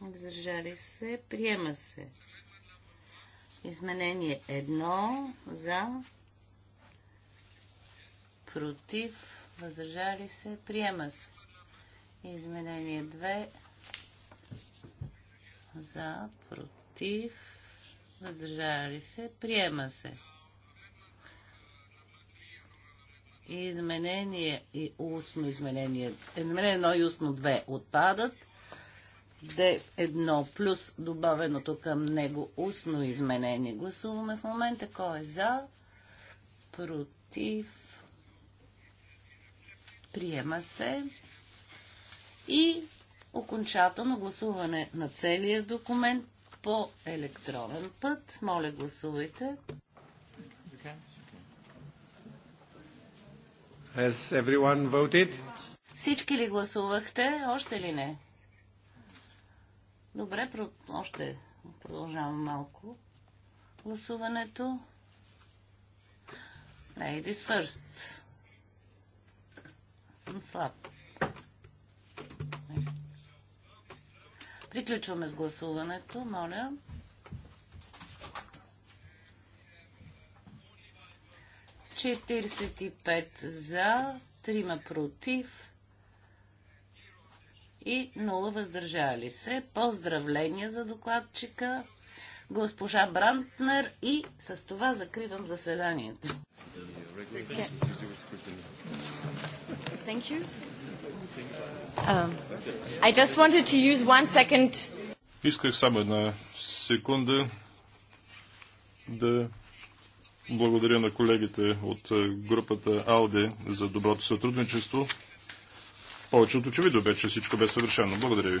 въздържали се, приема се. Изменение 1 за против въздържали се, приема се. Изменение 2 за против въздържали се, приема се. Изменение и устно изменение. Изменение 1 и устно 2 отпадат. Д1 плюс добавеното към него устно изменение. Гласуваме в момента кой е за, против, приема се и окончателно гласуване на целия документ по електронен път. Моля, гласувайте. Okay. Has everyone voted? Всички ли гласувахте? Още ли не? Добре, про... още продължавам малко гласуването. Ladies first. Съм слаб. Приключваме с гласуването, моля. 45 за, 3 против и 0 въздържали се. Поздравления за докладчика госпожа Брантнер и с това закривам заседанието. Um, Исках само една секунда да благодаря на колегите от е, групата АЛДЕ за доброто сътрудничество. Повече от очевидно бе, че всичко бе съвършено. Благодаря ви.